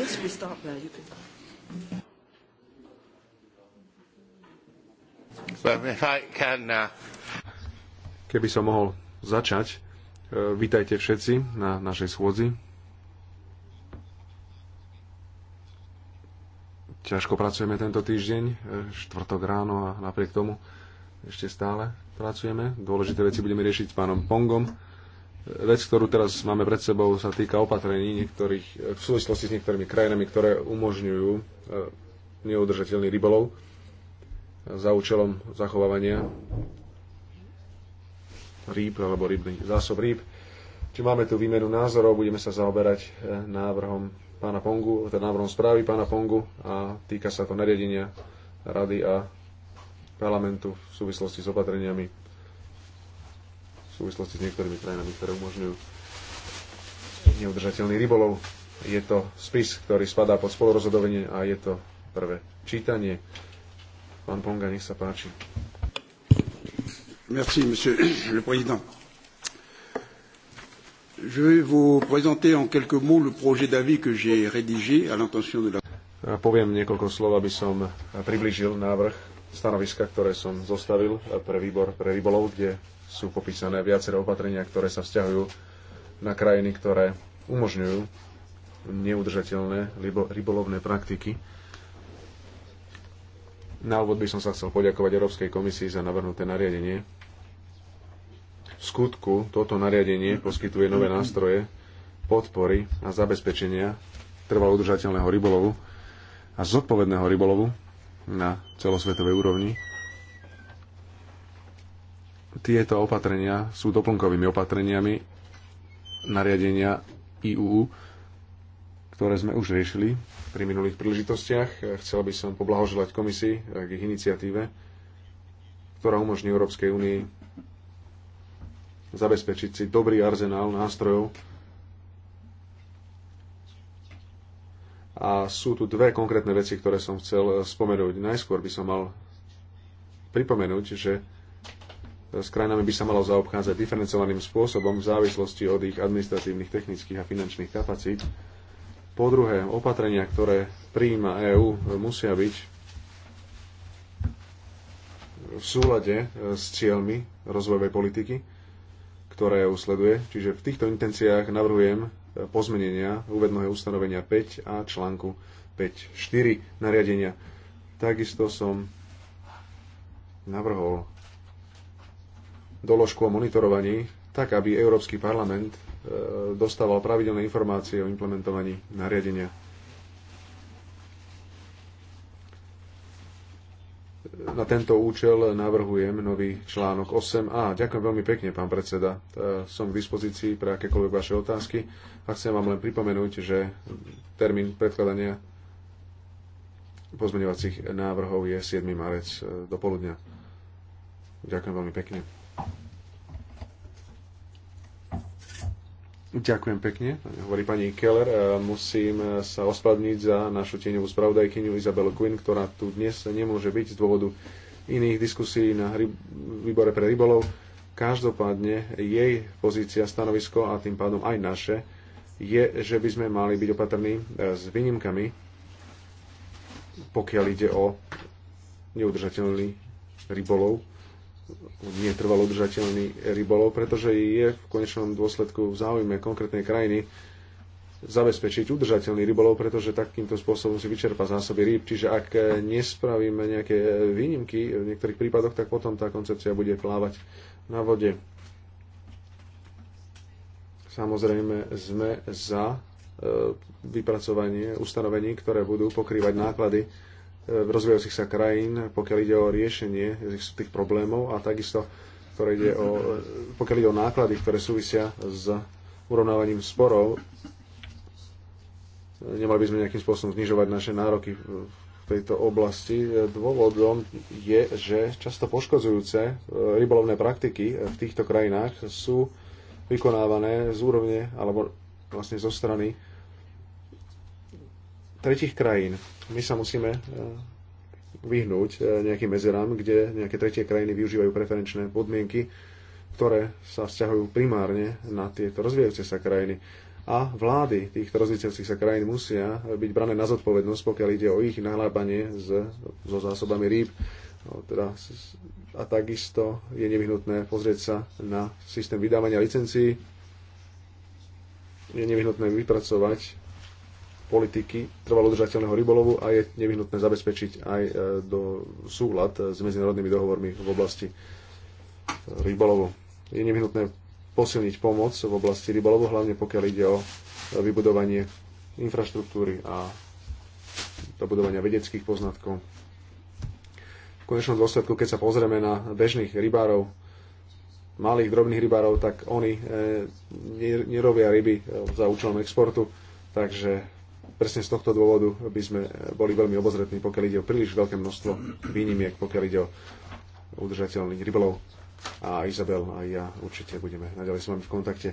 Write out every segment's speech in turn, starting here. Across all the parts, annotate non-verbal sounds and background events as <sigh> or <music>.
Yes, we start there. You can. Well, if I can, uh... Keby som mohol začať, e, vítajte všetci na našej schôdzi. Ťažko pracujeme tento týždeň, e, štvrtok ráno a napriek tomu ešte stále pracujeme. Dôležité veci budeme riešiť s pánom Pongom Vec, ktorú teraz máme pred sebou, sa týka opatrení niektorých, v súvislosti s niektorými krajinami, ktoré umožňujú e, neudržateľný rybolov za účelom zachovávania rýb alebo rybný zásob rýb. Či máme tu výmenu názorov, budeme sa zaoberať e, návrhom pána Pongu, teda návrhom správy pána Pongu a týka sa to nariadenia rady a parlamentu v súvislosti s opatreniami súvislosti s niektorými krajinami, ktoré umožňujú neudržateľný rybolov. Je to spis, ktorý spadá pod spolurozhodovanie a je to prvé čítanie. Pán Ponga, nech sa páči. Merci, monsieur le président. Je vais vous présenter en quelques mots le projet d'avis que j'ai rédigé à l'intention de la... Poviem niekoľko slov, aby som približil návrh stanoviska, ktoré som zostavil pre výbor pre rybolov, kde sú popísané viaceré opatrenia, ktoré sa vzťahujú na krajiny, ktoré umožňujú neudržateľné rybolovné praktiky. Na úvod by som sa chcel poďakovať Európskej komisii za navrhnuté nariadenie. V skutku toto nariadenie poskytuje nové nástroje podpory a zabezpečenia trvalo udržateľného rybolovu a zodpovedného rybolovu na celosvetovej úrovni. Tieto opatrenia sú doplnkovými opatreniami nariadenia EU, ktoré sme už riešili pri minulých príležitostiach. Chcel by som poblahoželať komisii k ich iniciatíve, ktorá umožní Európskej únii zabezpečiť si dobrý arzenál nástrojov. A sú tu dve konkrétne veci, ktoré som chcel spomenúť. Najskôr by som mal pripomenúť, že s krajinami by sa malo zaobchádzať diferencovaným spôsobom v závislosti od ich administratívnych, technických a finančných kapacít. Po druhé, opatrenia, ktoré prijíma EÚ, musia byť v súlade e, s cieľmi rozvojovej politiky, ktoré EU sleduje. Čiže v týchto intenciách navrhujem e, pozmenenia uvedného ustanovenia 5 a článku 5.4 nariadenia. Takisto som navrhol doložku o monitorovaní, tak aby Európsky parlament e, dostával pravidelné informácie o implementovaní nariadenia. Na tento účel navrhujem nový článok 8a. Ďakujem veľmi pekne, pán predseda. E, som k dispozícii pre akékoľvek vaše otázky a chcem vám len pripomenúť, že termín predkladania pozmeňovacích návrhov je 7. marec e, do poludňa. Ďakujem veľmi pekne. Ďakujem pekne, hovorí pani Keller. E, musím e, sa ospadniť za našu tieňovú spravodajkyňu Izabelu Quinn, ktorá tu dnes nemôže byť z dôvodu iných diskusí na ryb... výbore pre rybolov. Každopádne jej pozícia, stanovisko a tým pádom aj naše je, že by sme mali byť opatrní e, s výnimkami, pokiaľ ide o neudržateľný rybolov nie trvalo udržateľný rybolov, pretože je v konečnom dôsledku v záujme konkrétnej krajiny zabezpečiť udržateľný rybolov, pretože takýmto spôsobom si vyčerpa zásoby rýb. Čiže ak nespravíme nejaké výnimky v niektorých prípadoch, tak potom tá koncepcia bude plávať na vode. Samozrejme sme za e, vypracovanie ustanovení, ktoré budú pokrývať náklady rozvíjajúcich sa krajín, pokiaľ ide o riešenie tých problémov a takisto ktoré ide o, pokiaľ ide o náklady, ktoré súvisia s urovnávaním sporov, nemali by sme nejakým spôsobom znižovať naše nároky v tejto oblasti. Dôvodom je, že často poškodzujúce e, rybolovné praktiky v týchto krajinách sú vykonávané z úrovne alebo vlastne zo strany tretich krajín. My sa musíme e, vyhnúť e, nejakým mezerám, kde nejaké tretie krajiny využívajú preferenčné podmienky, ktoré sa vzťahujú primárne na tieto rozvíjajúce sa krajiny. A vlády týchto rozvíjajúcich sa krajín musia byť brané na zodpovednosť, pokiaľ ide o ich nahlábanie s, so zásobami rýb. No, teda, a takisto je nevyhnutné pozrieť sa na systém vydávania licencií, je nevyhnutné vypracovať politiky trvalo udržateľného rybolovu a je nevyhnutné zabezpečiť aj e, do súhľad e, s medzinárodnými dohovormi v oblasti e, rybolovu. Je nevyhnutné posilniť pomoc v oblasti rybolovu, hlavne pokiaľ ide o vybudovanie infraštruktúry a dobudovania vedeckých poznatkov. V konečnom dôsledku, keď sa pozrieme na bežných rybárov, malých drobných rybárov, tak oni nerobia ryby za účelom exportu, takže presne z tohto dôvodu by sme eh, boli veľmi obozretní, pokiaľ ide o príliš veľké množstvo výnimiek, pokiaľ ide o udržateľných rybolov. A Izabel a ja určite budeme naďalej s vami v kontakte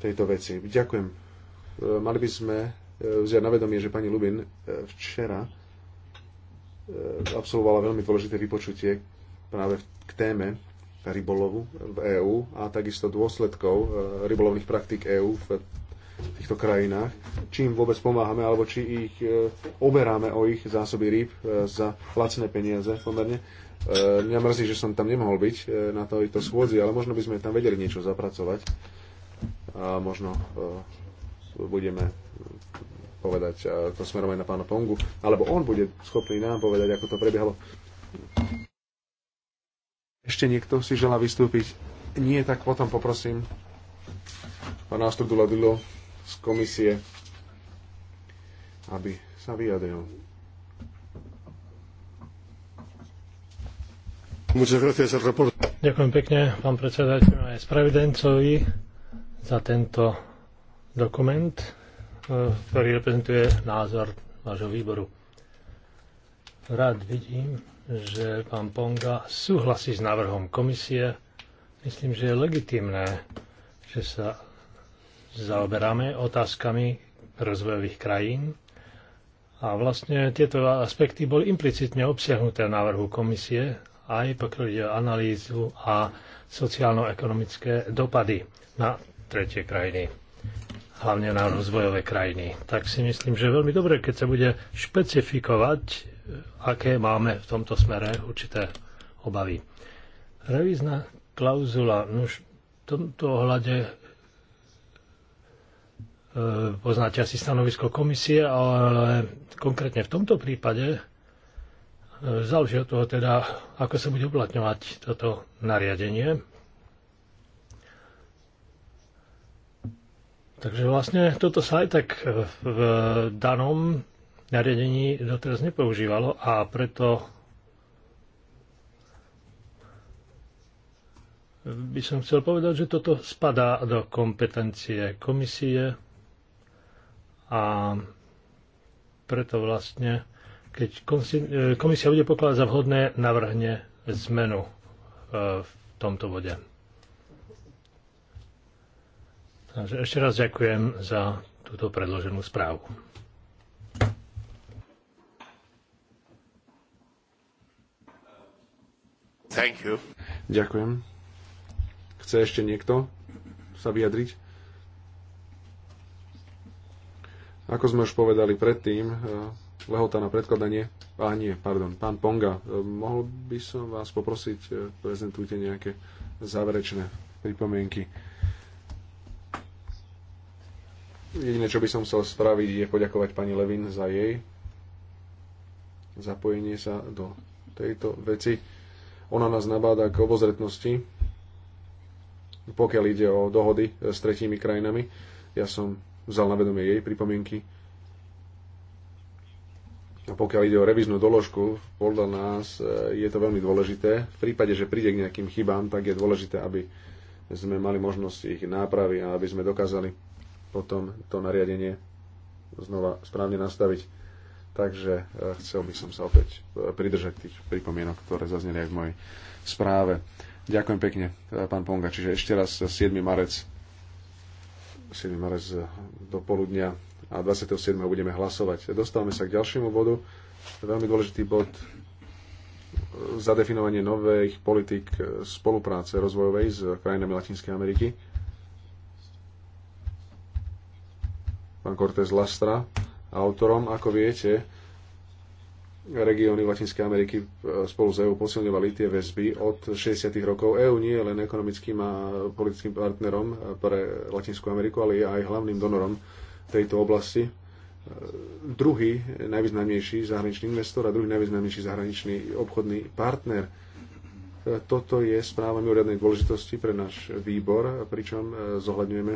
tejto veci. Ďakujem. Eh, mali by sme eh, vziať na vedomie, že pani Lubin včera absolvovala veľmi dôležité vypočutie práve k téme rybolovu v EÚ a takisto dôsledkov rybolovných praktík EÚ v v týchto krajinách, či im vôbec pomáhame, alebo či ich e, oberáme o ich zásoby rýb e, za lacné peniaze pomerne. E, mňa mrzí, že som tam nemohol byť e, na tejto schôdzi, ale možno by sme tam vedeli niečo zapracovať. A možno e, budeme povedať a e, to smerom aj na pána Pongu, alebo on bude schopný nám povedať, ako to prebiehalo. Ešte niekto si želá vystúpiť? Nie, tak potom poprosím. Pana Astridula Dilo z komisie, aby sa vyjadril. Ďakujem pekne, pán predsedateľ aj spravidencovi za tento dokument, e, ktorý reprezentuje názor vášho výboru. Rád vidím, že pán Ponga súhlasí s návrhom komisie. Myslím, že je legitimné, že sa zaoberáme otázkami rozvojových krajín a vlastne tieto aspekty boli implicitne obsiahnuté v návrhu komisie aj pokiaľ ide o analýzu a sociálno-ekonomické dopady na tretie krajiny, hlavne na rozvojové krajiny. Tak si myslím, že je veľmi dobre, keď sa bude špecifikovať, aké máme v tomto smere určité obavy. Revízna klauzula, no už v tomto ohľade E, poznáte asi stanovisko komisie, ale konkrétne v tomto prípade e, záleží od toho teda, ako sa bude uplatňovať toto nariadenie. Takže vlastne toto sa aj tak v danom nariadení doteraz nepoužívalo a preto by som chcel povedať, že toto spadá do kompetencie komisie a preto vlastne, keď e, komisia bude pokladať za vhodné, navrhne zmenu e, v tomto bode. Takže ešte raz ďakujem za túto predloženú správu. Thank you. Ďakujem. Chce ešte niekto sa vyjadriť? Ako sme už povedali predtým, e, lehota na predkladanie, a nie, pardon, pán Ponga, e, mohol by som vás poprosiť, e, prezentujte nejaké záverečné pripomienky. Jediné, čo by som chcel spraviť, je poďakovať pani Levin za jej zapojenie sa do tejto veci. Ona nás nabáda k obozretnosti, pokiaľ ide o dohody s tretími krajinami. Ja som vzal na vedomie jej pripomienky. A pokiaľ ide o reviznú doložku, podľa nás e, je to veľmi dôležité. V prípade, že príde k nejakým chybám, tak je dôležité, aby sme mali možnosť ich nápravy a aby sme dokázali potom to nariadenie znova správne nastaviť. Takže e, chcel by som sa opäť e, pridržať tých pripomienok, ktoré zazneli aj v mojej správe. Ďakujem pekne, pán Ponga. Čiže ešte raz 7. marec 7. marec do poludnia a 27. budeme hlasovať. Dostávame sa k ďalšiemu bodu. Veľmi dôležitý bod zadefinovanie nových politik spolupráce rozvojovej s krajinami Latinskej Ameriky. Pán Cortés Lastra, autorom, ako viete, regióny Latinskej Ameriky e, spolu s EÚ posilňovali tie väzby od 60. rokov. EÚ nie je len ekonomickým a politickým partnerom pre Latinskú Ameriku, ale je aj hlavným donorom tejto oblasti. E, druhý najvýznamnejší zahraničný investor a druhý najvýznamnejší zahraničný obchodný partner. E, toto je správa mimoriadnej dôležitosti pre náš výbor, pričom zohľadňujeme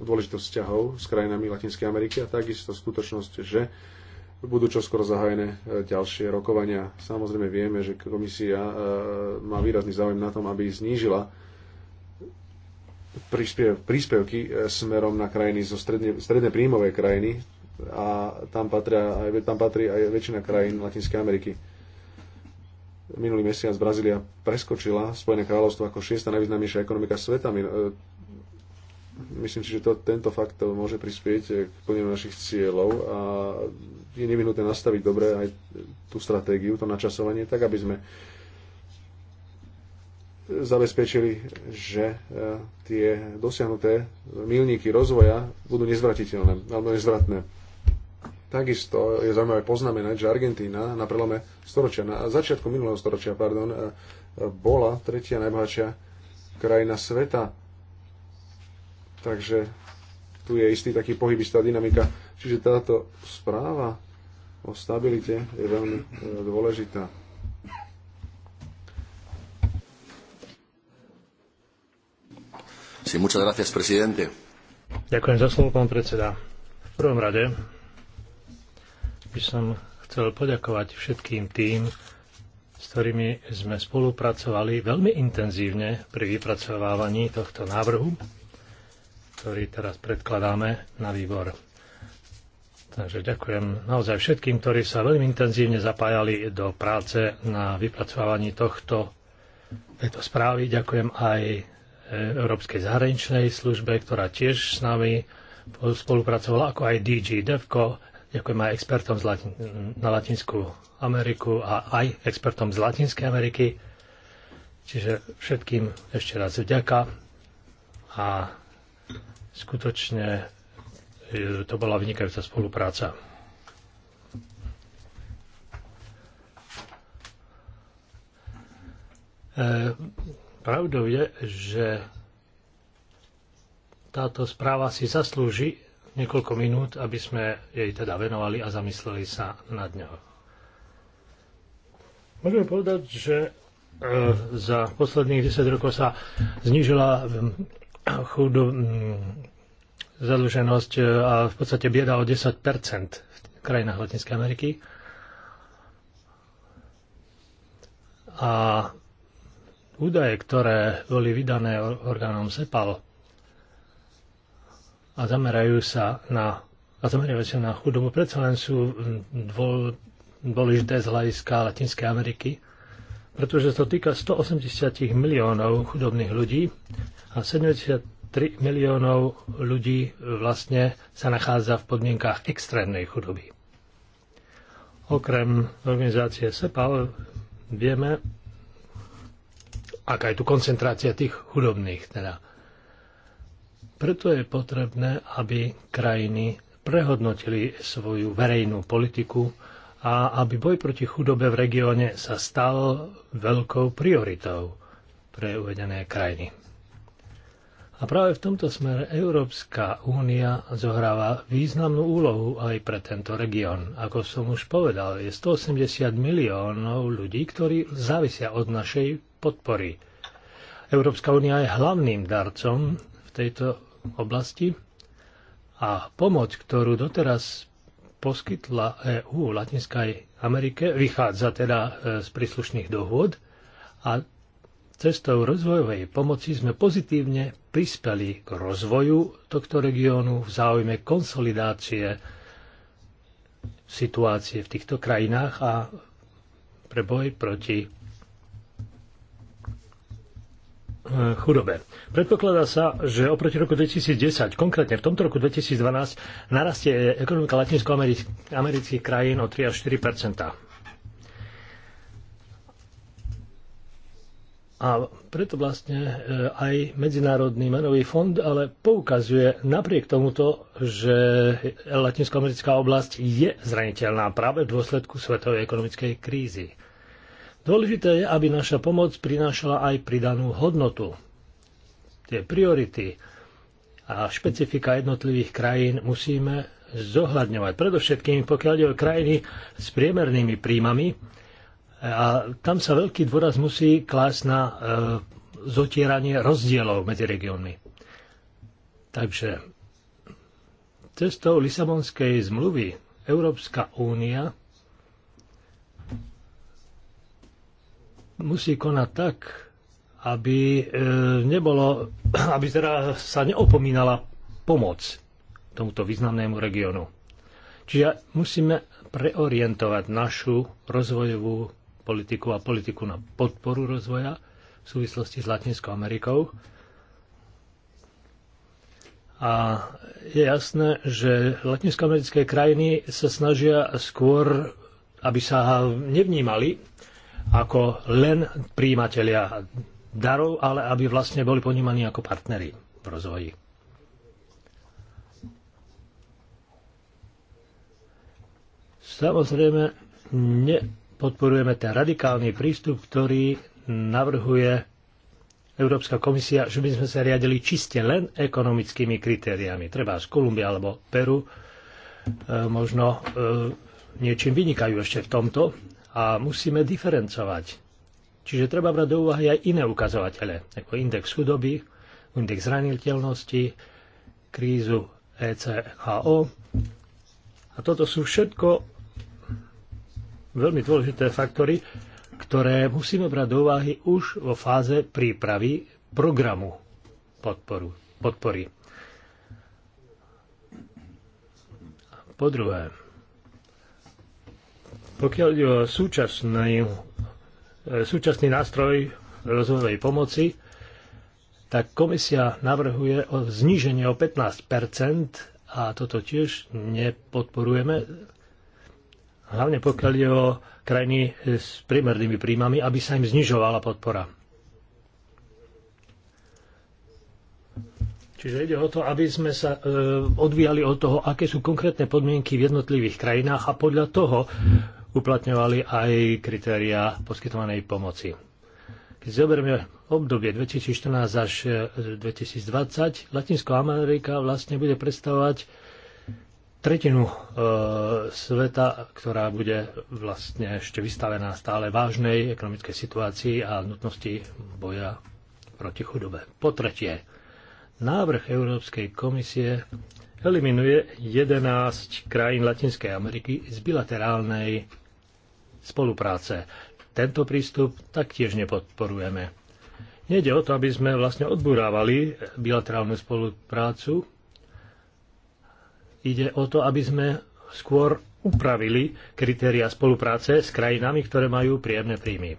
dôležitosť vzťahov s krajinami Latinskej Ameriky a takisto skutočnosť, že budú čoskoro zahájené e, ďalšie rokovania. Samozrejme vieme, že komisia e, má výrazný záujem na tom, aby znížila príspevky e, smerom na krajiny zo stredne, stredne príjmové krajiny a tam, patria, tam patrí aj väčšina krajín Latinskej Ameriky. Minulý mesiac Brazília preskočila Spojené kráľovstvo ako šiesta najvýznamnejšia ekonomika sveta Myslím si, že to, tento fakt to môže prispieť k plneniu našich cieľov a je nevyhnutné nastaviť dobre aj tú stratégiu, to načasovanie, tak aby sme zabezpečili, že e, tie dosiahnuté milníky rozvoja budú nezvratiteľné alebo nezvratné. Takisto je zaujímavé poznamenať, že Argentína na prelome storočia, na začiatku minulého storočia, pardon, e, e, bola tretia najbohatšia krajina sveta Takže tu je istý taký pohybistá dynamika. Čiže táto správa o stabilite je veľmi e, dôležitá. Sí, muchas gracias, presidente. Ďakujem za slovo, pán predseda. V prvom rade by som chcel poďakovať všetkým tým, s ktorými sme spolupracovali veľmi intenzívne pri vypracovávaní tohto návrhu ktorý teraz predkladáme na výbor. Takže ďakujem naozaj všetkým, ktorí sa veľmi intenzívne zapájali do práce na vypracovávaní tohto, tejto správy. Ďakujem aj e, Európskej zahraničnej službe, ktorá tiež s nami spolupracovala, ako aj DG DEVCO. Ďakujem aj expertom z Latin- na Latinskú Ameriku a aj expertom z Latinskej Ameriky. Čiže všetkým ešte raz vďaka a Skutočne e, to bola vynikajúca spolupráca. E, pravdou je, že táto správa si zaslúži niekoľko minút, aby sme jej teda venovali a zamysleli sa nad ňou. Môžeme povedať, že e, za posledných 10 rokov sa znížila chudob, mm, zadlženosť e, a v podstate bieda o 10 v krajinách Latinskej Ameriky. A údaje, ktoré boli vydané orgánom SEPAL a zamerajú sa na a zameriavať sa na chudobu, predsa len sú dôležité z hľadiska Latinskej Ameriky pretože to týka 180 miliónov chudobných ľudí a 73 miliónov ľudí vlastne sa nachádza v podmienkách extrémnej chudoby. Okrem organizácie SEPAL vieme, aká je tu koncentrácia tých chudobných. Teda. Preto je potrebné, aby krajiny prehodnotili svoju verejnú politiku a aby boj proti chudobe v regióne sa stal veľkou prioritou pre uvedené krajiny. A práve v tomto smere Európska únia zohráva významnú úlohu aj pre tento región. Ako som už povedal, je 180 miliónov ľudí, ktorí závisia od našej podpory. Európska únia je hlavným darcom v tejto oblasti a pomoc, ktorú doteraz poskytla e v Latinskej Amerike, vychádza teda e, z príslušných dohôd a cestou rozvojovej pomoci sme pozitívne prispeli k rozvoju tohto regiónu v záujme konsolidácie situácie v týchto krajinách a pre boj proti E, chudobe. Predpokladá sa, že oproti roku 2010, konkrétne v tomto roku 2012, narastie ekonomika Latinsko amerických krajín o 3 až 4 A preto vlastne e, aj Medzinárodný menový fond ale poukazuje napriek tomuto, že latinskoamerická oblasť je zraniteľná práve v dôsledku svetovej ekonomickej krízy. Dôležité je, aby naša pomoc prinášala aj pridanú hodnotu. Tie priority a špecifika jednotlivých krajín musíme zohľadňovať. Predovšetkým, pokiaľ ide o krajiny s priemernými príjmami, a tam sa veľký dôraz musí klásť na e, zotieranie rozdielov medzi regiónmi. Takže cestou Lisabonskej zmluvy Európska únia musí konať tak, aby e, nebolo, <clears throat> aby teda sa neopomínala pomoc tomuto významnému regiónu. Čiže musíme preorientovať našu rozvojovú politiku a politiku na podporu rozvoja v súvislosti s Latinskou Amerikou. A je jasné, že latinskoamerické krajiny sa snažia skôr, aby sa nevnímali ako len príjimatelia darov, ale aby vlastne boli ponímaní ako partneri v rozvoji. Samozrejme, nepodporujeme ten radikálny prístup, ktorý navrhuje Európska komisia, že by sme sa riadili čiste len ekonomickými kritériami. Treba z Kolumbia alebo Peru e, možno e, niečím vynikajú ešte v tomto, a musíme diferencovať. Čiže treba brať do úvahy aj iné ukazovatele, ako index chudoby, index zraniteľnosti, krízu ECHO. A toto sú všetko veľmi dôležité faktory, ktoré musíme brať do úvahy už vo fáze prípravy programu podporu, podpory. Po druhé, pokiaľ ide o súčasný, e, súčasný nástroj rozvojovej pomoci, tak komisia navrhuje o zníženie o 15 a toto tiež nepodporujeme, hlavne pokiaľ ide o krajiny s primernými príjmami, aby sa im znižovala podpora. Čiže ide o to, aby sme sa e, odvíjali od toho, aké sú konkrétne podmienky v jednotlivých krajinách a podľa toho uplatňovali aj kritéria poskytovanej pomoci. Keď zoberieme obdobie 2014 až 2020, e, Latinská Amerika vlastne bude predstavovať tretinu e, sveta, ktorá bude vlastne ešte vystavená stále vážnej ekonomickej situácii a nutnosti boja proti chudobe. Po tretie, návrh Európskej komisie eliminuje 11 krajín Latinskej Ameriky z bilaterálnej spolupráce. Tento prístup taktiež nepodporujeme. Nejde o to, aby sme vlastne odburávali bilaterálnu spoluprácu. Ide o to, aby sme skôr upravili kritéria spolupráce s krajinami, ktoré majú príjemné príjmy.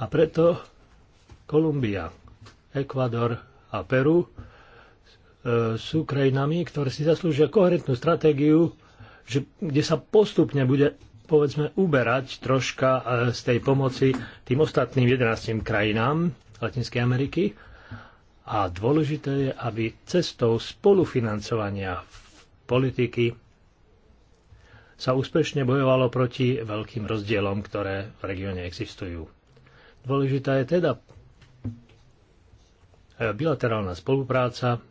A preto Kolumbia, Ekvador a Peru sú krajinami, ktoré si zaslúžia koherentnú stratégiu, že, kde sa postupne bude povedzme uberať troška e, z tej pomoci tým ostatným 11 krajinám Latinskej Ameriky. A dôležité je, aby cestou spolufinancovania politiky sa úspešne bojovalo proti veľkým rozdielom, ktoré v regióne existujú. Dôležitá je teda e, bilaterálna spolupráca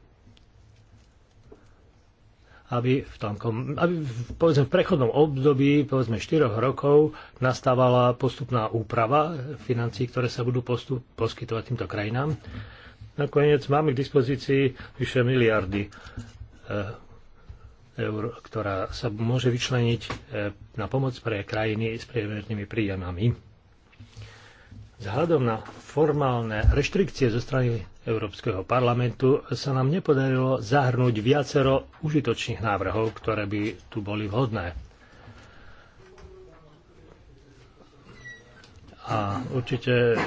aby v, tom, aby povedzme, v prechodnom období, povedzme 4 rokov, nastávala postupná úprava financií, ktoré sa budú postup, poskytovať týmto krajinám. Nakoniec máme k dispozícii vyše miliardy e, eur, ktorá sa môže vyčleniť e, na pomoc pre krajiny s priemernými príjemami. Vzhľadom na formálne reštrikcie zo strany Európskeho parlamentu sa nám nepodarilo zahrnúť viacero užitočných návrhov, ktoré by tu boli vhodné. A určite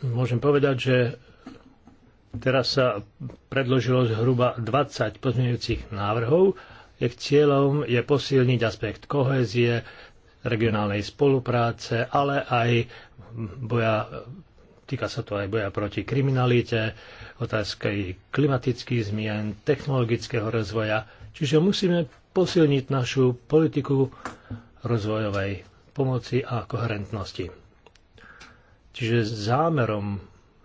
môžem povedať, že teraz sa predložilo zhruba 20 pozmeňujúcich návrhov. Ich cieľom je posilniť aspekt kohézie, regionálnej spolupráce, ale aj boja, týka sa to aj boja proti kriminalite, otázky klimatických zmien, technologického rozvoja. Čiže musíme posilniť našu politiku rozvojovej pomoci a koherentnosti. Čiže zámerom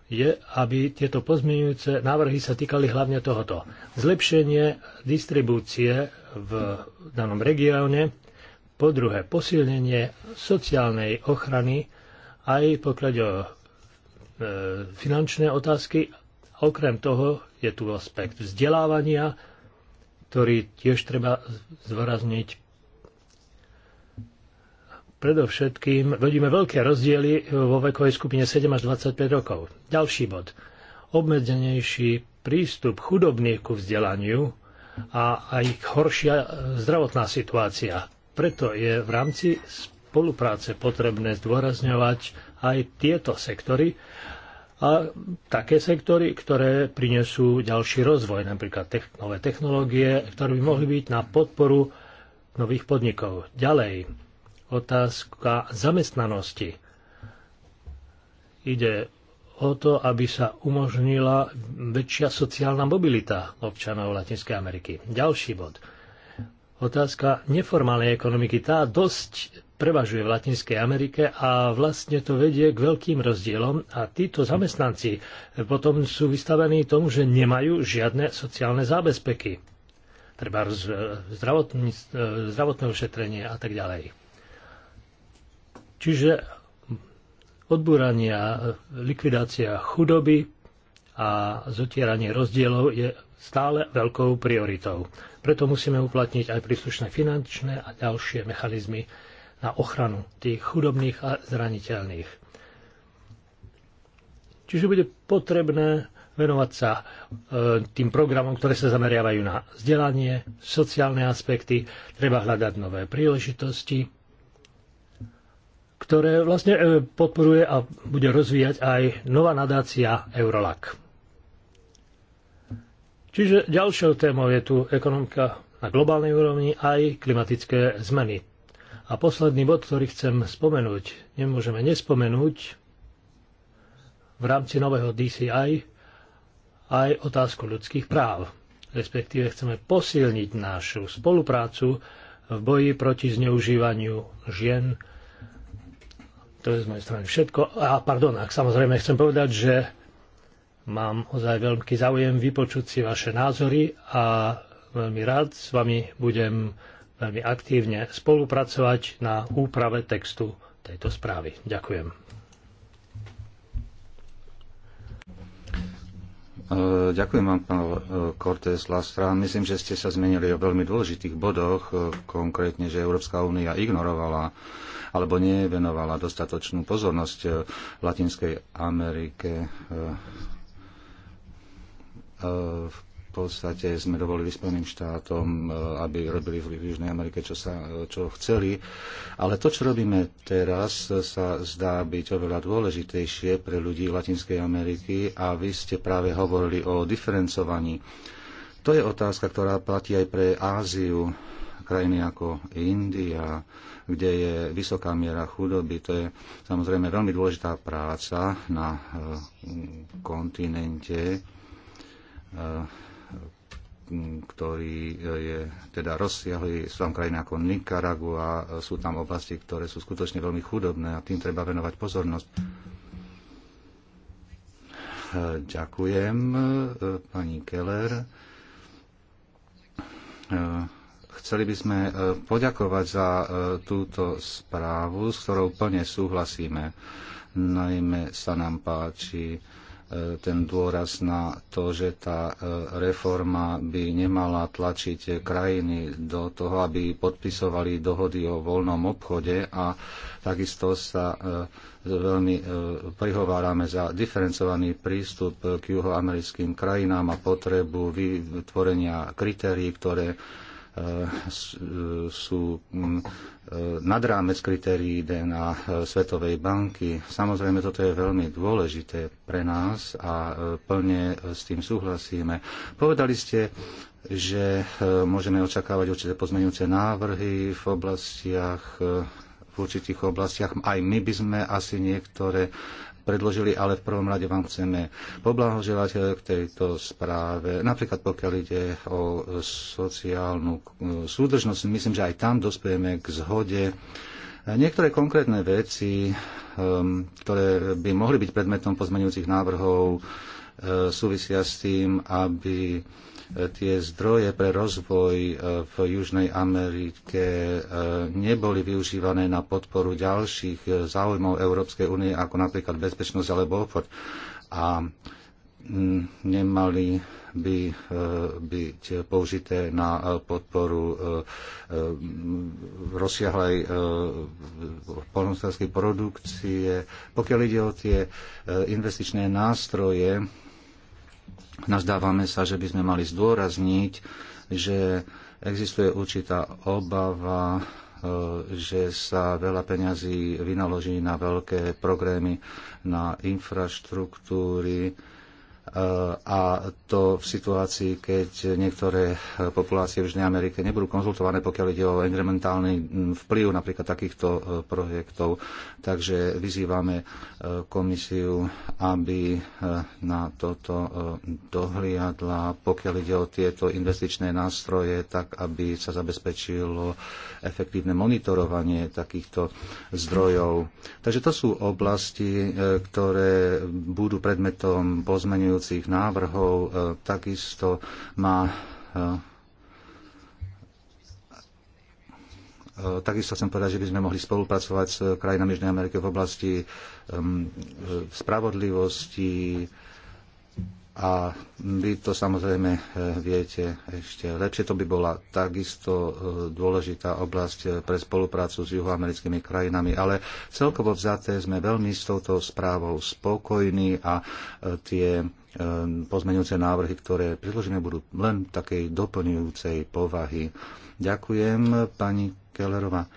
je, aby tieto pozmeňujúce návrhy sa týkali hlavne tohoto. Zlepšenie distribúcie v danom regióne, po druhé, posilnenie sociálnej ochrany aj pokiaľ o e, finančné otázky. Okrem toho je tu aspekt vzdelávania, ktorý tiež treba zvorazniť. Predovšetkým vidíme veľké rozdiely vo vekovej skupine 7 až 25 rokov. Ďalší bod. Obmedzenejší prístup chudobných ku vzdelaniu a aj horšia zdravotná situácia preto je v rámci spolupráce potrebné zdôrazňovať aj tieto sektory a také sektory, ktoré prinesú ďalší rozvoj, napríklad nové technológie, ktoré by mohli byť na podporu nových podnikov. Ďalej, otázka zamestnanosti. Ide o to, aby sa umožnila väčšia sociálna mobilita občanov Latinskej Ameriky. Ďalší bod otázka neformálnej ekonomiky. Tá dosť prevažuje v Latinskej Amerike a vlastne to vedie k veľkým rozdielom a títo zamestnanci potom sú vystavení tomu, že nemajú žiadne sociálne zábezpeky. Treba zdravotné ošetrenie a tak ďalej. Čiže odbúrania, a likvidácia chudoby a zotieranie rozdielov je stále veľkou prioritou. Preto musíme uplatniť aj príslušné finančné a ďalšie mechanizmy na ochranu tých chudobných a zraniteľných. Čiže bude potrebné venovať sa e, tým programom, ktoré sa zameriavajú na vzdelanie, sociálne aspekty, treba hľadať nové príležitosti, ktoré vlastne e, podporuje a bude rozvíjať aj nová nadácia Eurolac. Čiže ďalšou témou je tu ekonomika na globálnej úrovni aj klimatické zmeny. A posledný bod, ktorý chcem spomenúť, nemôžeme nespomenúť v rámci nového DCI aj otázku ľudských práv. Respektíve chceme posilniť našu spoluprácu v boji proti zneužívaniu žien. To je z mojej strany všetko. A pardon, ak samozrejme chcem povedať, že Mám ozaj veľký záujem vypočuť si vaše názory a veľmi rád s vami budem veľmi aktívne spolupracovať na úprave textu tejto správy. Ďakujem. E, ďakujem vám, pán e, Cortés Lastra. Myslím, že ste sa zmenili o veľmi dôležitých bodoch, e, konkrétne, že Európska únia ignorovala alebo nevenovala dostatočnú pozornosť Latinskej Amerike v podstate sme dovolili Spojeným štátom, e, aby robili v Južnej Amerike, čo, sa, čo chceli. Ale to, čo robíme teraz, sa zdá byť oveľa dôležitejšie pre ľudí Latinskej Ameriky a vy ste práve hovorili o diferencovaní. To je otázka, ktorá platí aj pre Áziu, krajiny ako India, kde je vysoká miera chudoby. To je samozrejme veľmi dôležitá práca na e, kontinente E, ktorý e, je teda rozsiahli sú tam krajiny ako Nicaragua, e, sú tam oblasti, ktoré sú skutočne veľmi chudobné a tým treba venovať pozornosť. Ďakujem, pani Keller. Chceli by sme poďakovať za túto správu, s ktorou plne súhlasíme. Najmä sa nám páči E, ten dôraz na to, že tá e, reforma by nemala tlačiť krajiny do toho, aby podpisovali dohody o voľnom obchode a takisto sa e, veľmi prihovárame za diferencovaný prístup k juhoamerickým krajinám a potrebu vytvorenia kritérií, ktoré E, e, sú e, nad rámec kritérií DNA Svetovej banky. Samozrejme, toto je veľmi dôležité pre nás a plne s tým súhlasíme. Povedali ste, že môžeme očakávať určité pozmenujúce návrhy v oblastiach v určitých oblastiach. Aj my by sme asi niektoré predložili, ale v prvom rade vám chceme poblahoželať eh, k tejto správe. Napríklad pokiaľ ide o sociálnu eh, súdržnosť, myslím, že aj tam dospejeme k zhode. Eh, niektoré konkrétne veci, ehm, ktoré by mohli byť predmetom pozmeňujúcich návrhov, súvisia s tým, aby tie zdroje pre rozvoj e, v Južnej Amerike e, neboli využívané na podporu ďalších e, záujmov Európskej únie, ako napríklad bezpečnosť alebo obchod. A nemali by byť použité na podporu rozsiahlej polnohospodárskej produkcie. Pokiaľ ide o tie investičné nástroje, Nazdávame sa, že by sme mali zdôrazniť, že existuje určitá obava, e, že sa veľa peňazí vynaloží na veľké programy, na infraštruktúry, a to v situácii, keď niektoré populácie v Južnej Amerike nebudú konzultované, pokiaľ ide o environmentálny vplyv napríklad takýchto e, projektov. Takže vyzývame e, komisiu, aby e, na toto dohliadla, pokiaľ ide o tieto investičné nástroje, tak aby sa zabezpečilo efektívne monitorovanie takýchto zdrojov. Takže to sú oblasti, ktoré budú predmetom pozmenujú pozmeňujúcich návrhov e, takisto má e, e, Takisto chcem povedať, že by sme mohli spolupracovať s krajinami Južnej Ameriky v oblasti spravodlivosti a vy to samozrejme viete ešte lepšie. To by bola takisto dôležitá oblasť pre spoluprácu s juhoamerickými krajinami, ale celkovo vzaté sme veľmi s touto správou spokojní a tie Ehm, pozmeňujúce návrhy, ktoré predložíme, budú len takej doplňujúcej povahy. Ďakujem, pani Kellerová.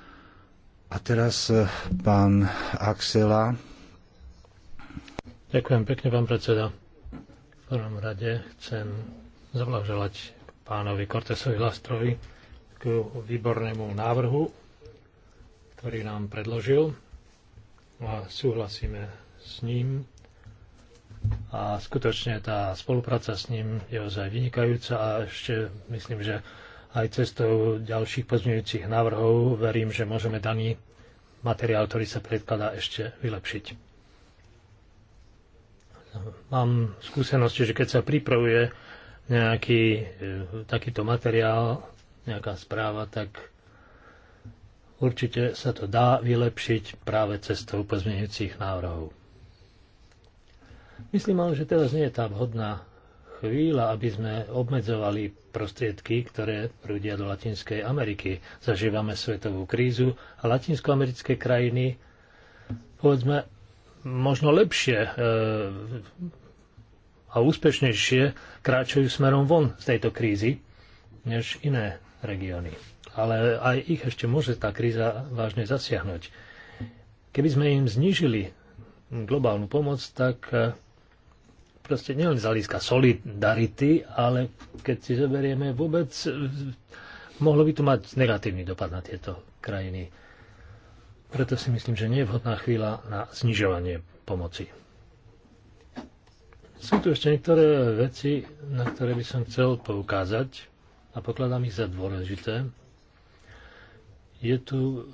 A teraz e, pán Axela. Ďakujem pekne, pán predseda. V prvom rade chcem zablahoželať pánovi Kortesovi Lastrovi k výbornému návrhu, ktorý nám predložil a súhlasíme s ním a skutočne tá spolupráca s ním je ozaj vynikajúca a ešte myslím, že aj cestou ďalších pozmeňujúcich návrhov verím, že môžeme daný materiál, ktorý sa predkladá, ešte vylepšiť. Mám skúsenosti, že keď sa pripravuje nejaký e, takýto materiál, nejaká správa, tak určite sa to dá vylepšiť práve cestou pozmeňujúcich návrhov. Myslím ale, že teraz nie je tá vhodná chvíľa, aby sme obmedzovali prostriedky, ktoré prúdia do Latinskej Ameriky. Zažívame svetovú krízu a latinskoamerické krajiny, povedzme, možno lepšie e, a úspešnejšie kráčajú smerom von z tejto krízy než iné regióny. Ale aj ich ešte môže tá kríza vážne zasiahnuť. Keby sme im znížili globálnu pomoc, tak e, proste nielen z hľadiska solidarity, ale keď si zoberieme vôbec, mohlo by to mať negatívny dopad na tieto krajiny. Preto si myslím, že nie je vhodná chvíľa na znižovanie pomoci. Sú tu ešte niektoré veci, na ktoré by som chcel poukázať a pokladám ich za dôležité. Je tu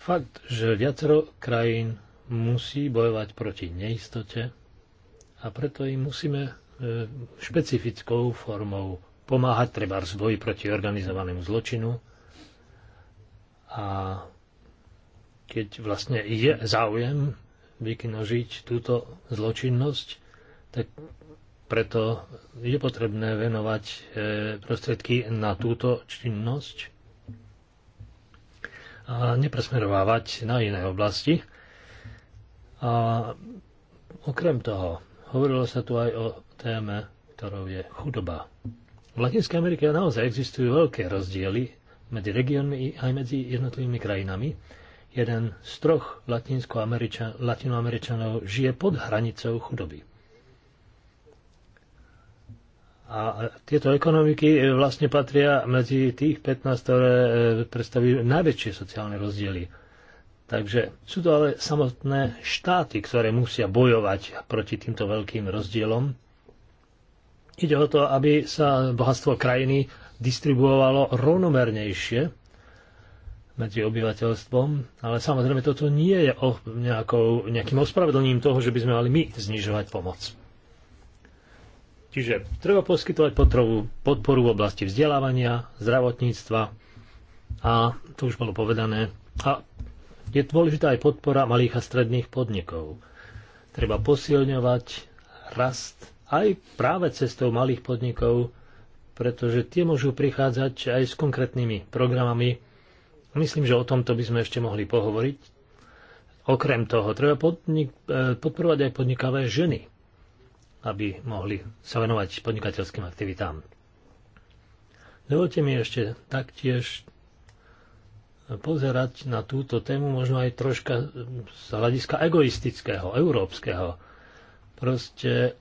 fakt, že viacero krajín musí bojovať proti neistote, a preto im musíme e, špecifickou formou pomáhať treba v boji proti organizovanému zločinu a keď vlastne je záujem vykinožiť túto zločinnosť, tak preto je potrebné venovať e, prostriedky na túto činnosť a nepresmerovávať na iné oblasti. A okrem toho, Hovorilo sa tu aj o téme, ktorou je chudoba. V Latinskej Amerike naozaj existujú veľké rozdiely medzi regiónmi aj medzi jednotlivými krajinami. Jeden z troch latinoameričanov žije pod hranicou chudoby. A tieto ekonomiky e, vlastne patria medzi tých 15, ktoré e, predstavujú najväčšie sociálne rozdiely Takže sú to ale samotné štáty, ktoré musia bojovať proti týmto veľkým rozdielom. Ide o to, aby sa bohatstvo krajiny distribuovalo rovnomernejšie medzi obyvateľstvom, ale samozrejme toto nie je o nejakou, nejakým ospravedlním toho, že by sme mali my znižovať pomoc. Čiže treba poskytovať potrebu podporu v oblasti vzdelávania, zdravotníctva a to už bolo povedané. A je dôležitá aj podpora malých a stredných podnikov. Treba posilňovať rast aj práve cestou malých podnikov, pretože tie môžu prichádzať aj s konkrétnymi programami. Myslím, že o tomto by sme ešte mohli pohovoriť. Okrem toho, treba podnik- e, podporovať aj podnikavé ženy, aby mohli sa venovať podnikateľským aktivitám. Dovolte mi ešte taktiež pozerať na túto tému možno aj troška z hľadiska egoistického, európskeho. Proste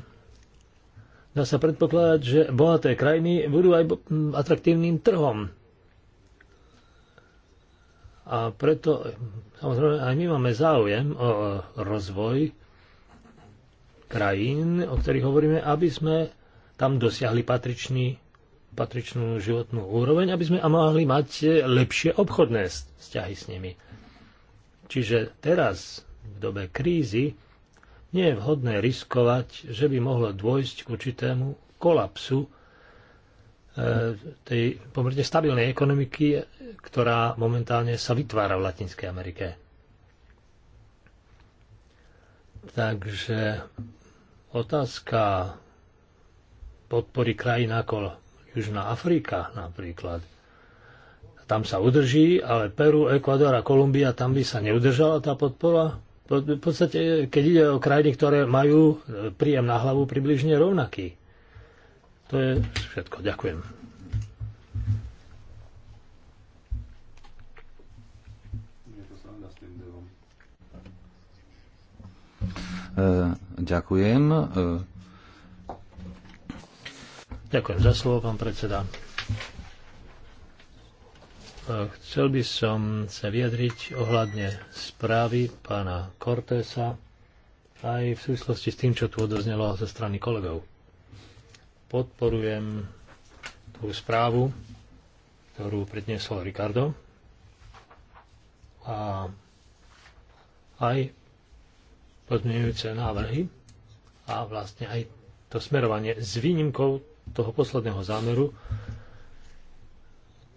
<clears throat> dá sa predpokladať, že bohaté krajiny budú aj atraktívnym trhom. A preto eh, samozrejme aj my máme záujem o rozvoj krajín, o ktorých hovoríme, aby sme tam dosiahli patričný patričnú životnú úroveň, aby sme mohli mať e, lepšie obchodné vzťahy s nimi. Čiže teraz, v dobe krízy, nie je vhodné riskovať, že by mohlo dôjsť k určitému kolapsu e, tej pomerne stabilnej ekonomiky, ktorá momentálne sa vytvára v Latinskej Amerike. Takže otázka podpory krajín ako Južná Afrika napríklad. Tam sa udrží, ale Peru, Ekvador a Kolumbia, tam by sa neudržala tá podpora. V podstate, keď ide o krajiny, ktoré majú e, príjem na hlavu približne rovnaký. To je všetko. Ďakujem. E, ďakujem e, Ďakujem za slovo, pán predseda. E, chcel by som sa vyjadriť ohľadne správy pána Cortésa aj v súvislosti s tým, čo tu odoznelo zo strany kolegov. Podporujem tú správu, ktorú predniesol Ricardo a aj pozmeňujúce návrhy a vlastne aj to smerovanie s výnimkou toho posledného zámeru,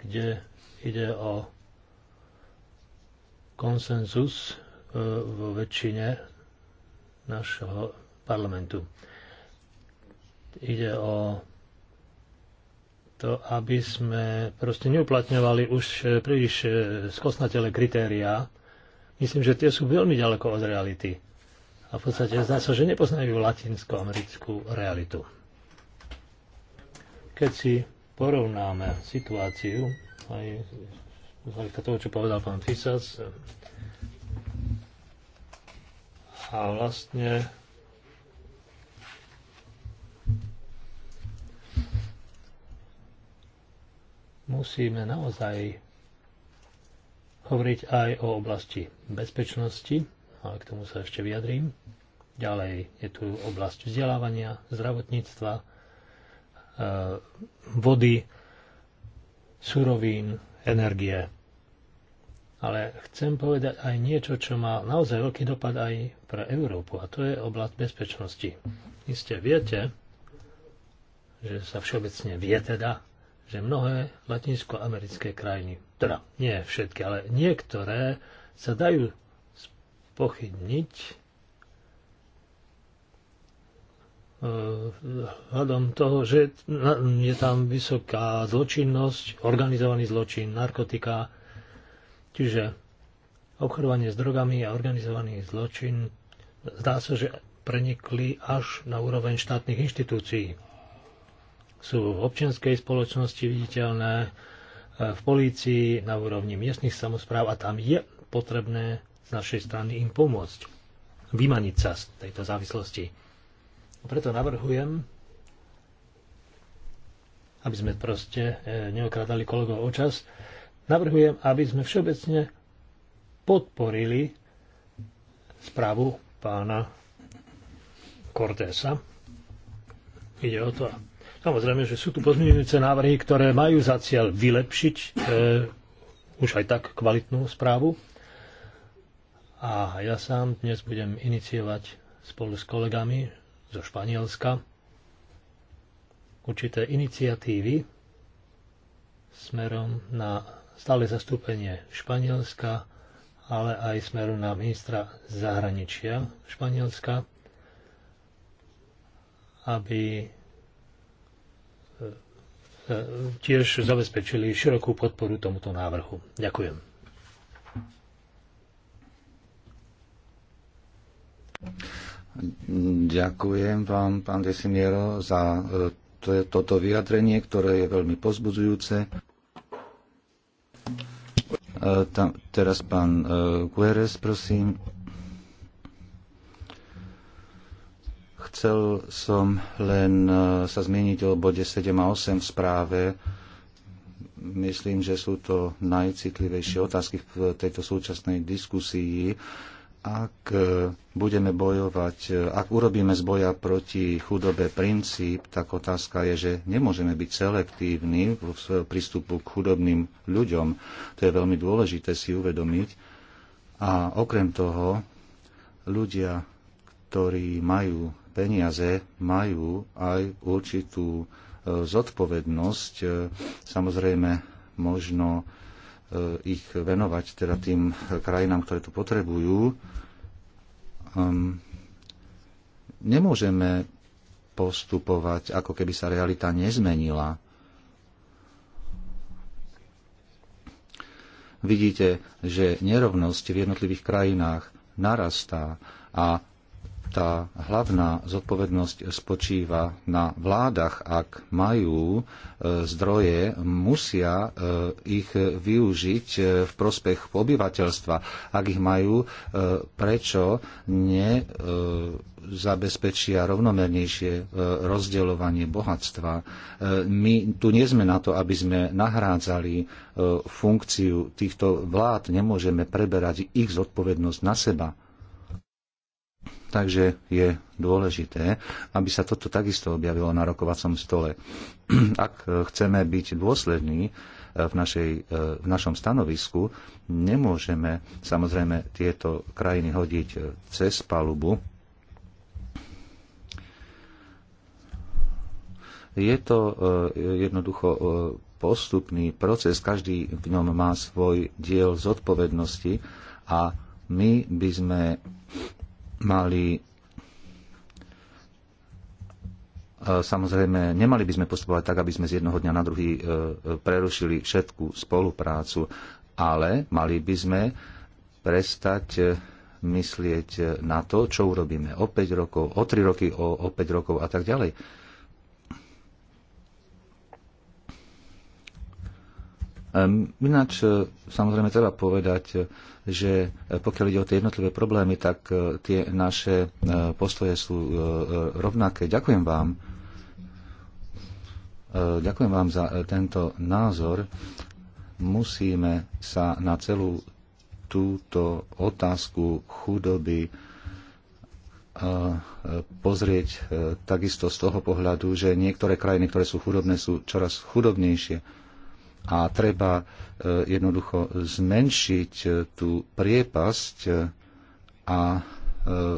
kde ide o konsenzus e, vo väčšine našho parlamentu. Ide o to, aby sme proste neuplatňovali už e, príliš e, skosnatele kritériá. Myslím, že tie sú veľmi ďaleko od reality. A v podstate zdá sa, že nepoznajú americkú realitu. Keď si porovnáme situáciu, aj z toho, čo povedal pán Fisas, a vlastne musíme naozaj hovoriť aj o oblasti bezpečnosti, a k tomu sa ešte vyjadrím. Ďalej je tu oblasť vzdelávania, zdravotníctva, E, vody, surovín, energie. Ale chcem povedať aj niečo, čo má naozaj veľký dopad aj pre Európu, a to je oblasť bezpečnosti. Iste viete, že sa všeobecne vie teda, že mnohé latinskoamerické krajiny, teda nie všetky, ale niektoré sa dajú pochybniť Eh, hľadom toho, že je tam vysoká zločinnosť, organizovaný zločin, narkotika, čiže obchodovanie s drogami a organizovaný zločin zdá sa, že prenikli až na úroveň štátnych inštitúcií. Sú v občianskej spoločnosti viditeľné, eh, v polícii, na úrovni miestnych samozpráv a tam je potrebné z našej strany im pomôcť, vymaniť sa z tejto závislosti. A preto navrhujem, aby sme proste e, neokrádali kolegov o čas, navrhujem, aby sme všeobecne podporili správu pána Cortésa. Ide o to. Samozrejme, že sú tu pozmienujúce návrhy, ktoré majú za cieľ vylepšiť e, už aj tak kvalitnú správu. A ja sám dnes budem iniciovať spolu s kolegami zo Španielska. Určité iniciatívy smerom na stále zastúpenie Španielska, ale aj smerom na ministra zahraničia Španielska, aby e, e, tiež zabezpečili širokú podporu tomuto návrhu. Ďakujem. Thank you. Ďakujem vám, pán Desimiero, za e, to, toto vyjadrenie, ktoré je veľmi pozbudzujúce. E, tam, teraz pán e, Gueres, prosím. Chcel som len sa zmieniť o bode 7 a 8 v správe. Myslím, že sú to najcitlivejšie otázky v tejto súčasnej diskusii ak e, budeme bojovať, e, ak urobíme z boja proti chudobe princíp, tak otázka je, že nemôžeme byť selektívni v svojom prístupu k chudobným ľuďom. To je veľmi dôležité si uvedomiť. A okrem toho, ľudia, ktorí majú peniaze, majú aj určitú e, zodpovednosť. Samozrejme, možno Eh, ich venovať teda tým krajinám, ktoré to potrebujú. Um, nemôžeme postupovať, ako keby sa realita nezmenila. Vidíte, že nerovnosť v jednotlivých krajinách narastá a tá hlavná zodpovednosť spočíva na vládach. Ak majú e, zdroje, musia e, ich využiť e, v prospech obyvateľstva. Ak ich majú, prečo nezabezpečia rovnomernejšie rozdeľovanie bohatstva? My tu nie sme na to, aby sme nahrádzali funkciu týchto vlád. Nemôžeme preberať ich zodpovednosť na seba. Takže je dôležité, aby sa toto takisto objavilo na rokovacom stole. <clears throat> Ak eh, chceme byť dôslední eh, v, našej, eh, v našom stanovisku, nemôžeme samozrejme tieto krajiny hodiť cez palubu. Je to jednoducho postupný proces, každý v ňom má svoj diel zodpovednosti a my by sme mali e, Samozrejme, nemali by sme postupovať tak, aby sme z jednoho dňa na druhý e, prerušili všetku spoluprácu, ale mali by sme prestať e, myslieť na to, čo urobíme o 5 rokov, o 3 roky, o, o 5 rokov a tak ďalej Ehm, ináč, e, samozrejme, treba povedať, e, že e, pokiaľ ide o tie jednotlivé problémy, tak tie naše postoje sú rovnaké. Ďakujem vám. Ďakujem vám za tento názor. Musíme sa na celú túto otázku chudoby pozrieť takisto z toho pohľadu, že niektoré krajiny, ktoré sú chudobné, sú čoraz chudobnejšie a treba e, jednoducho zmenšiť e, tú priepasť e, a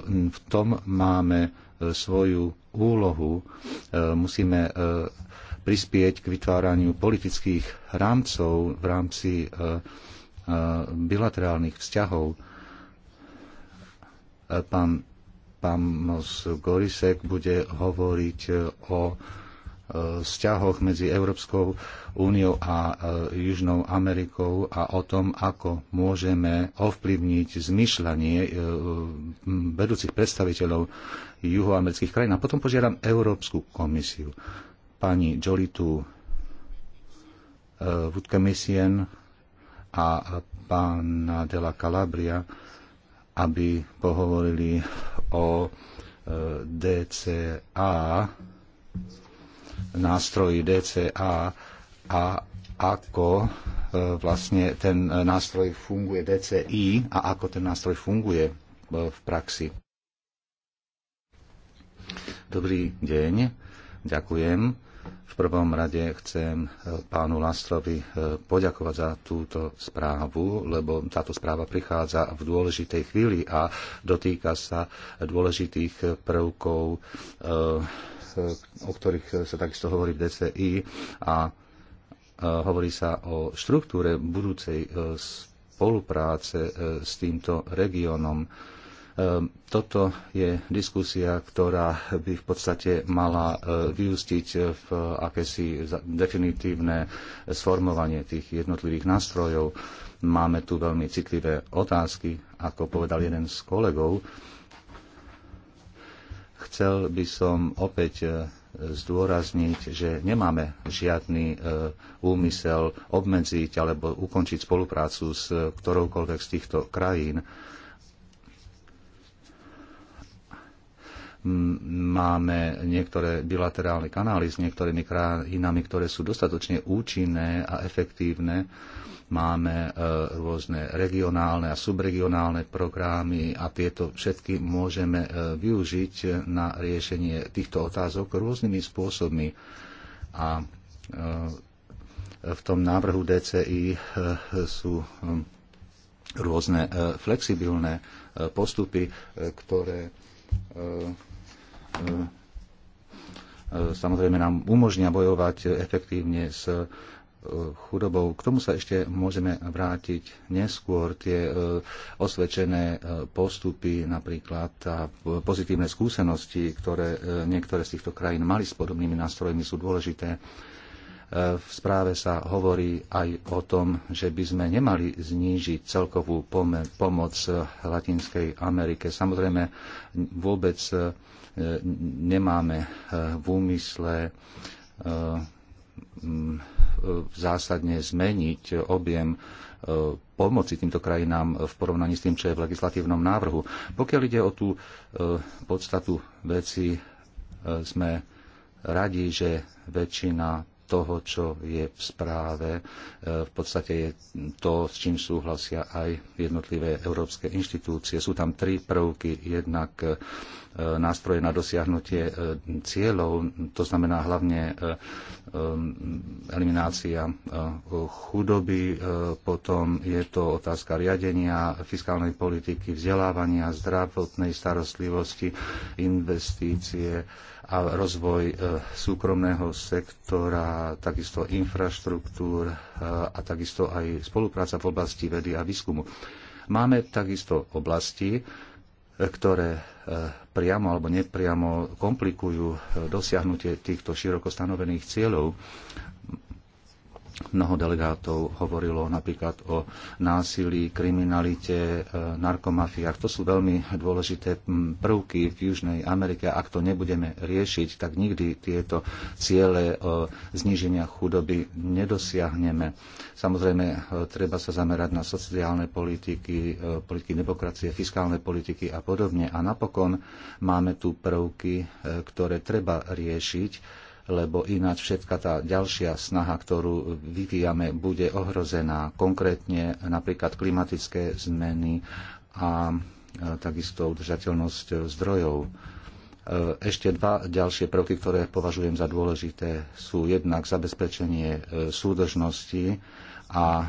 v tom máme svoju úlohu. Musíme prispieť k vytváraniu politických rámcov v rámci bilaterálnych vzťahov. Pán, pán Mos Gorisek bude hovoriť o vzťahoch medzi Európskou úniou a e, Južnou Amerikou a o tom, ako môžeme ovplyvniť zmyšľanie e, vedúcich predstaviteľov juhoamerických krajín. A potom požiadam Európsku komisiu. Pani Jolitu Vudkamisien e, a pána de la Calabria, aby pohovorili o DCA nástroji DCA a ako e, vlastne ten nástroj funguje DCI a ako ten nástroj funguje e, v praxi. Dobrý deň, ďakujem. V prvom rade chcem e, pánu Lastrovi poďakovať za túto správu, lebo táto správa prichádza v dôležitej chvíli a dotýka sa dôležitých prvkov e, o ktorých sa takisto hovorí v DCI a hovorí sa o štruktúre budúcej e, spolupráce e, s týmto regiónom. E, toto je diskusia, ktorá by v podstate mala vyústiť v akési definitívne sformovanie tých jednotlivých nástrojov. Máme tu veľmi citlivé otázky, ako povedal jeden z kolegov Chcel by som opäť e, zdôrazniť, že nemáme žiadny e, úmysel obmedziť alebo ukončiť spoluprácu s ktoroukoľvek z týchto krajín. Máme niektoré bilaterálne kanály s niektorými krajinami, ktoré sú dostatočne účinné a efektívne máme e, rôzne regionálne a subregionálne programy a tieto všetky môžeme e, využiť na riešenie týchto otázok rôznymi spôsobmi. A e, v tom návrhu DCI sú rôzne flexibilné postupy, ktoré samozrejme nám umožnia bojovať efektívne s chudobou. K tomu sa ešte môžeme vrátiť neskôr. Tie e, osvedčené e, postupy, napríklad a pozitívne skúsenosti, ktoré e, niektoré z týchto krajín mali s podobnými nástrojmi, sú dôležité. V správe sa hovorí aj o tom, že by sme nemali znížiť celkovú pomoc Latinskej Amerike. Samozrejme, vôbec nemáme v úmysle E, zásadne zmeniť e, objem e, pomoci týmto krajinám v porovnaní s tým, čo je v legislatívnom návrhu. Pokiaľ ide o tú podstatu veci, sme radi, že väčšina toho, čo je v správe. E, v podstate je to, s čím súhlasia aj jednotlivé európske inštitúcie. Sú tam tri prvky. Jednak e, nástroje na dosiahnutie e, cieľov, to znamená hlavne eliminácia chudoby, potom je to otázka riadenia, fiskálnej politiky, vzdelávania, zdravotnej starostlivosti, investície, a rozvoj e, súkromného sektora, takisto infraštruktúr e, a takisto aj spolupráca v oblasti vedy a výskumu. Máme takisto oblasti, e, ktoré priamo alebo nepriamo komplikujú dosiahnutie týchto široko stanovených cieľov Mnoho delegátov hovorilo napríklad o násilí, kriminalite, e, narkomafiách. To sú veľmi dôležité prvky v Južnej Amerike. Ak to nebudeme riešiť, tak nikdy tieto ciele e, zníženia chudoby nedosiahneme. Samozrejme, e, treba sa zamerať na sociálne politiky, politiky demokracie, fiskálne politiky a podobne. A napokon máme tu prvky, ktoré treba riešiť lebo ináč všetka tá ďalšia snaha, ktorú vyvíjame, bude ohrozená konkrétne napríklad klimatické zmeny a takisto udržateľnosť zdrojov. E, ešte dva ďalšie prvky, ktoré považujem za dôležité, sú jednak zabezpečenie e, súdržnosti a e,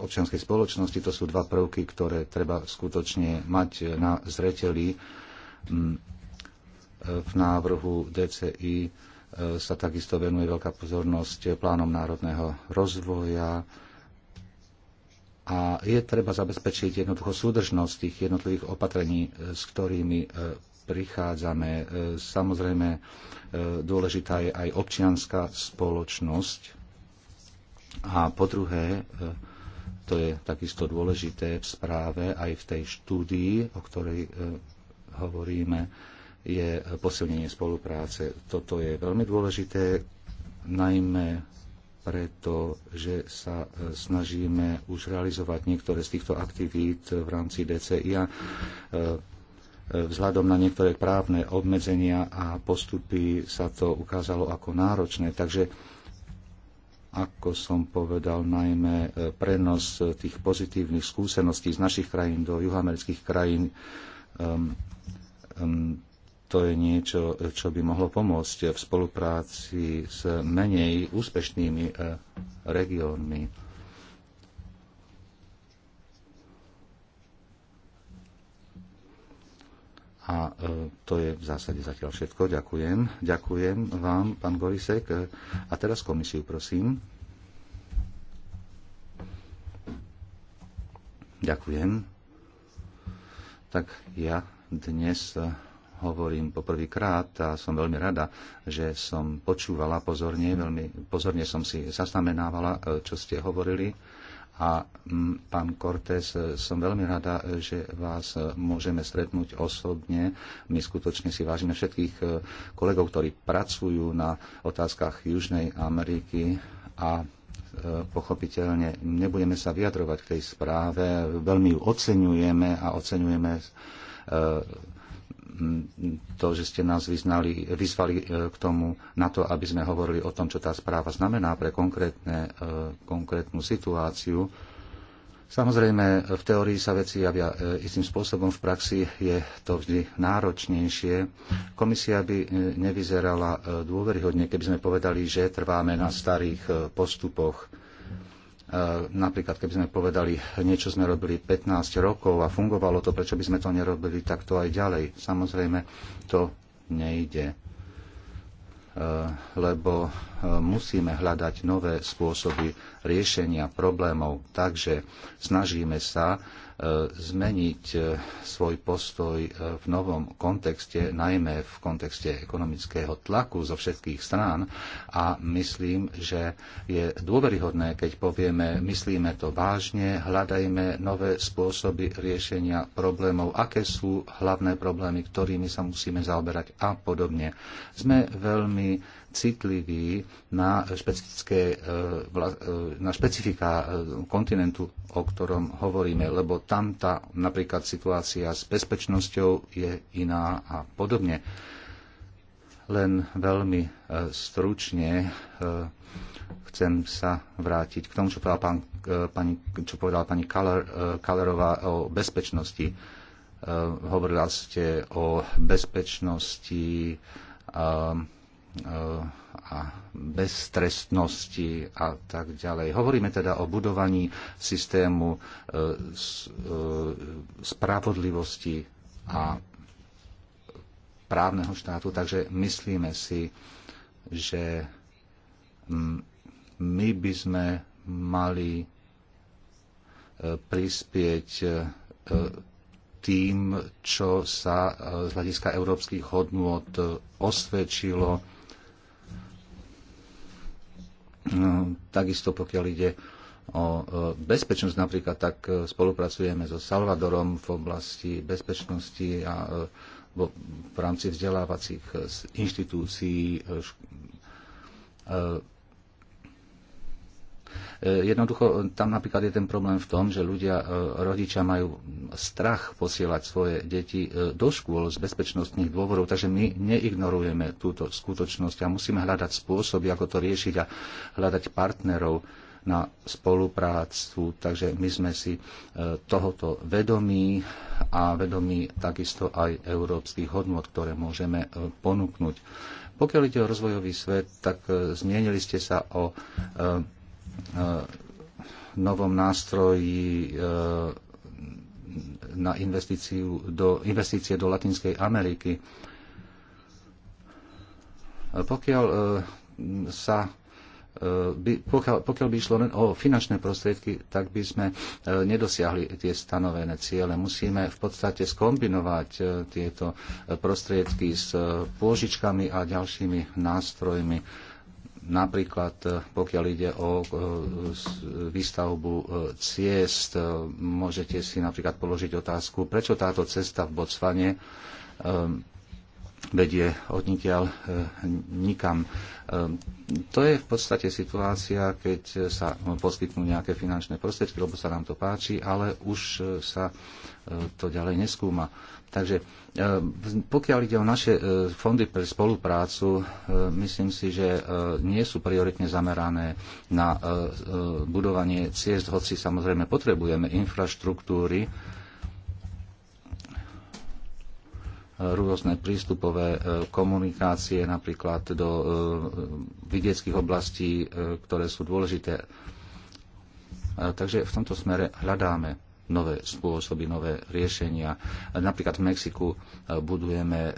občianskej spoločnosti. To sú dva prvky, ktoré treba skutočne mať na zreteli. Mm, v návrhu DCI e, sa takisto venuje veľká pozornosť plánom národného rozvoja a je treba zabezpečiť jednoducho súdržnosť tých jednotlivých opatrení, e, s ktorými e, prichádzame. Samozrejme, dôležitá je aj občianská spoločnosť. A po druhé, to je takisto dôležité v správe aj v tej štúdii, o ktorej e, hovoríme, je posilnenie spolupráce. Toto je veľmi dôležité, najmä preto, že sa e, snažíme už realizovať niektoré z týchto aktivít v rámci DCI a e, vzhľadom na niektoré právne obmedzenia a postupy sa to ukázalo ako náročné. Takže ako som povedal, najmä e, prenos e, tých pozitívnych skúseností z našich krajín do juhoamerických krajín, um, um, to je niečo, e, čo by mohlo pomôcť v spolupráci s menej úspešnými regiónmi. A e, to je v zásade zatiaľ všetko. Ďakujem. Ďakujem vám, pán Gorisek. E, a teraz komisiu, prosím. Ďakujem. Tak ja dnes e, hovorím poprvýkrát a som veľmi rada, že som počúvala pozorne, veľmi pozorne som si zaznamenávala, čo ste hovorili a mm, pán Cortés, e, som veľmi rada, e, že vás e, môžeme stretnúť osobne. My skutočne si vážime všetkých kolegov, ktorí pracujú na otázkach Južnej Ameriky a pochopiteľne nebudeme sa vyjadrovať k tej správe. Veľmi ju oceňujeme a oceňujeme to, že ste nás vyznali, vyzvali e, k tomu, na to, aby sme hovorili o tom, čo tá správa znamená pre konkrétne, e, konkrétnu situáciu. Samozrejme, v teórii sa veci javia e, istým spôsobom, v praxi je to vždy náročnejšie. Komisia by nevyzerala dôveryhodne, keby sme povedali, že trváme na starých postupoch E, napríklad, keby sme povedali, niečo sme robili 15 rokov a fungovalo to, prečo by sme to nerobili takto aj ďalej. Samozrejme, to nejde, e, lebo e, musíme hľadať nové spôsoby riešenia problémov. Takže snažíme sa E, zmeniť e, svoj postoj e, v novom kontexte, najmä v kontexte ekonomického tlaku zo všetkých strán. A myslím, že je dôveryhodné, keď povieme, myslíme to vážne, hľadajme nové spôsoby riešenia problémov, aké sú hlavné problémy, ktorými sa musíme zaoberať a podobne. Sme veľmi citlivý na, špecifické, e, e, na špecifika e, kontinentu, o ktorom hovoríme, lebo tam tá napríklad situácia s bezpečnosťou je iná a podobne. Len veľmi stručne chcem sa vrátiť k tomu, čo povedala, pán, pani, čo povedala pani Kalerová o bezpečnosti. Hovorila ste o bezpečnosti a beztrestnosti a tak ďalej. Hovoríme teda o budovaní systému e, e, spravodlivosti a právneho štátu, takže myslíme si, že my by sme mali e, prispieť tým, čo sa z hľadiska európskych hodnôt osvedčilo Ehm, takisto pokiaľ ide o e, bezpečnosť napríklad, tak e, spolupracujeme so Salvadorom v oblasti bezpečnosti a e, v rámci vzdelávacích inštitúcií E, jednoducho tam napríklad je ten problém v tom, že ľudia, e, rodičia majú strach posielať svoje deti e, do škôl z bezpečnostných dôvodov, takže my neignorujeme túto skutočnosť a musíme hľadať spôsoby, ako to riešiť a hľadať partnerov na spoluprácu. Takže my sme si tohoto vedomí a vedomí takisto aj európskych hodnot, ktoré môžeme ponúknuť. Pokiaľ ide o rozvojový svet, tak zmienili ste sa o novom nástroji eh, na investíciu do, investície do Latinskej Ameriky. Pokiaľ eh, sa eh, by, pokiaľ, pokiaľ by išlo len o finančné prostriedky, tak by sme nedosiahli tie stanovené ciele. Musíme v podstate skombinovať tieto prostriedky s pôžičkami a ďalšími nástrojmi Napríklad, e, pokiaľ ide o e, výstavbu e, ciest, môžete si napríklad položiť otázku, prečo táto cesta v Botsvane vedie odnikiaľ nikam. To je v podstate situácia, keď sa poskytnú nejaké finančné prostriedky, lebo sa nám to páči, ale už sa to ďalej neskúma. Takže e, pokiaľ ide o naše e, fondy pre spoluprácu, e, myslím si, že nie sú prioritne zamerané na budovanie ciest, hoci samozrejme potrebujeme infraštruktúry, rôzne prístupové komunikácie napríklad do vidieckých oblastí, ktoré sú dôležité. Takže v tomto smere hľadáme nové spôsoby, nové riešenia. Napríklad v Mexiku e, budujeme e,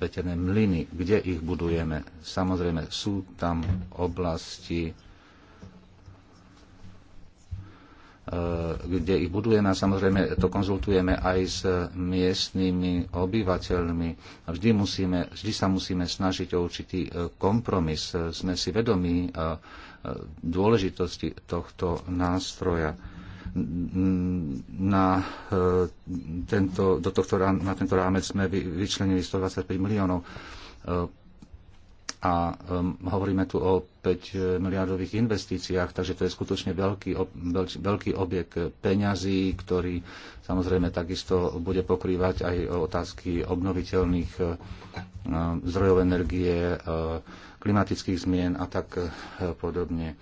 veterné mlyny. Kde ich budujeme? Samozrejme, sú tam oblasti, e, kde ich budujeme a samozrejme to konzultujeme aj s miestnymi obyvateľmi. Vždy, musíme, vždy sa musíme snažiť o určitý kompromis. Sme si vedomí dôležitosti tohto nástroja na, e, tento, do tohto, na tento rámec sme vyčlenili 125 miliónov e, a e, hovoríme tu o 5 miliardových investíciách, takže to je skutočne veľký, veľký objek peňazí, ktorý samozrejme takisto bude pokrývať aj otázky obnoviteľných zdrojov energie, klimatických zmien a tak podobne.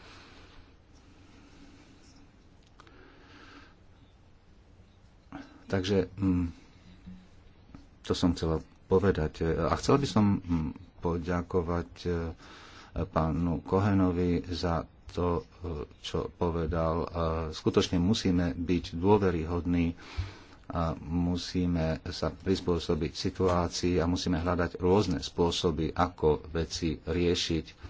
Takže mm, to som chcela povedať. A chcel by som mm, poďakovať e, pánu Kohenovi za to, e, čo povedal. E, skutočne musíme byť dôveryhodní a musíme sa prispôsobiť situácii a musíme hľadať rôzne spôsoby, ako veci riešiť.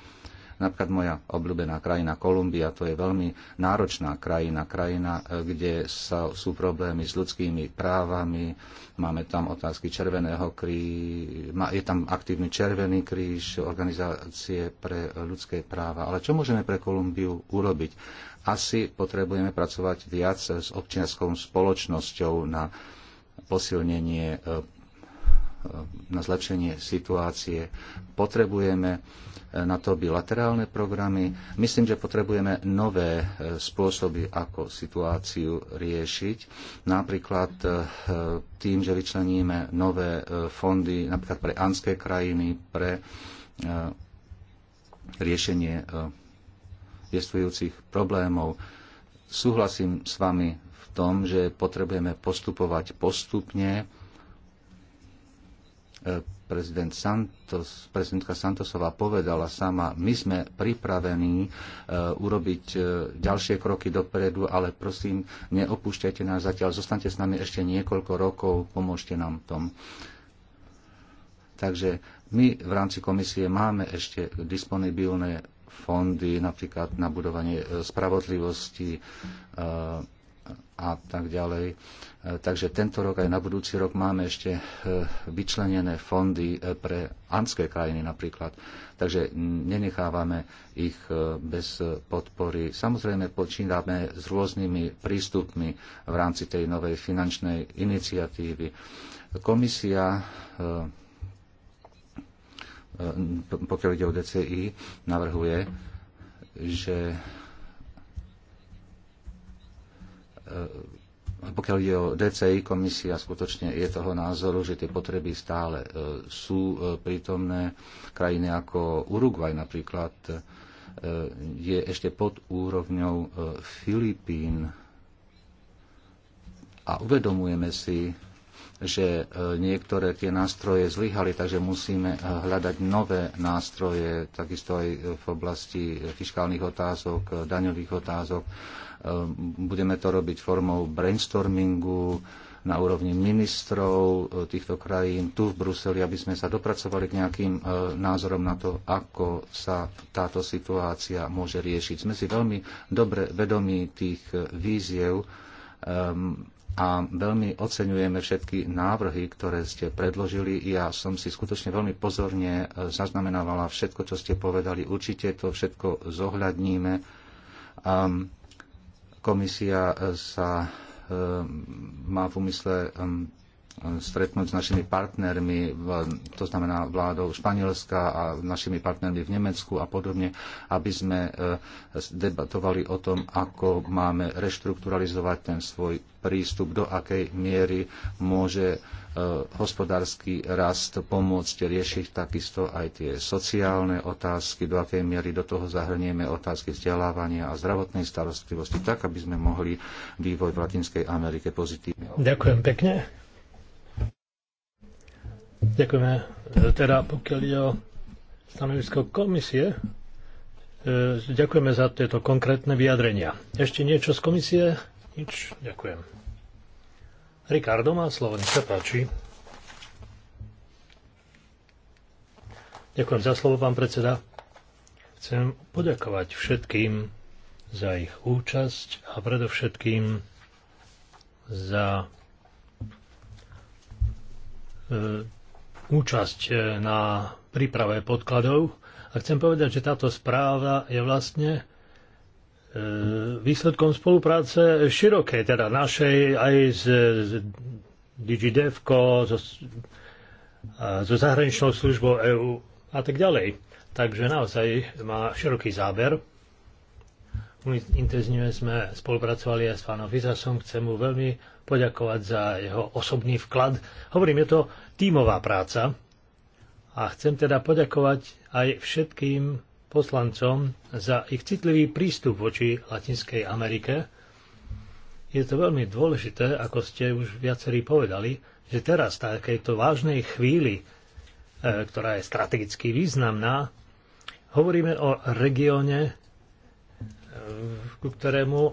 Napríklad moja obľúbená krajina Kolumbia, to je veľmi náročná krajina, krajina, e, kde sa, sú problémy s ľudskými právami, máme tam otázky Červeného kríža, je tam aktívny Červený kríž, organizácie pre ľudské práva. Ale čo môžeme pre Kolumbiu urobiť? Asi potrebujeme pracovať viac s občianskou spoločnosťou na posilnenie e, e, na zlepšenie situácie. Potrebujeme na to bilaterálne programy. Myslím, že potrebujeme nové e, spôsoby, ako situáciu riešiť. Napríklad e, tým, že vyčleníme nové e, fondy napríklad pre anské krajiny, pre riešenie existujúcich problémov. Súhlasím s vami v tom, že potrebujeme postupovať postupne prezident Santos, prezidentka Santosová povedala sama, my sme pripravení e, urobiť e, ďalšie kroky dopredu, ale prosím, neopúšťajte nás zatiaľ, zostaňte s nami ešte niekoľko rokov, pomôžte nám v tom. Takže my v rámci komisie máme ešte disponibilné fondy napríklad na budovanie e, spravodlivosti, a tak ďalej. E, takže tento rok aj na budúci rok máme ešte e, vyčlenené fondy e, pre anské krajiny napríklad. Takže nenechávame ich bez podpory. Samozrejme počíname s rôznymi prístupmi v rámci tej novej finančnej iniciatívy. Komisia pokiaľ ide o DCI, navrhuje, že E, pokiaľ ide o DCI, komisia skutočne je toho názoru, že tie potreby stále e, sú e, prítomné. Krajiny ako Uruguay napríklad je ešte pod úrovňou Filipín a uvedomujeme si, že e, niektoré tie nástroje zlyhali, takže musíme e, hľadať nové nástroje, takisto aj e, v oblasti fiskálnych otázok, daňových otázok. Budeme to robiť formou brainstormingu na úrovni ministrov týchto krajín tu v Bruseli, aby sme sa dopracovali k nejakým názorom na to, ako sa táto situácia môže riešiť. Sme si veľmi dobre vedomí tých víziev, ehm, a veľmi oceňujeme všetky návrhy, ktoré ste predložili. Ja som si skutočne veľmi pozorne e, zaznamenávala všetko, čo ste povedali. Určite to všetko zohľadníme. komisia e, sa e, má v úmysle stretnúť s našimi partnermi, to znamená vládou Španielska a našimi partnermi v Nemecku a podobne, aby sme e, debatovali o tom, ako máme reštrukturalizovať ten svoj prístup, do akej miery môže e, hospodársky rast pomôcť riešiť takisto aj tie sociálne otázky, do akej miery do toho zahrnieme otázky vzdelávania a zdravotnej starostlivosti, tak aby sme mohli vývoj v Latinskej Amerike pozitívne. Ďakujem pekne. Ďakujeme. E, teda pokiaľ je o stanovisko komisie, e, ďakujeme za tieto konkrétne vyjadrenia. Ešte niečo z komisie? Nič? Ďakujem. Ricardo má slovo, nech sa páči. Ďakujem za slovo, pán predseda. Chcem poďakovať všetkým za ich účasť a predovšetkým za e, účasť e, na príprave podkladov. A chcem povedať, že táto správa je vlastne e, výsledkom spolupráce širokej, teda našej aj s DigiDevko, so, so zahraničnou službou EU a tak ďalej. Takže naozaj má široký záber. Intenzívne sme spolupracovali aj s pánom Vizasom. chcem mu veľmi poďakovať za jeho osobný vklad. Hovorím, je to tímová práca a chcem teda poďakovať aj všetkým poslancom za ich citlivý prístup voči Latinskej Amerike. Je to veľmi dôležité, ako ste už viacerí povedali, že teraz v takejto vážnej chvíli, e, ktorá je strategicky významná, hovoríme o regióne, e, ku ktorému e,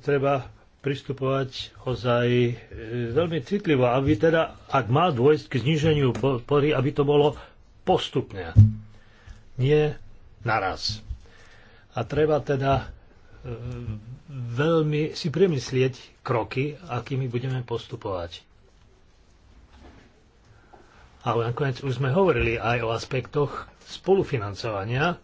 treba pristupovať ozaj e, veľmi citlivo, aby teda, ak má dôjsť k zniženiu podpory, aby to bolo postupne, nie naraz. A treba teda e, veľmi si premyslieť kroky, akými budeme postupovať. Ale nakoniec už sme hovorili aj o aspektoch spolufinancovania,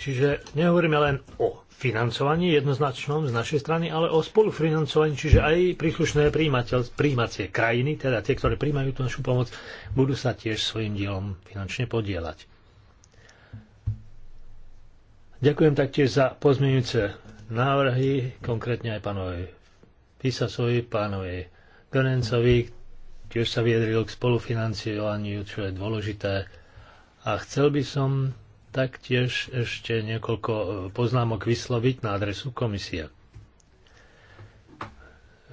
čiže nehovoríme len o financovaní jednoznačnom z našej strany, ale o spolufinancovaní, čiže aj príslušné príjmacie krajiny, teda tie, ktoré príjmajú tú našu pomoc, budú sa tiež svojim dielom finančne podielať. Ďakujem taktiež za pozmeňujúce návrhy, konkrétne aj pánovi Pisasovi, pánovi Gönencovi, tiež sa vyjadril k spolufinanciovaniu, čo je dôležité. A chcel by som taktiež ešte niekoľko e, poznámok vysloviť na adresu komisie.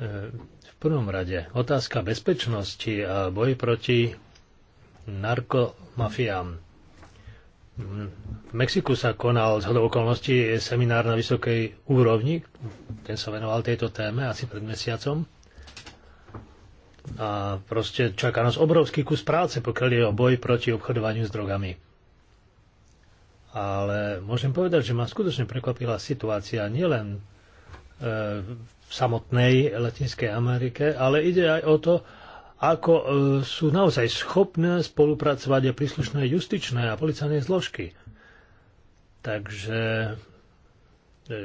V prvom rade otázka bezpečnosti a boj proti narkomafiám. V Mexiku sa konal z okolností seminár na vysokej úrovni, ten sa venoval tejto téme asi pred mesiacom. A proste čaká nás obrovský kus práce, pokiaľ je o boj proti obchodovaniu s drogami ale môžem povedať, že ma skutočne prekvapila situácia nielen e, v samotnej Latinskej Amerike, ale ide aj o to, ako e, sú naozaj schopné spolupracovať aj príslušné justičné a policajné zložky. Takže e,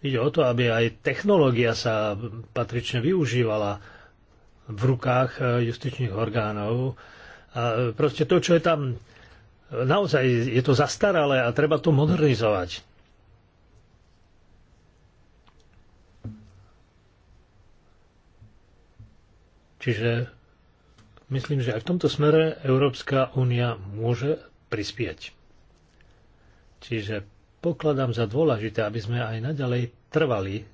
ide o to, aby aj technológia sa patrične využívala v rukách justičných orgánov. A proste to, čo je tam naozaj je to zastaralé a treba to modernizovať. Čiže myslím, že aj v tomto smere Európska únia môže prispieť. Čiže pokladám za dôležité, aby sme aj naďalej trvali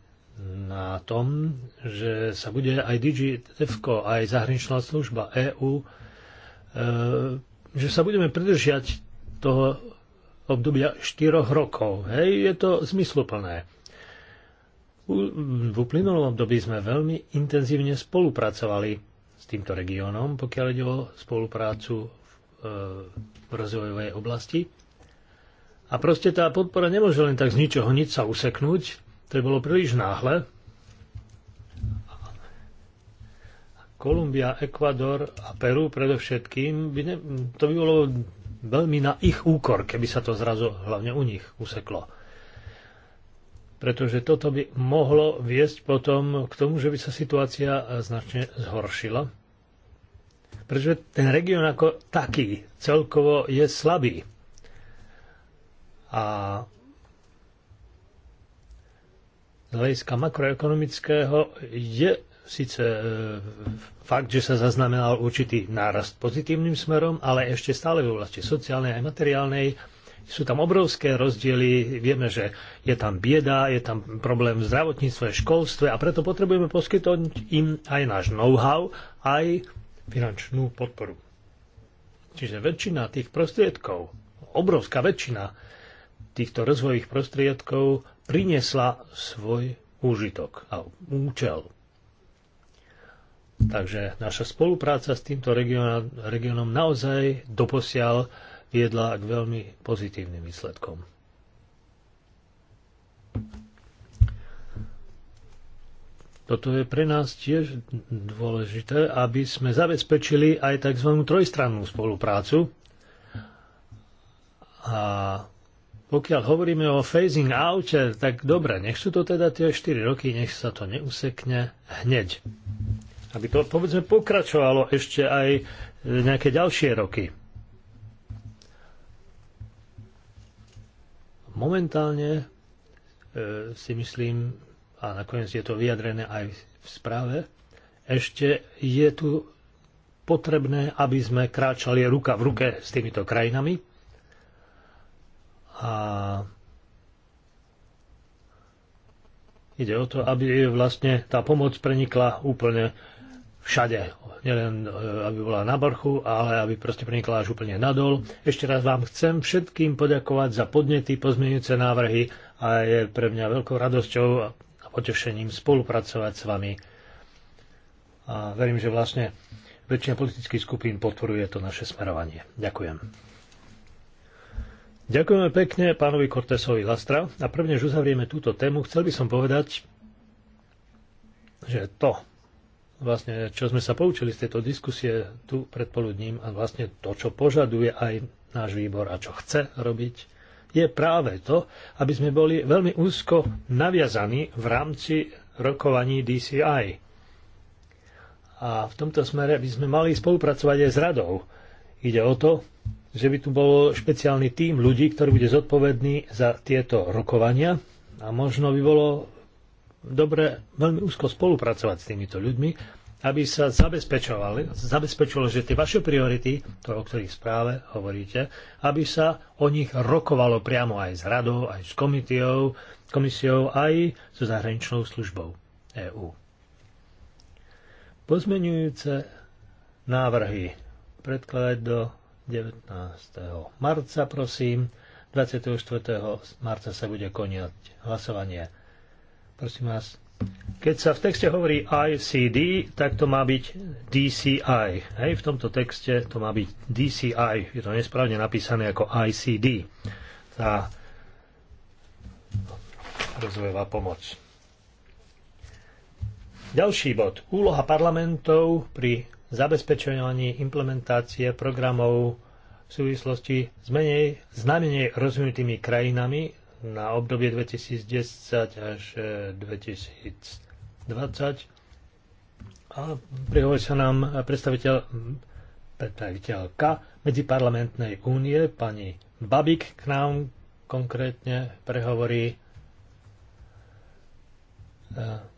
na tom, že sa bude aj DigiTFCO, aj zahraničná služba EÚ že sa budeme pridržiať toho obdobia 4 rokov. Hej, je to zmysluplné. V uplynulom období sme veľmi intenzívne spolupracovali s týmto regiónom, pokiaľ ide o spoluprácu e, v rozvojovej oblasti. A proste tá podpora nemôže len tak z ničoho nič sa useknúť, to je bolo príliš náhle, Kolumbia, Ekvador a Peru predovšetkým, by ne, to by bolo veľmi na ich úkor, keby sa to zrazu hlavne u nich useklo. Pretože toto by mohlo viesť potom k tomu, že by sa situácia značne zhoršila. Pretože ten región ako taký celkovo je slabý. A z hľadiska makroekonomického je síce e, fakt, že sa zaznamenal určitý nárast pozitívnym smerom, ale ešte stále v oblasti sociálnej aj materiálnej sú tam obrovské rozdiely. Vieme, že je tam bieda, je tam problém v zdravotníctve, školstve a preto potrebujeme poskytnúť im aj náš know-how, aj finančnú podporu. Čiže väčšina tých prostriedkov, obrovská väčšina týchto rozvojových prostriedkov priniesla svoj úžitok a účel Takže naša spolupráca s týmto regiónom naozaj doposiaľ viedla k veľmi pozitívnym výsledkom. Toto je pre nás tiež dôležité, aby sme zabezpečili aj tzv. trojstrannú spoluprácu. A pokiaľ hovoríme o phasing oute, tak dobre, nech sú to teda tie 4 roky, nech sa to neusekne hneď aby to povedzme pokračovalo ešte aj e, nejaké ďalšie roky. Momentálne e, si myslím, a nakoniec je to vyjadrené aj v správe, ešte je tu potrebné, aby sme kráčali ruka v ruke s týmito krajinami. A ide o to, aby vlastne tá pomoc prenikla úplne všade. Nielen, e, aby bola na vrchu, ale aby proste prenikla až úplne nadol. Ešte raz vám chcem všetkým poďakovať za podnety, pozmeňujúce návrhy a je pre mňa veľkou radosťou a potešením spolupracovať s vami. A verím, že vlastne väčšina politických skupín potvoruje to naše smerovanie. Ďakujem. Ďakujeme pekne pánovi Cortesovi Lastra a prvne, než uzavrieme túto tému, chcel by som povedať, že to, vlastne, čo sme sa poučili z tejto diskusie tu predpoludním a vlastne to, čo požaduje aj náš výbor a čo chce robiť, je práve to, aby sme boli veľmi úzko naviazaní v rámci rokovaní DCI. A v tomto smere by sme mali spolupracovať aj s radou. Ide o to, že by tu bol špeciálny tím ľudí, ktorý bude zodpovedný za tieto rokovania a možno by bolo dobre veľmi úzko spolupracovať s týmito ľuďmi, aby sa zabezpečovali, zabezpečovalo, že tie vaše priority, to, o ktorých správe hovoríte, aby sa o nich rokovalo priamo aj s radou, aj s komitiou, komisiou, aj so zahraničnou službou EÚ. Pozmenujúce návrhy predkladať do 19. marca, prosím. 24. marca sa bude koniať hlasovanie Prosím vás. Keď sa v texte hovorí ICD, tak to má byť DCI. Hej, v tomto texte to má byť DCI. Je to nesprávne napísané ako ICD. Tá rozvojová pomoc. Ďalší bod. Úloha parlamentov pri zabezpečovaní implementácie programov v súvislosti s menej, s najmenej rozvinutými krajinami na obdobie 2010 až 2020 e, a prihovorí sa nám predstaviteľ, predstaviteľka Medziparlamentnej únie, pani Babik k nám konkrétne prehovorí e,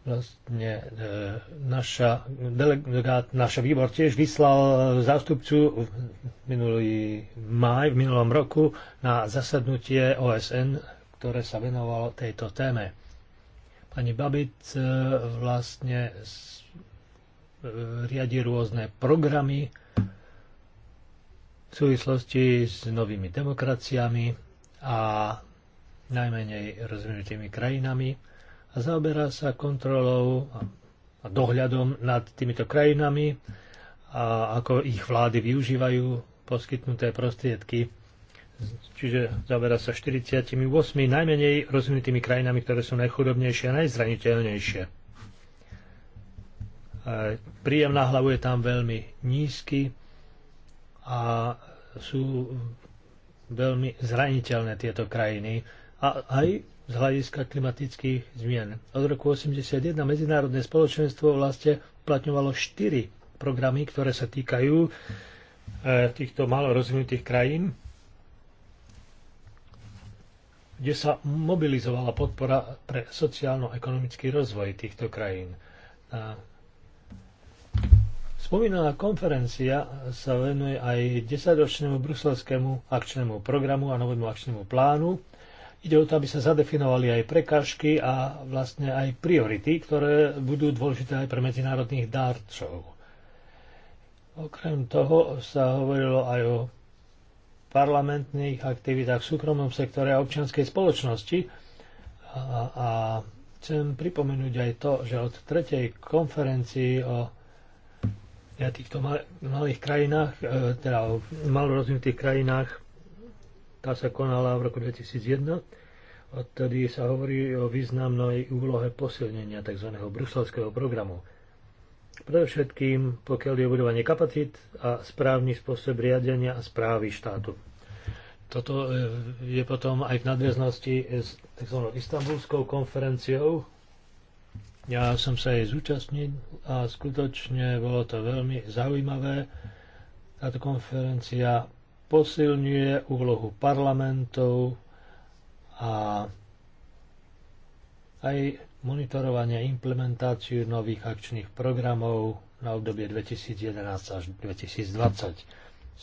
vlastne e, naša delegát, naša výbor tiež vyslal zástupcu minulý maj, v minulom roku na zasadnutie OSN ktoré sa venovalo tejto téme. Pani Babic e, vlastne e, riadi rôzne programy v súvislosti s novými demokraciami a najmenej rozvinutými krajinami a zaoberá sa kontrolou a dohľadom nad týmito krajinami a ako ich vlády využívajú poskytnuté prostriedky čiže zaberá sa 48 najmenej rozvinutými krajinami, ktoré sú najchudobnejšie a najzraniteľnejšie. Príjem na hlavu je tam veľmi nízky a sú veľmi zraniteľné tieto krajiny a aj z hľadiska klimatických zmien. Od roku 1981 medzinárodné spoločenstvo vlastne uplatňovalo 4 programy, ktoré sa týkajú e, týchto malo rozvinutých krajín kde sa mobilizovala podpora pre sociálno-ekonomický rozvoj týchto krajín. A spomínaná konferencia sa venuje aj desaťročnému bruselskému akčnému programu a novému akčnému plánu. Ide o to, aby sa zadefinovali aj prekážky a vlastne aj priority, ktoré budú dôležité aj pre medzinárodných dárcov. Okrem toho sa hovorilo aj o parlamentných aktivitách v súkromnom sektore a občianskej spoločnosti. A, a chcem pripomenúť aj to, že od tretej konferencii o týchto mal, malých krajinách, e, teda o malo rozvinutých krajinách, tá sa konala v roku 2001, odtedy sa hovorí o významnej úlohe posilnenia tzv. bruselského programu Predovšetkým, pokiaľ je budovanie kapacít a správny spôsob riadenia a správy štátu. Toto e, je potom aj v nadväznosti s tzv. istambulskou konferenciou. Ja som sa jej zúčastnil a skutočne bolo to veľmi zaujímavé. Táto konferencia posilňuje úlohu parlamentov a aj monitorovanie implementáciu nových akčných programov na obdobie 2011 až 2020.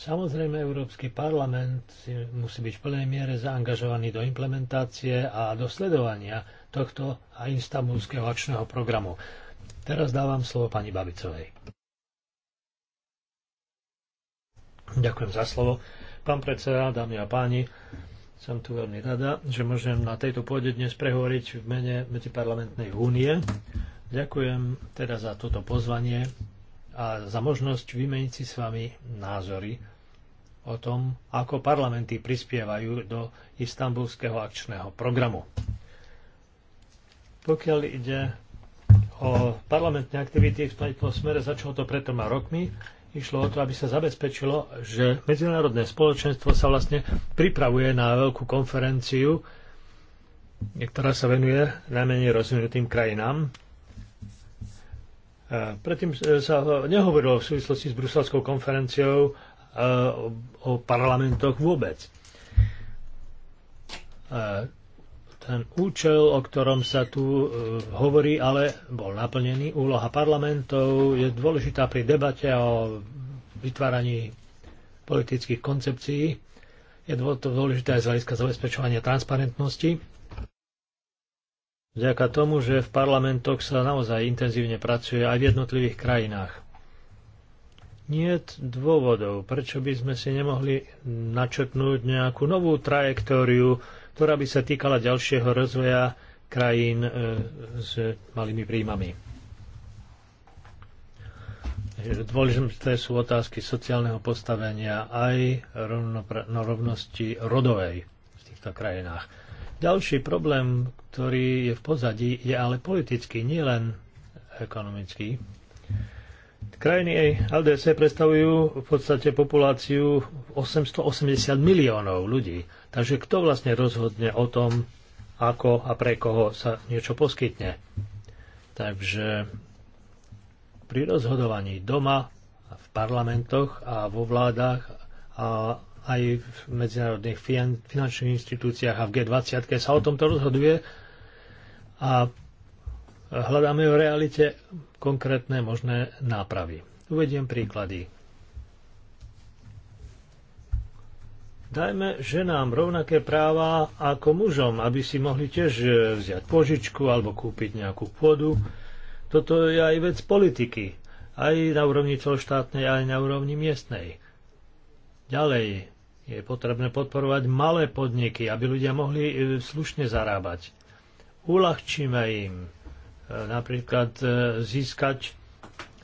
Samozrejme, Európsky parlament musí byť v plnej miere zaangažovaný do implementácie a do sledovania tohto a istambulského akčného programu. Teraz dávam slovo pani Babicovej. Ďakujem za slovo. Pán predseda, dámy a páni, som tu veľmi rada, že môžem na tejto pôde dnes prehovoriť v mene Medziparlamentnej únie. Ďakujem teda za toto pozvanie a za možnosť vymeniť si s vami názory o tom, ako parlamenty prispievajú do istambulského akčného programu. Pokiaľ ide o parlamentné aktivity v tomto smere, začalo to pred troma rokmi Išlo o to, aby sa zabezpečilo, že medzinárodné spoločenstvo sa vlastne pripravuje na veľkú konferenciu, ktorá sa venuje najmenej rozvinutým krajinám. Predtým sa nehovorilo v súvislosti s bruselskou konferenciou e, o parlamentoch vôbec e, ten účel, o ktorom sa tu e, hovorí, ale bol naplnený. Úloha parlamentov je dôležitá pri debate o vytváraní politických koncepcií. Je to dôležité aj z hľadiska zabezpečovania transparentnosti. Vďaka tomu, že v parlamentoch sa naozaj intenzívne pracuje aj v jednotlivých krajinách. Nie dôvodov, prečo by sme si nemohli načetnúť nejakú novú trajektóriu ktorá by sa týkala ďalšieho rozvoja krajín e, s malými príjmami. Dôležité sú otázky sociálneho postavenia aj no, rovnosti rodovej v týchto krajinách. Ďalší problém, ktorý je v pozadí, je ale politický, nielen ekonomický. Krajiny LDC predstavujú v podstate populáciu 880 miliónov ľudí Takže kto vlastne rozhodne o tom, ako a pre koho sa niečo poskytne? Takže pri rozhodovaní doma, v parlamentoch a vo vládach a aj v medzinárodných finančných inštitúciách a v G20 sa o tomto rozhoduje a hľadáme v realite konkrétne možné nápravy. Uvediem príklady. Dajme ženám rovnaké práva ako mužom, aby si mohli tiež e, vziať požičku alebo kúpiť nejakú pôdu. Toto je aj vec politiky, aj na úrovni celoštátnej, aj na úrovni miestnej. Ďalej je potrebné podporovať malé podniky, aby ľudia mohli e, slušne zarábať. Uľahčíme im e, napríklad získať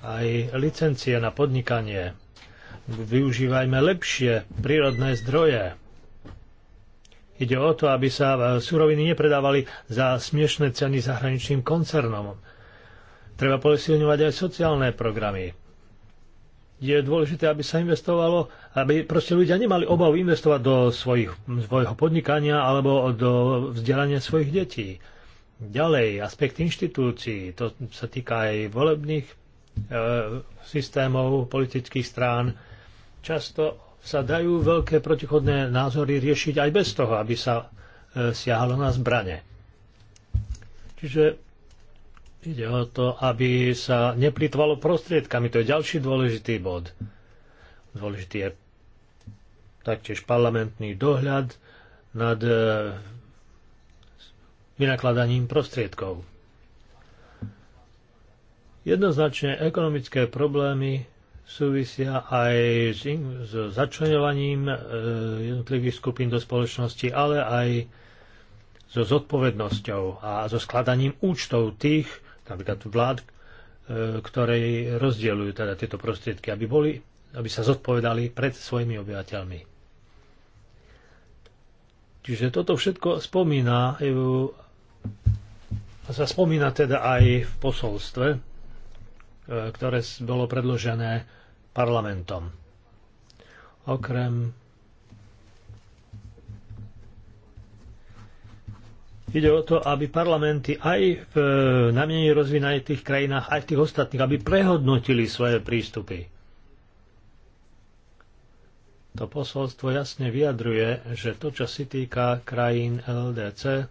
aj licencie na podnikanie, využívajme lepšie prírodné zdroje. Ide o to, aby sa e, suroviny nepredávali za smiešné ceny zahraničným koncernom. Treba posilňovať aj sociálne programy. Je dôležité, aby sa investovalo, aby proste ľudia nemali obavu investovať do svojich, svojho podnikania alebo do vzdelania svojich detí. Ďalej, aspekt inštitúcií, to sa týka aj volebných e, systémov politických strán, Často sa dajú veľké protichodné názory riešiť aj bez toho, aby sa e, siahalo na zbrane. Čiže ide o to, aby sa neplitvalo prostriedkami. To je ďalší dôležitý bod. Dôležitý je taktiež parlamentný dohľad nad e, vynakladaním prostriedkov. Jednoznačne ekonomické problémy súvisia aj s, s začlenovaním e, jednotlivých skupín do spoločnosti, ale aj so zodpovednosťou a so skladaním účtov tých, napríklad vlád, e, ktoré rozdielujú teda tieto prostriedky, aby, boli, aby sa zodpovedali pred svojimi obyvateľmi. Čiže toto všetko spomína, sa spomína teda aj v posolstve E, ktoré bolo predložené parlamentom. Okrem Ide o to, aby parlamenty aj v e, namiene rozvinajých krajinách, aj v tých ostatných, aby prehodnotili svoje prístupy. To posolstvo jasne vyjadruje, že to, čo si týka krajín LDC,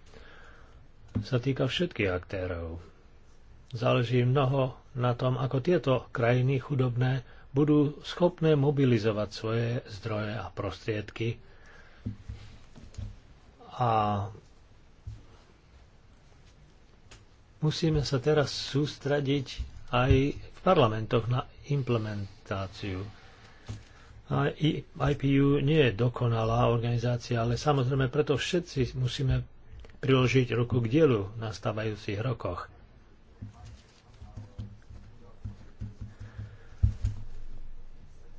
sa týka všetkých aktérov. Záleží mnoho na tom, ako tieto krajiny chudobné budú schopné mobilizovať svoje zdroje a prostriedky a musíme sa teraz sústrediť aj v parlamentoch na implementáciu. A IPU nie je dokonalá organizácia, ale samozrejme preto všetci musíme priložiť ruku k dielu na stávajúcich rokoch.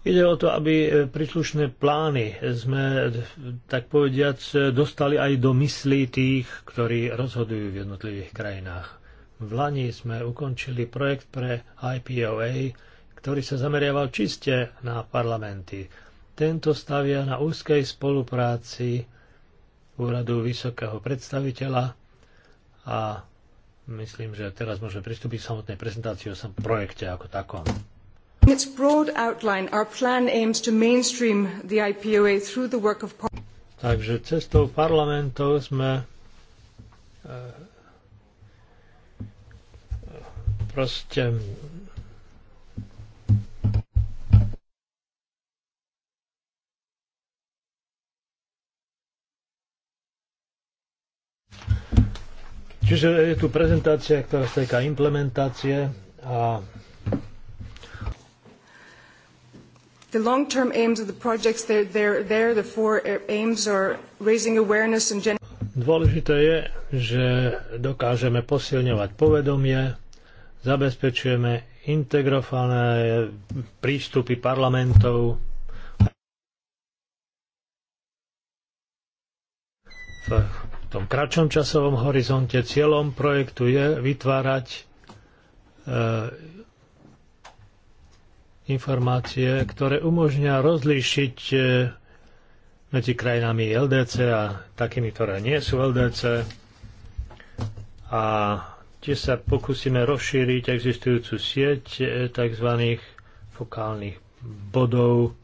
Ide o to, aby e, príslušné plány e, sme, e, tak povediac, dostali aj do myslí tých, ktorí rozhodujú v jednotlivých krajinách. V Lani sme ukončili projekt pre IPOA, ktorý sa zameriaval čiste na parlamenty. Tento stavia na úzkej spolupráci úradu vysokého predstaviteľa a myslím, že teraz môžeme pristúpiť k samotnej prezentácii o projekte ako takom. In its broad outline, our plan aims to mainstream the IPOA through the work of Takže cestou parlamentov sme eh, proste Čiže je tu prezentácia, ktorá sa týka implementácie a The long-term aims of the projects, they're, they're, there, the four uh, aims are raising awareness and gender... Dôležité je, že dokážeme posilňovať povedomie, zabezpečujeme integrované prístupy parlamentov v tom kratšom časovom horizonte. Cieľom projektu je vytvárať e, informácie, ktoré umožňa rozlíšiť e, medzi krajinami LDC a takými, ktoré nie sú LDC. A tiež sa pokúsime rozšíriť existujúcu sieť e, tzv. fokálnych bodov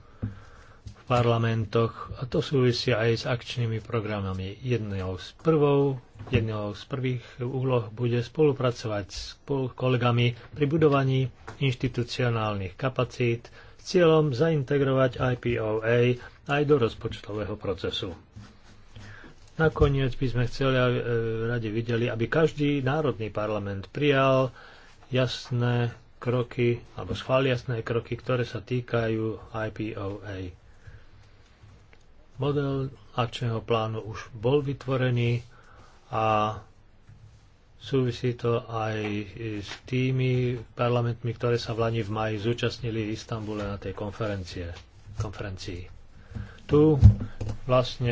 parlamentoch a to súvisí aj s akčnými programami. Jednou z, prvou, jednou z prvých úloh bude spolupracovať s kolegami pri budovaní inštitucionálnych kapacít s cieľom zaintegrovať IPOA aj do rozpočtového procesu. Nakoniec by sme chceli e, radi videli, aby každý národný parlament prijal jasné kroky alebo schvál jasné kroky, ktoré sa týkajú IPOA Model akčného plánu už bol vytvorený a súvisí to aj s tými parlamentmi, ktoré sa v Lani v maji zúčastnili v Istambule na tej konferencie, konferencii. Tu vlastne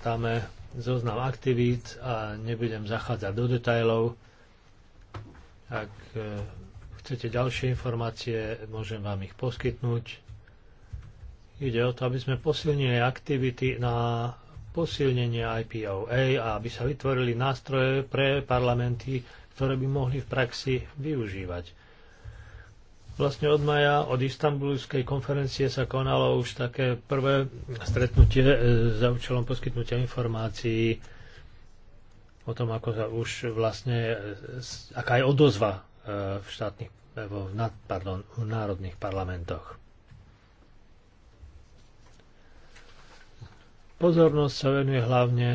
tam zoznam aktivít a nebudem zachádzať do detajlov. Ak eh, chcete ďalšie informácie, môžem vám ich poskytnúť. Ide o to, aby sme posilnili aktivity na posilnenie IPOA a aby sa vytvorili nástroje pre parlamenty, ktoré by mohli v praxi využívať. Vlastne od maja, od istambulskej konferencie sa konalo už také prvé stretnutie e, za účelom poskytnutia informácií o tom, ako sa už vlastne, e, aká je odozva e, v štátnych, pardon, v národných parlamentoch. Pozornosť sa venuje hlavne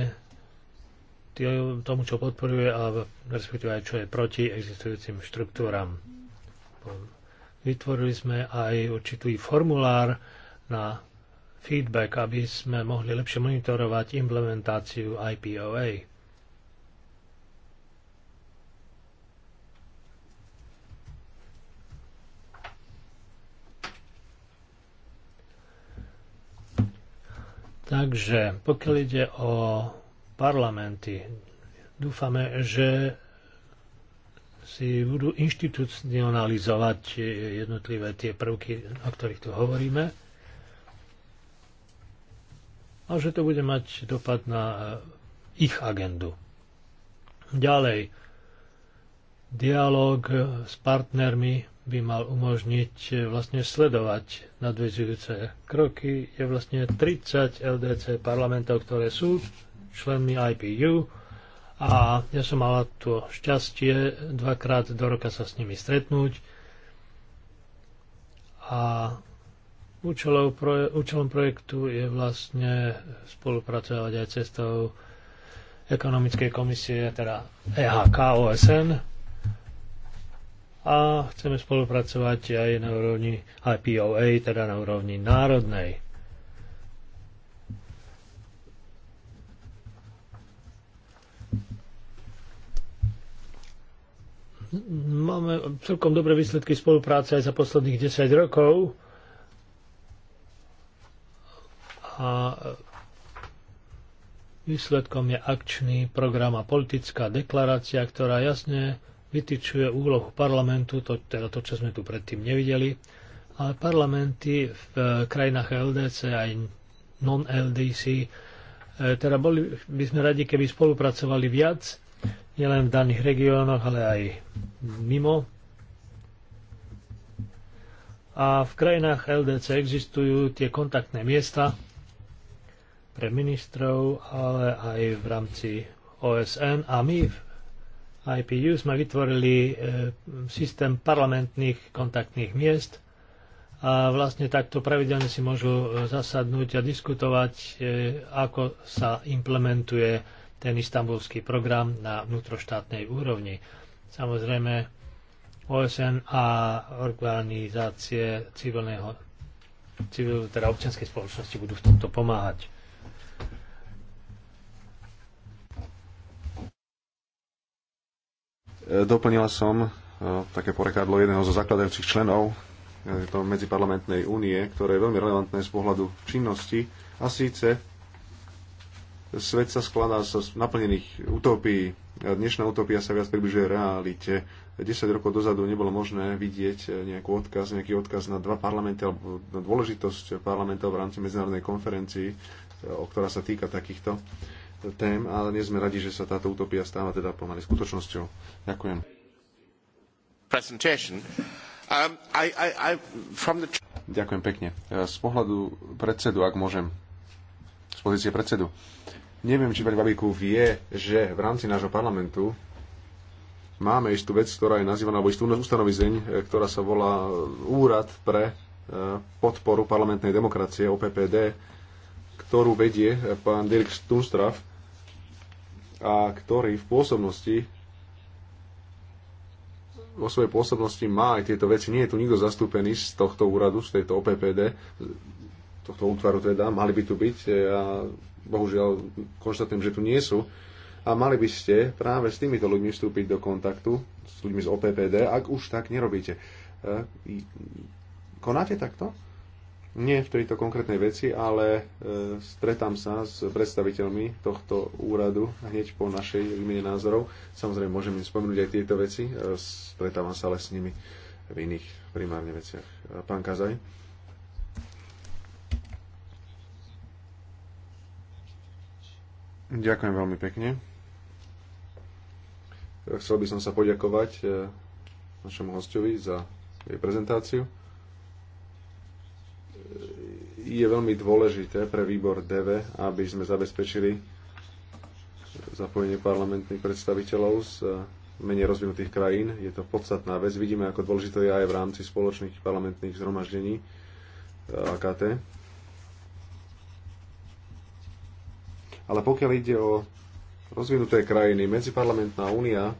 tomu, čo podporuje a respektíve aj čo je proti existujúcim štruktúram. Vytvorili sme aj určitý formulár na feedback, aby sme mohli lepšie monitorovať implementáciu IPOA. Takže pokiaľ ide o parlamenty, dúfame, že si budú inštitucionalizovať jednotlivé tie prvky, o ktorých tu hovoríme a že to bude mať dopad na eh, ich agendu. Ďalej, dialog s partnermi by mal umožniť e, vlastne sledovať nadvezujúce kroky. Je vlastne 30 LDC parlamentov, ktoré sú členmi IPU a ja som mala to šťastie dvakrát do roka sa s nimi stretnúť a účelom, proje- účelom projektu je vlastne spolupracovať aj cestou ekonomickej komisie, teda EHK OSN, a chceme spolupracovať aj na úrovni IPOA, teda na úrovni národnej. Máme celkom dobré výsledky spolupráce aj za posledných 10 rokov. A výsledkom je akčný program a politická deklarácia, ktorá jasne vytýčuje úlohu parlamentu, to, teda to, čo sme tu predtým nevideli, ale parlamenty v e, krajinách LDC aj non-LDC, e, teda boli, by sme radi, keby spolupracovali viac, nielen v daných regiónoch, ale aj mimo. A v krajinách LDC existujú tie kontaktné miesta pre ministrov, ale aj v rámci OSN a my IPU sme vytvorili e, systém parlamentných kontaktných miest a vlastne takto pravidelne si môžu e, zasadnúť a diskutovať, e, ako sa implementuje ten istambulský program na vnútroštátnej úrovni. Samozrejme, OSN a organizácie civilného, civil, teda občianskej spoločnosti budú v tomto pomáhať. Doplnila som e, také porekadlo jedného zo zakladajúcich členov e, medziparlamentnej únie, ktoré je veľmi relevantné z pohľadu činnosti. A síce svet sa skladá z naplnených utopií. Dnešná utopia sa viac približuje realite. 10 rokov dozadu nebolo možné vidieť nejaký odkaz, nejaký odkaz na dva parlamenty alebo na dôležitosť parlamentov v rámci medzinárodnej konferencii, e, o ktorá sa týka takýchto tém, ale nie sme radi, že sa táto utopia stáva teda pomaly skutočnosťou. Ďakujem. Um, Ďakujem pekne. Z pohľadu predsedu, ak môžem, z pozície predsedu, neviem, či pani Babiku vie, že v rámci nášho parlamentu máme istú vec, ktorá je nazývaná, alebo istú ustanovizeň, eh, ktorá sa volá eh, Úrad pre eh, podporu parlamentnej demokracie, OPPD, ktorú vedie pán Dirk Stunstraf a ktorý v pôsobnosti vo svojej pôsobnosti má aj tieto veci. Nie je tu nikto zastúpený z tohto úradu, z tejto OPPD, tohto útvaru teda, mali by tu byť a bohužiaľ konštatujem, že tu nie sú. A mali by ste práve s týmito ľuďmi vstúpiť do kontaktu, s ľuďmi z OPPD, ak už tak nerobíte. E, konáte takto? nie v tejto konkrétnej veci, ale e, stretám sa s predstaviteľmi tohto úradu hneď po našej výmene názorov. Samozrejme, môžem im spomenúť aj tieto veci, e, stretávam sa ale s nimi v iných primárne veciach. E, pán Kazaj. Ďakujem veľmi pekne. E, chcel by som sa poďakovať e, našemu hostovi za jej prezentáciu je veľmi dôležité pre výbor DV, aby sme zabezpečili zapojenie parlamentných predstaviteľov z menej rozvinutých krajín. Je to podstatná vec. Vidíme, ako dôležité je aj v rámci spoločných parlamentných zhromaždení eh, AKT. Ale pokiaľ ide o rozvinuté krajiny, Medziparlamentná únia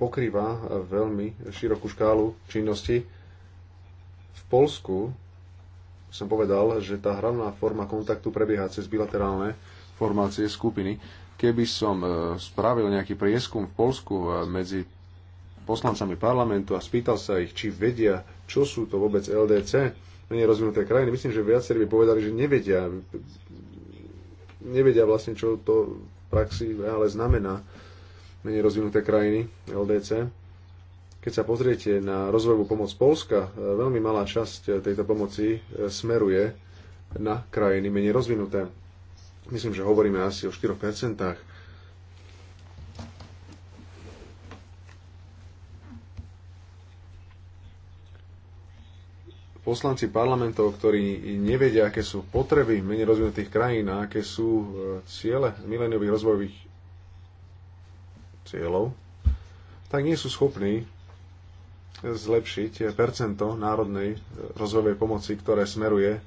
pokrýva veľmi širokú škálu činnosti v Polsku som povedal, že tá hlavná forma kontaktu prebieha cez bilaterálne formácie skupiny. Keby som e, spravil nejaký prieskum v Polsku e, medzi poslancami parlamentu a spýtal sa ich, či vedia, čo sú to vôbec LDC, menej rozvinuté krajiny, myslím, že viacerí by povedali, že nevedia, nevedia vlastne, čo to v praxi ale znamená menej rozvinuté krajiny LDC keď sa pozriete na rozvojovú pomoc Polska, e, veľmi malá časť e, tejto pomoci e, smeruje na krajiny menej rozvinuté. Myslím, že hovoríme asi o 4 poslanci parlamentov, ktorí nevedia, aké sú potreby menej rozvinutých krajín a aké sú ciele mileniových rozvojových cieľov, tak nie sú schopní zlepšiť percento národnej eh, rozvojovej pomoci, ktoré smeruje eh,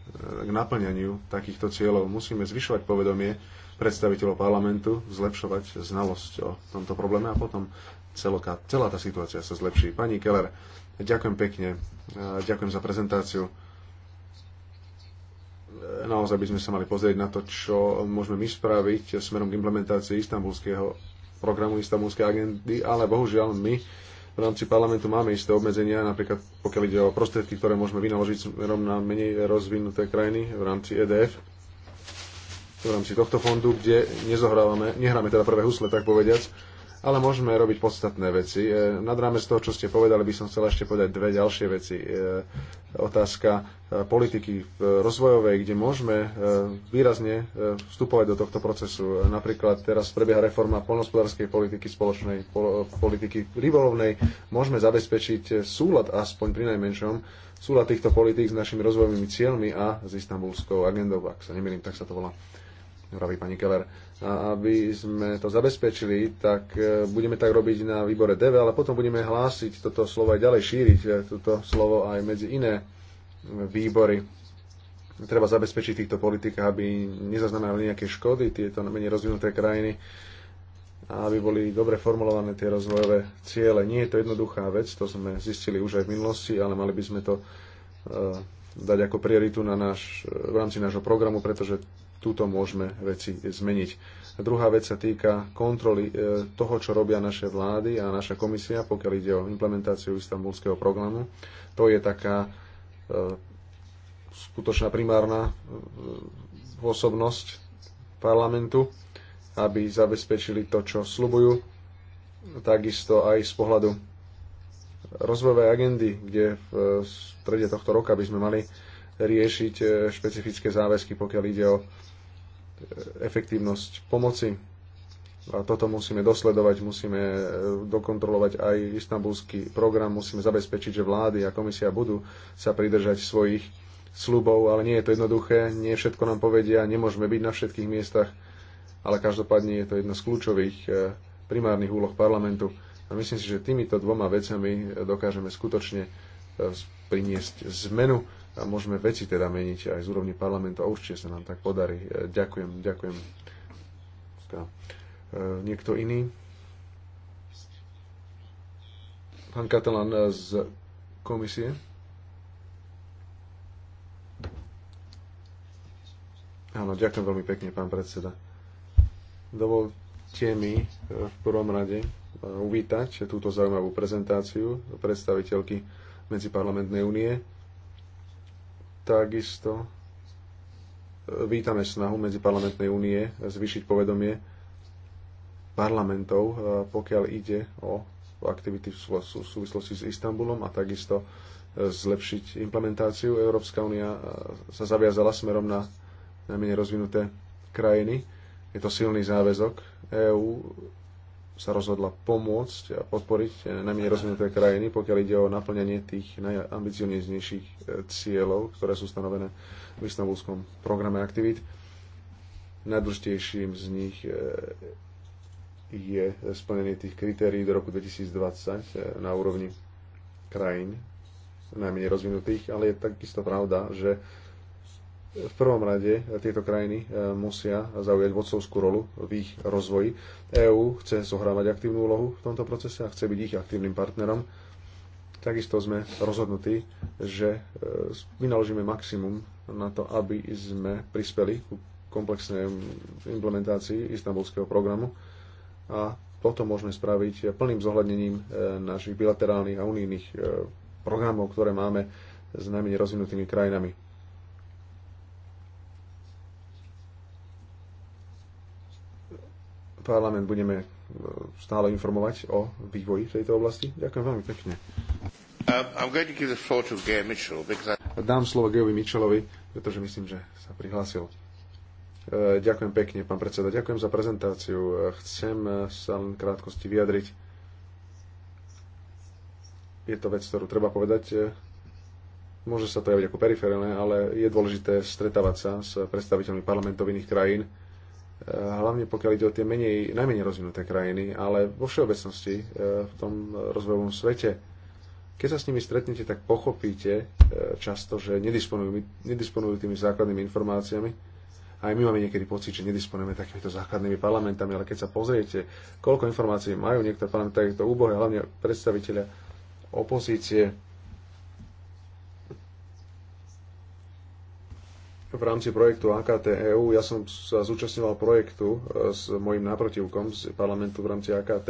k naplňaniu takýchto cieľov. Musíme zvyšovať povedomie predstaviteľov parlamentu, zlepšovať znalosť o tomto probléme a potom celoká, celá tá situácia sa zlepší. Pani Keller, ďakujem pekne, eh, ďakujem za prezentáciu. Naozaj by sme sa mali pozrieť na to, čo môžeme my spraviť smerom k implementácii istambulského programu, istambulskej agendy, ale bohužiaľ my v rámci parlamentu máme isté obmedzenia, napríklad pokiaľ ide o prostriedky, ktoré môžeme vynaložiť smerom na menej rozvinuté krajiny v rámci EDF, v rámci tohto fondu, kde nezohrávame, nehráme teda prvé husle, tak povediac, ale môžeme robiť podstatné veci. E, nad rámec toho, čo ste povedali, by som chcel ešte povedať dve ďalšie veci. E, otázka e, politiky rozvojovej, kde môžeme výrazne vstupovať do tohto procesu. Napríklad teraz prebieha reforma polnospodárskej politiky, spoločnej politiky rybolovnej. Môžeme zabezpečiť súlad aspoň pri najmenšom súlad týchto politík s našimi rozvojovými cieľmi a s istambulskou agendou, ak sa nemýlim, tak sa to volá, hovorí pani Keller a aby sme to zabezpečili, tak e, budeme tak robiť na výbore DV, ale potom budeme hlásiť toto slovo aj ďalej, šíriť e, toto slovo aj medzi iné e, výbory. Treba zabezpečiť týchto politikách, aby nezaznamenali nejaké škody tieto menej rozvinuté krajiny a aby boli dobre formulované tie rozvojové ciele. Nie je to jednoduchá vec, to sme zistili už aj v minulosti, ale mali by sme to dať ako prioritu na náš, v rámci nášho programu, pretože túto môžeme veci zmeniť. Druhá vec sa týka kontroly e, toho, čo robia naše vlády a naša komisia, pokiaľ ide o implementáciu istambulského programu. To je taká e, skutočná primárna e, osobnosť parlamentu, aby zabezpečili to, čo slubujú, takisto aj z pohľadu rozvojovej agendy, kde v strede tohto roka by sme mali riešiť špecifické záväzky, pokiaľ ide o efektívnosť pomoci. A toto musíme dosledovať, musíme e, dokontrolovať aj istambulský program, musíme zabezpečiť, že vlády a komisia budú sa pridržať svojich slubov, ale nie je to jednoduché, nie všetko nám povedia, nemôžeme byť na všetkých miestach, ale každopádne je to jedna z kľúčových e, primárnych úloh parlamentu. A myslím si, že týmito dvoma vecami dokážeme skutočne e, priniesť zmenu a môžeme veci teda meniť aj z úrovni parlamentu a určite sa nám tak podarí. E, ďakujem, ďakujem. Teda, e, niekto iný? Pán Katalán e, z komisie. Áno, ďakujem veľmi pekne, pán predseda. Dovolte mi v prvom rade uvítať túto zaujímavú prezentáciu predstaviteľky Medziparlamentnej únie Takisto e, vítame snahu Medziparlamentnej únie zvyšiť povedomie parlamentov, e, pokiaľ ide o aktivity v súvislosti s Istanbulom a takisto e, zlepšiť implementáciu. Európska únia sa zaviazala smerom na najmenej rozvinuté krajiny. Je to silný záväzok. EÚ sa rozhodla pomôcť a podporiť eh, najmenej rozvinuté krajiny, pokiaľ ide o naplňanie tých najambicioznejších eh, cieľov, ktoré sú stanovené v istambulskom programe aktivít. Najdôležitejším z nich eh, je splnenie tých kritérií do roku 2020 na úrovni krajín najmenej rozvinutých, ale je takisto pravda, že v prvom rade e, tieto krajiny e, musia zaujať vodcovskú rolu v ich rozvoji. EÚ chce zohrávať aktívnu úlohu v tomto procese a chce byť ich aktívnym partnerom. Takisto sme rozhodnutí, že e, vynaložíme maximum na to, aby sme prispeli ku komplexnej implementácii istambulského programu a toto môžeme spraviť plným zohľadnením našich bilaterálnych a unijných programov, ktoré máme s najmenej rozvinutými krajinami parlament budeme e, stále informovať o vývoji tejto oblasti. Ďakujem veľmi pekne. Uh, Dám slovo Geovi Mitchellovi, pretože myslím, že sa prihlásil. E, ďakujem pekne, pán predseda. Ďakujem za prezentáciu. E, chcem sa len krátkosti vyjadriť. Je to vec, ktorú treba povedať. Môže sa to javiť ako periférne, ale je dôležité stretávať sa s predstaviteľmi parlamentov iných krajín Eh, hlavne pokiaľ ide o tie menej, najmenej rozvinuté krajiny, ale vo všeobecnosti eh, v tom rozvojovom svete. Keď sa s nimi stretnete, tak pochopíte eh, často, že nedisponujú, nedisponujú tými základnými informáciami. Aj my máme niekedy pocit, že nedisponujeme takýmito základnými parlamentami, ale keď sa pozriete, koľko informácií majú niektoré parlamenty, tak je to úbohé, hlavne predstaviteľa opozície, v rámci projektu AKT EU. Ja som sa zúčastňoval projektu e, s mojim naprotivkom z parlamentu v rámci AKT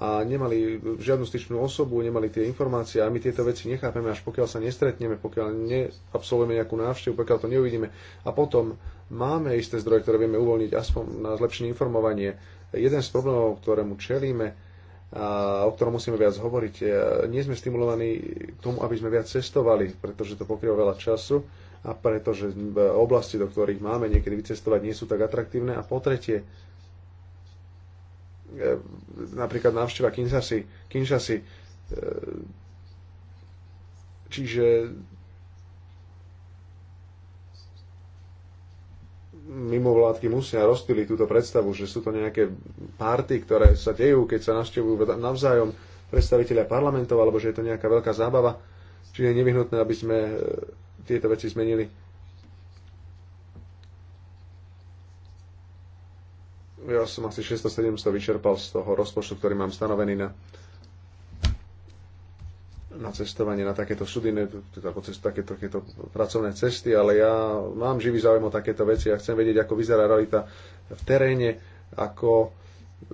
a nemali žiadnu styčnú osobu, nemali tie informácie a my tieto veci nechápeme, až pokiaľ sa nestretneme, pokiaľ neabsolvujeme nejakú návštevu, pokiaľ to neuvidíme. A potom máme isté zdroje, ktoré vieme uvoľniť aspoň na zlepšenie informovanie. Jeden z problémov, ktorému čelíme, a o ktorom musíme viac hovoriť, e, nie sme stimulovaní k tomu, aby sme viac cestovali, pretože to pokrýva veľa času a pretože e, oblasti, do ktorých máme niekedy vycestovať, nie sú tak atraktívne. A po tretie, e, napríklad návšteva Kinshasy, Kinshasy e, čiže mimovládky musia rozpiliť túto predstavu, že sú to nejaké párty, ktoré sa dejú, keď sa navštevujú navzájom predstaviteľia parlamentov, alebo že je to nejaká veľká zábava. Čiže je nevyhnutné, aby sme tieto veci zmenili. Ja som asi 600-700 vyčerpal z toho rozpočtu, ktorý mám stanovený na, na cestovanie, na takéto súdine, teda takéto, takéto pracovné cesty, ale ja mám živý záujem o takéto veci a ja chcem vedieť, ako vyzerá realita v teréne, ako,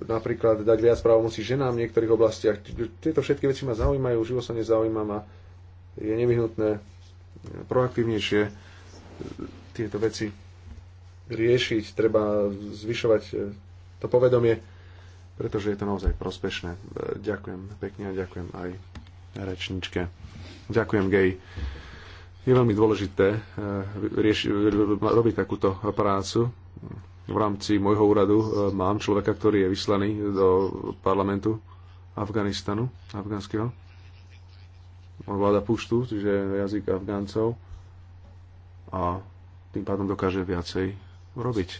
napríklad dať viac právomocí ženám v niektorých oblastiach. Tieto všetky veci ma zaujímajú, živo sa nezaujímam a je nevyhnutné proaktívnejšie tieto veci riešiť, treba zvyšovať eh, to povedomie, pretože je to naozaj prospešné. Eh, ďakujem pekne a ďakujem aj rečničke. Ďakujem, gej. Je veľmi dôležité eh, rieši, robiť takúto prácu. V rámci môjho úradu mám človeka, ktorý je vyslaný do parlamentu Afganistanu, afgánskeho ovláda puštu, čiže jazyk Afgáncov a tým pádom dokáže viacej robiť.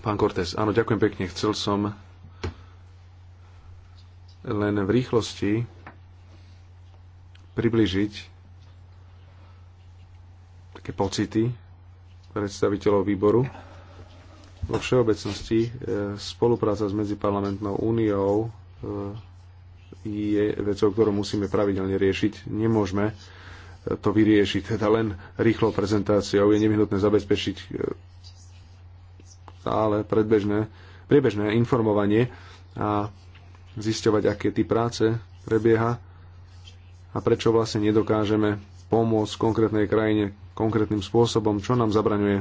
Pán Cortés, áno, ďakujem pekne. Chcel som len v rýchlosti približiť také pocity predstaviteľov výboru. Vo všeobecnosti e, spolupráca s Medziparlamentnou úniou e, je vecou, ktorú musíme pravidelne riešiť. Nemôžeme e, to vyriešiť teda len rýchlo prezentáciou. Je nevyhnutné zabezpečiť e, stále predbežné, priebežné informovanie a zisťovať, aké ty práce prebieha a prečo vlastne nedokážeme pomôcť konkrétnej krajine konkrétnym spôsobom, čo nám zabraňuje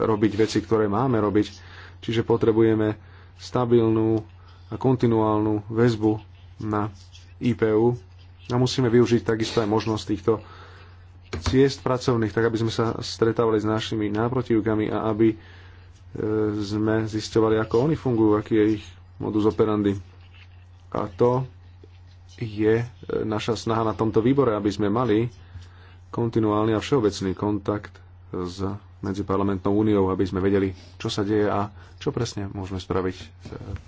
robiť veci, ktoré máme robiť. Čiže potrebujeme stabilnú a kontinuálnu väzbu na IPU a musíme využiť takisto aj možnosť týchto ciest pracovných, tak aby sme sa stretávali s našimi náprotivkami a aby e, sme zistovali, ako oni fungujú, aký je ich modus operandi. A to je e, naša snaha na tomto výbore, aby sme mali kontinuálny a všeobecný kontakt s medzi parlamentnou úniou, aby sme vedeli, čo sa deje a čo presne môžeme spraviť,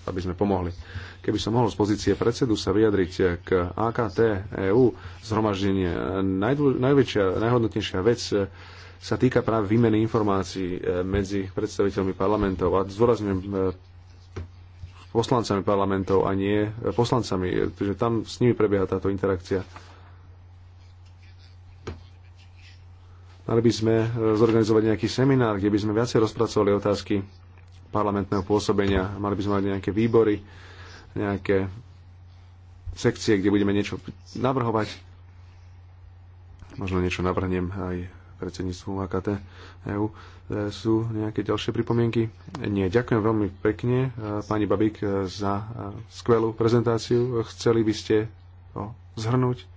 aby sme pomohli. Keby som mohol z pozície predsedu sa vyjadriť k AKT EU zhromaždenie, najväčšia, najhodnotnejšia vec sa týka práve výmeny informácií e, medzi predstaviteľmi parlamentov a zdôrazňujem e, poslancami parlamentov a nie e, poslancami, pretože tam s nimi prebieha táto interakcia. Mali by sme e, zorganizovať nejaký seminár, kde by sme viacej rozpracovali otázky parlamentného pôsobenia. Mali by sme mať nejaké výbory, nejaké sekcie, kde budeme niečo navrhovať. Možno niečo navrhnem aj predsedníctvu AKT EU. E, sú nejaké ďalšie pripomienky? Nie, ďakujem veľmi pekne, e, pani Babík, za skvelú prezentáciu. Chceli by ste to zhrnúť?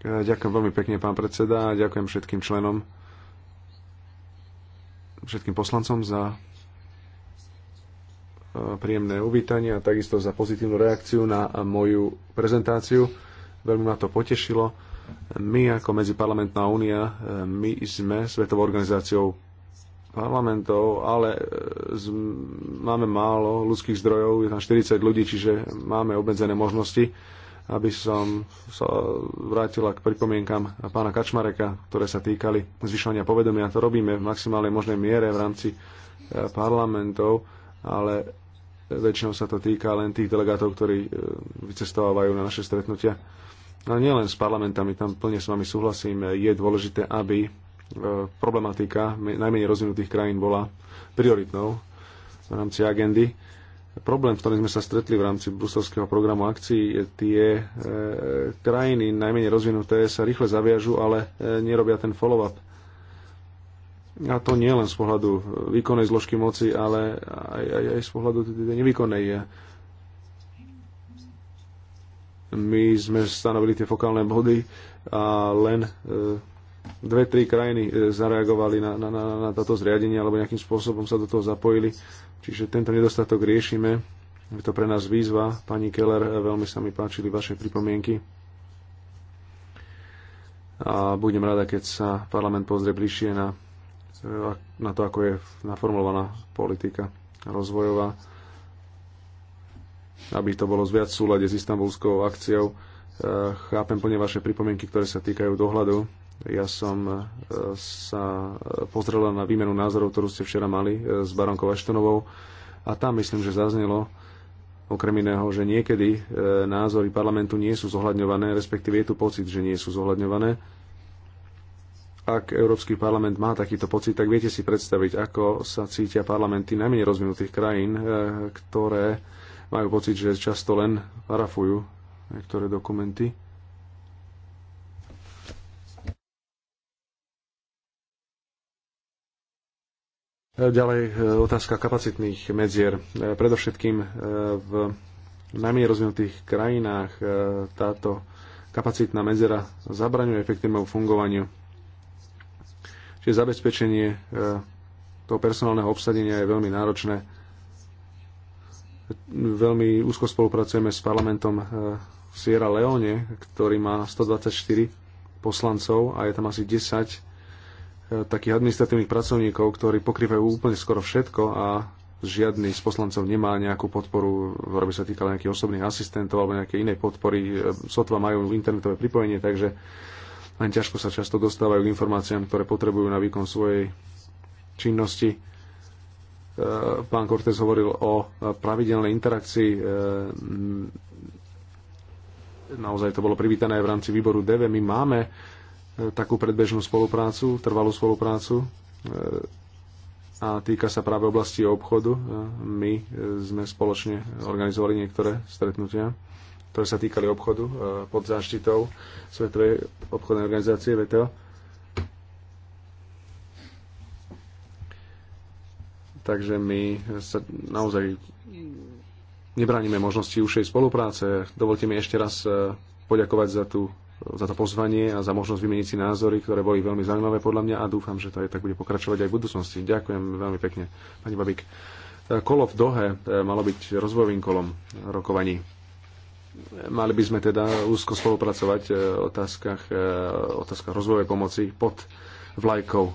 E, ďakujem veľmi pekne, pán predseda, a ďakujem všetkým členom, všetkým poslancom za e, príjemné uvítanie a takisto za pozitívnu reakciu na moju prezentáciu. Veľmi ma to potešilo. My ako Medziparlamentná únia, e, my sme svetovou organizáciou parlamentov, ale máme málo ľudských zdrojov, je tam 40 ľudí, čiže máme obmedzené možnosti aby som sa vrátila k pripomienkam pána Kačmareka, ktoré sa týkali zvyšovania povedomia. To robíme v maximálnej možnej miere v rámci e, parlamentov, ale väčšinou sa to týka len tých delegátov, ktorí e, vycestovávajú na naše stretnutia. Ale no, nielen s parlamentami, tam plne s vami súhlasím, je dôležité, aby e, problematika najmenej rozvinutých krajín bola prioritnou v rámci agendy Problém, v ktorým sme sa stretli v rámci bruselského programu akcií, je tie e, krajiny najmenej rozvinuté sa rýchle zaviažu, ale e, nerobia ten follow-up. A to nie len z pohľadu e, výkonnej zložky moci, ale aj, aj, aj z pohľadu nevýkonnej. E. My sme stanovili tie fokálne body a len e, dve, tri krajiny e, zareagovali na, na, na, na toto zriadenie alebo nejakým spôsobom sa do toho zapojili. Čiže tento nedostatok riešime. Je to pre nás výzva. Pani Keller, veľmi sa mi páčili vaše pripomienky. A budem rada, keď sa parlament pozrie bližšie na, na to, ako je naformulovaná politika rozvojová, aby to bolo viac v súlade s istambulskou akciou. E, chápem plne vaše pripomienky, ktoré sa týkajú dohľadu ja som e, sa e, pozrela na výmenu názorov, ktorú ste včera mali e, s Baronkou Aštonovou a tam myslím, že zaznelo okrem iného, že niekedy názory parlamentu nie sú zohľadňované, respektíve je tu pocit, že nie sú zohľadňované. Ak Európsky parlament má takýto pocit, tak viete si predstaviť, ako sa cítia parlamenty najmenej rozvinutých krajín, ktoré majú pocit, že často len parafujú niektoré dokumenty. Ďalej e, otázka kapacitných medzier. E, predovšetkým e, v najmenej rozvinutých krajinách táto kapacitná medzera zabraňuje efektívnemu fungovaniu. Čiže zabezpečenie toho personálneho obsadenia je veľmi náročné. Veľmi úzko spolupracujeme s parlamentom v Sierra Leone, ktorý má 124 poslancov a je tam asi 10 E, takých administratívnych pracovníkov, ktorí pokrývajú úplne skoro všetko a žiadny z poslancov nemá nejakú podporu, ktorá by sa týkala nejakých osobných asistentov alebo nejakej inej podpory. E, sotva majú internetové pripojenie, takže len ťažko sa často dostávajú k informáciám, ktoré potrebujú na výkon svojej činnosti. E, pán Cortés hovoril o pravidelnej interakcii. Naozaj to bolo privítané aj v rámci výboru DV. My máme E, takú predbežnú spoluprácu, trvalú spoluprácu e, a týka sa práve oblasti obchodu. E, my sme spoločne organizovali niektoré stretnutia, ktoré sa týkali obchodu pod záštitou Svetovej obchodnej organizácie VTO. Takže my sa naozaj nebránime možnosti užšej spolupráce. Dovolte mi ešte raz poďakovať za tú za to pozvanie a za možnosť vymeniť si názory, ktoré boli veľmi zaujímavé podľa mňa a dúfam, že to aj tak bude pokračovať aj v budúcnosti. Ďakujem veľmi pekne, pani Babik. E, kolo v Dohe e, malo byť rozvojovým kolom rokovaní. E, mali by sme teda úzko spolupracovať v otázkach, otázkach rozvojovej pomoci pod vlajkou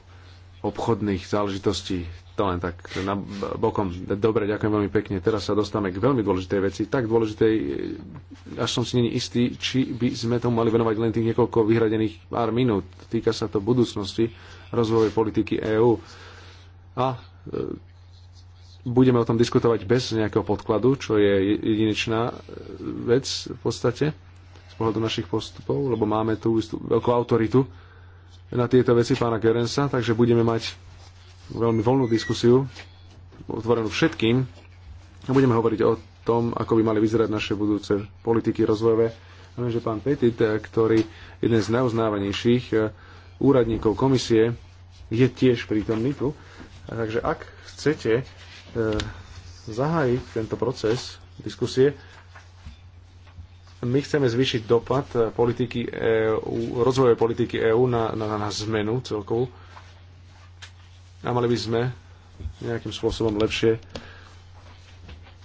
obchodných záležitostí to len tak na bokom. Dobre, ďakujem veľmi pekne. Teraz sa dostávame k veľmi dôležitej veci. Tak dôležitej, eh, až som si není istý, či by sme tomu mali venovať len tých niekoľko vyhradených pár minút. Týka sa to budúcnosti rozvojovej politiky EÚ. A e, budeme o tom diskutovať bez nejakého podkladu, čo je jedinečná eh, vec v podstate z pohľadu našich postupov, lebo máme tú istú veľkú autoritu na tieto veci pána Gerensa, takže budeme mať veľmi voľnú diskusiu, otvorenú všetkým a budeme hovoriť o tom, ako by mali vyzerať naše budúce politiky rozvojové. Viem, že pán Petit, ktorý je jeden z najuznávanejších eh, úradníkov komisie, je tiež prítomný tu. Takže ak chcete eh, zahájiť tento proces diskusie, my chceme zvýšiť dopad eh, politiky EU, rozvojovej politiky EÚ na, na, na zmenu celkovú a mali by sme nejakým spôsobom lepšie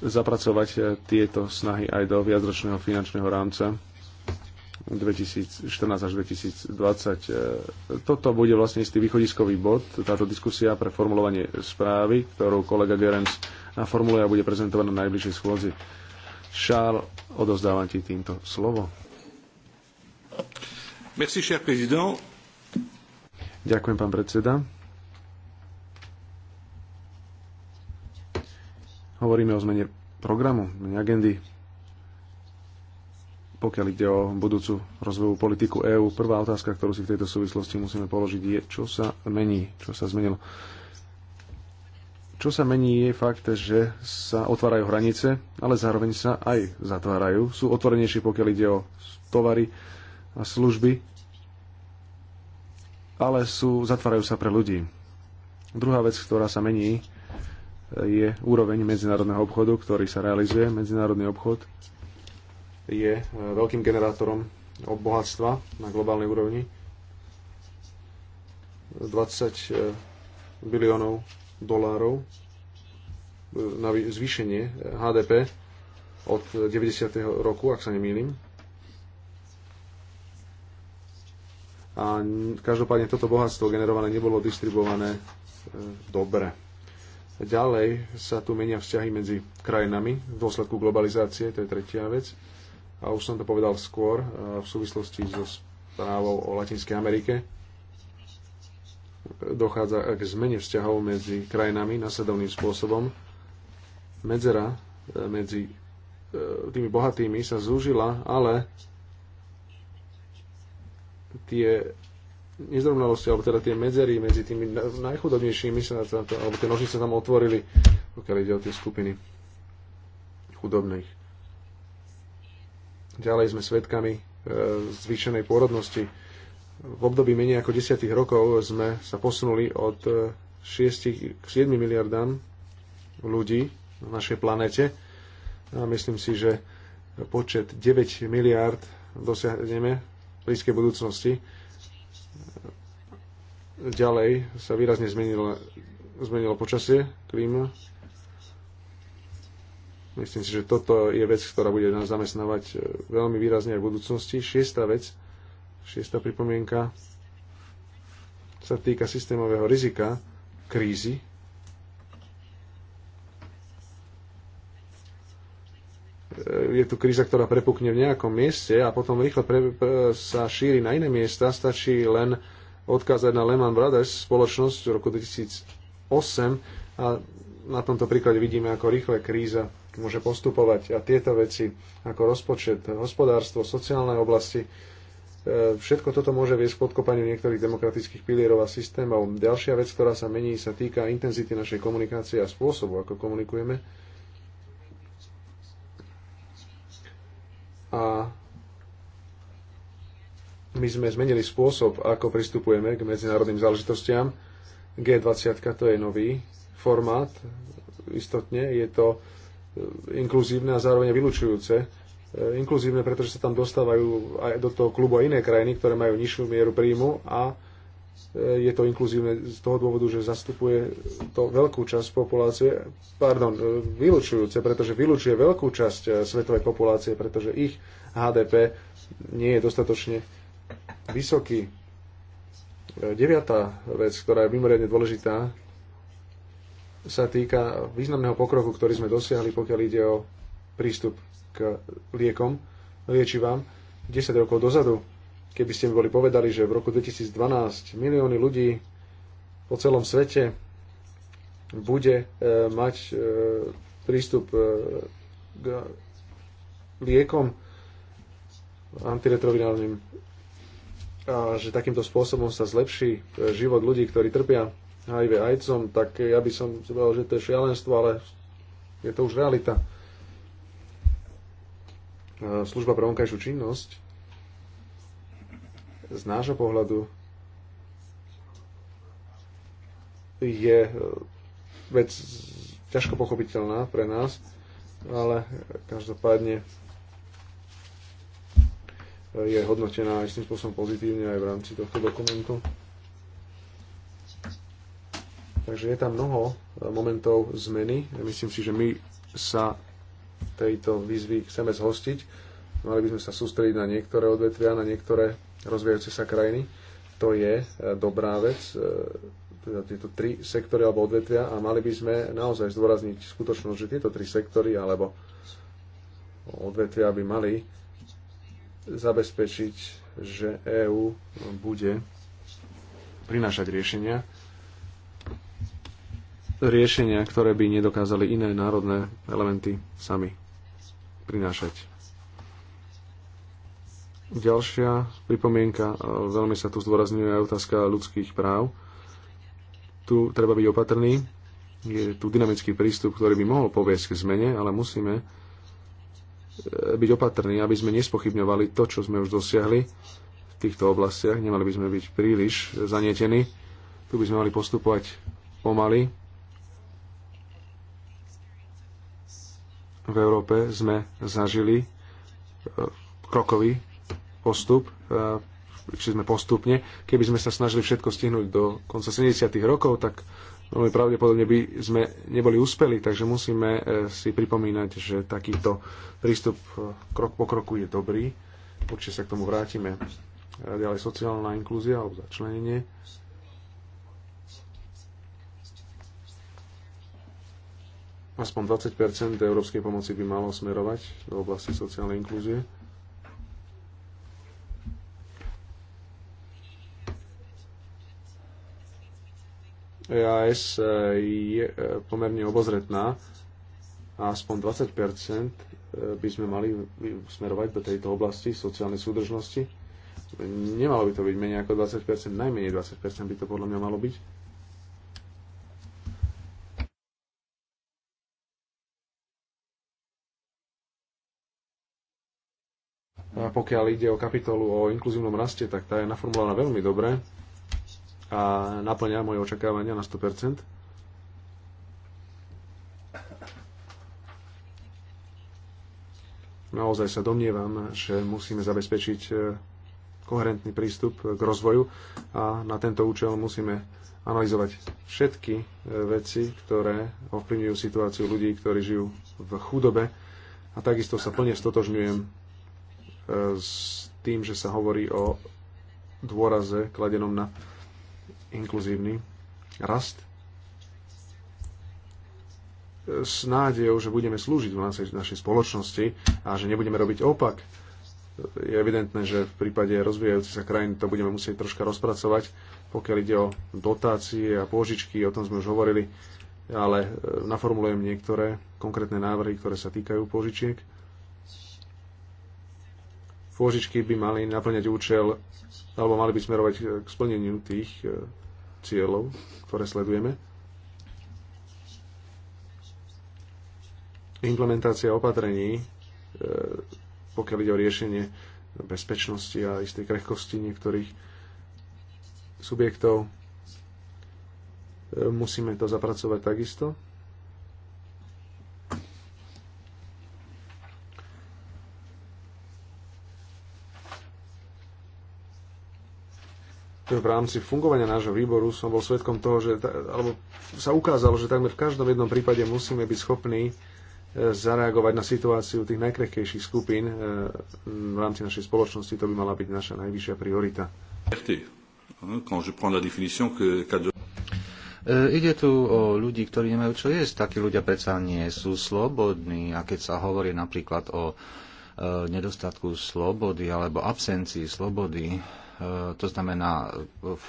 zapracovať eh, tieto snahy aj do viacročného finančného rámca 2014 až 2020. Eh, toto bude vlastne istý východiskový bod, táto diskusia pre formulovanie správy, ktorú kolega Gerens naformuluje a bude prezentovaná na najbližšej schôdzi. Šál, odozdávam ti týmto slovo. Merci, cher président. Ďakujem, pán predseda. Hovoríme o zmene programu, zmene agendy, pokiaľ ide o budúcu rozvojovú politiku EÚ. Prvá otázka, ktorú si v tejto súvislosti musíme položiť, je, čo sa mení, čo sa zmenilo. Čo sa mení je fakt, že sa otvárajú hranice, ale zároveň sa aj zatvárajú. Sú otvorenejšie, pokiaľ ide o tovary a služby, ale sú, zatvárajú sa pre ľudí. Druhá vec, ktorá sa mení, je úroveň medzinárodného obchodu, ktorý sa realizuje. Medzinárodný obchod je e, veľkým generátorom bohatstva na globálnej úrovni. 20 e, biliónov dolárov e, na zvýšenie HDP od 90. roku, ak sa nemýlim. A každopádne toto bohatstvo generované nebolo distribuované dobre. Ďalej sa tu menia vzťahy medzi krajinami v dôsledku globalizácie, to je tretia vec. A už som to povedal skôr v súvislosti so správou o Latinskej Amerike. Dochádza k zmene vzťahov medzi krajinami nasledovným spôsobom. Medzera e, medzi e, tými bohatými sa zúžila, ale tie nezrovnalosti, alebo teda tie medzery medzi tými najchudobnejšími, sa na to, alebo tie nožnice tam otvorili, pokiaľ ide o tie skupiny chudobných. Ďalej sme svedkami e, zvýšenej pôrodnosti. V období menej ako 10 rokov sme sa posunuli od 6 e, k 7 miliardám ľudí na našej planete. A myslím si, že počet 9 miliard dosiahneme v blízkej budúcnosti Ďalej sa výrazne zmenilo, zmenilo počasie, klíma. Myslím si, že toto je vec, ktorá bude nás zamestnávať e, veľmi výrazne aj v budúcnosti. Šiesta vec, šiesta pripomienka sa týka systémového rizika krízy. E, je tu kríza, ktorá prepukne v nejakom mieste a potom rýchle pre, sa šíri na iné miesta. Stačí len odkázať na Lehman Brothers spoločnosť v roku 2008 a na tomto príklade vidíme, ako rýchle kríza môže postupovať a tieto veci ako rozpočet, hospodárstvo, sociálne oblasti, e, všetko toto môže viesť k podkopaniu niektorých demokratických pilierov a systémov. Ďalšia vec, ktorá sa mení, sa týka intenzity našej komunikácie a spôsobu, ako komunikujeme. A my sme zmenili spôsob, ako pristupujeme k medzinárodným záležitostiam. G20 to je nový formát, istotne je to e, inkluzívne a zároveň vylúčujúce. E, inkluzívne, pretože sa tam dostávajú aj do toho klubu aj iné krajiny, ktoré majú nižšiu mieru príjmu a e, je to inkluzívne z toho dôvodu, že zastupuje to veľkú časť populácie, pardon, vylúčujúce, pretože vylúčuje veľkú časť svetovej populácie, pretože ich HDP nie je dostatočne vysoký. E, deviatá vec, ktorá je mimoriadne dôležitá, sa týka významného pokroku, ktorý sme dosiahli, pokiaľ ide o prístup k liekom, liečivám. 10 rokov dozadu, keby ste mi boli povedali, že v roku 2012 milióny ľudí po celom svete bude e, mať e, prístup k liekom antiretrovinálnym a že takýmto spôsobom sa zlepší e, život ľudí, ktorí trpia HIV AIDSom, tak ja by som si povedal, že to je šialenstvo, ale je to už realita. E, Služba pre vonkajšiu činnosť z nášho pohľadu je e, vec ťažko pochopiteľná pre nás, ale každopádne je hodnotená istým spôsobom pozitívne aj v rámci tohto dokumentu. Takže je tam mnoho e, momentov zmeny. Myslím si, že my sa tejto výzvy chceme zhostiť. Mali by sme sa sústrediť na niektoré odvetvia, na niektoré rozvíjajúce sa krajiny. To je e, dobrá vec, e, teda tieto tri sektory alebo odvetvia a mali by sme naozaj zdôrazniť skutočnosť, že tieto tri sektory alebo odvetvia by mali zabezpečiť, že EÚ bude prinášať riešenia, riešenia, ktoré by nedokázali iné národné elementy sami prinášať. Ďalšia pripomienka, veľmi sa tu zdôrazňuje aj otázka ľudských práv. Tu treba byť opatrný, je tu dynamický prístup, ktorý by mohol poviesť k zmene, ale musíme E, byť opatrní, aby sme nespochybňovali to, čo sme už dosiahli v týchto oblastiach. Nemali by sme byť príliš zanietení. Tu by sme mali postupovať pomaly. V Európe sme zažili e, krokový postup e, išli sme postupne. Keby sme sa snažili všetko stihnúť do konca 70. rokov, tak veľmi pravdepodobne by sme neboli úspeli, takže musíme e, si pripomínať, že takýto prístup e, krok po kroku je dobrý. Určite sa k tomu vrátime. E, ďalej sociálna inklúzia alebo začlenenie. aspoň 20 európskej pomoci by malo smerovať do oblasti sociálnej inklúzie. EAS e, je e, pomerne obozretná a aspoň 20 e, by sme mali smerovať do tejto oblasti sociálnej súdržnosti. Nemalo by to byť menej ako 20 najmenej 20 by to podľa mňa malo byť. A pokiaľ ide o kapitolu o inkluzívnom raste, tak tá je naformulovaná veľmi dobre a naplňa moje očakávania na 100%. Naozaj sa domnievam, že musíme zabezpečiť e, koherentný prístup k rozvoju a na tento účel musíme analyzovať všetky e, veci, ktoré ovplyvňujú situáciu ľudí, ktorí žijú v chudobe. A takisto sa plne stotožňujem e, s tým, že sa hovorí o dôraze kladenom na inkluzívny rast s nádejou, že budeme slúžiť v našej, našej spoločnosti a že nebudeme robiť opak. Je evidentné, že v prípade rozvíjajúcich sa krajín to budeme musieť troška rozpracovať, pokiaľ ide o dotácie a pôžičky, o tom sme už hovorili, ale e, naformulujem niektoré konkrétne návrhy, ktoré sa týkajú pôžičiek pôžičky by mali naplňať účel, alebo mali by smerovať k splneniu tých e, cieľov, ktoré sledujeme. Implementácia opatrení, e, pokiaľ ide o riešenie bezpečnosti a istej krehkosti niektorých subjektov, e, musíme to zapracovať takisto. v rámci fungovania nášho výboru som bol svetkom toho, že alebo sa ukázalo, že takmer v každom jednom prípade musíme byť schopní e, zareagovať na situáciu tých najkrehkejších skupín e, v rámci našej spoločnosti. To by mala byť naša najvyššia priorita. E, ide tu o ľudí, ktorí nemajú čo jesť. Takí ľudia predsa nie sú slobodní. A keď sa hovorí napríklad o nedostatku slobody alebo absencii slobody E, to znamená v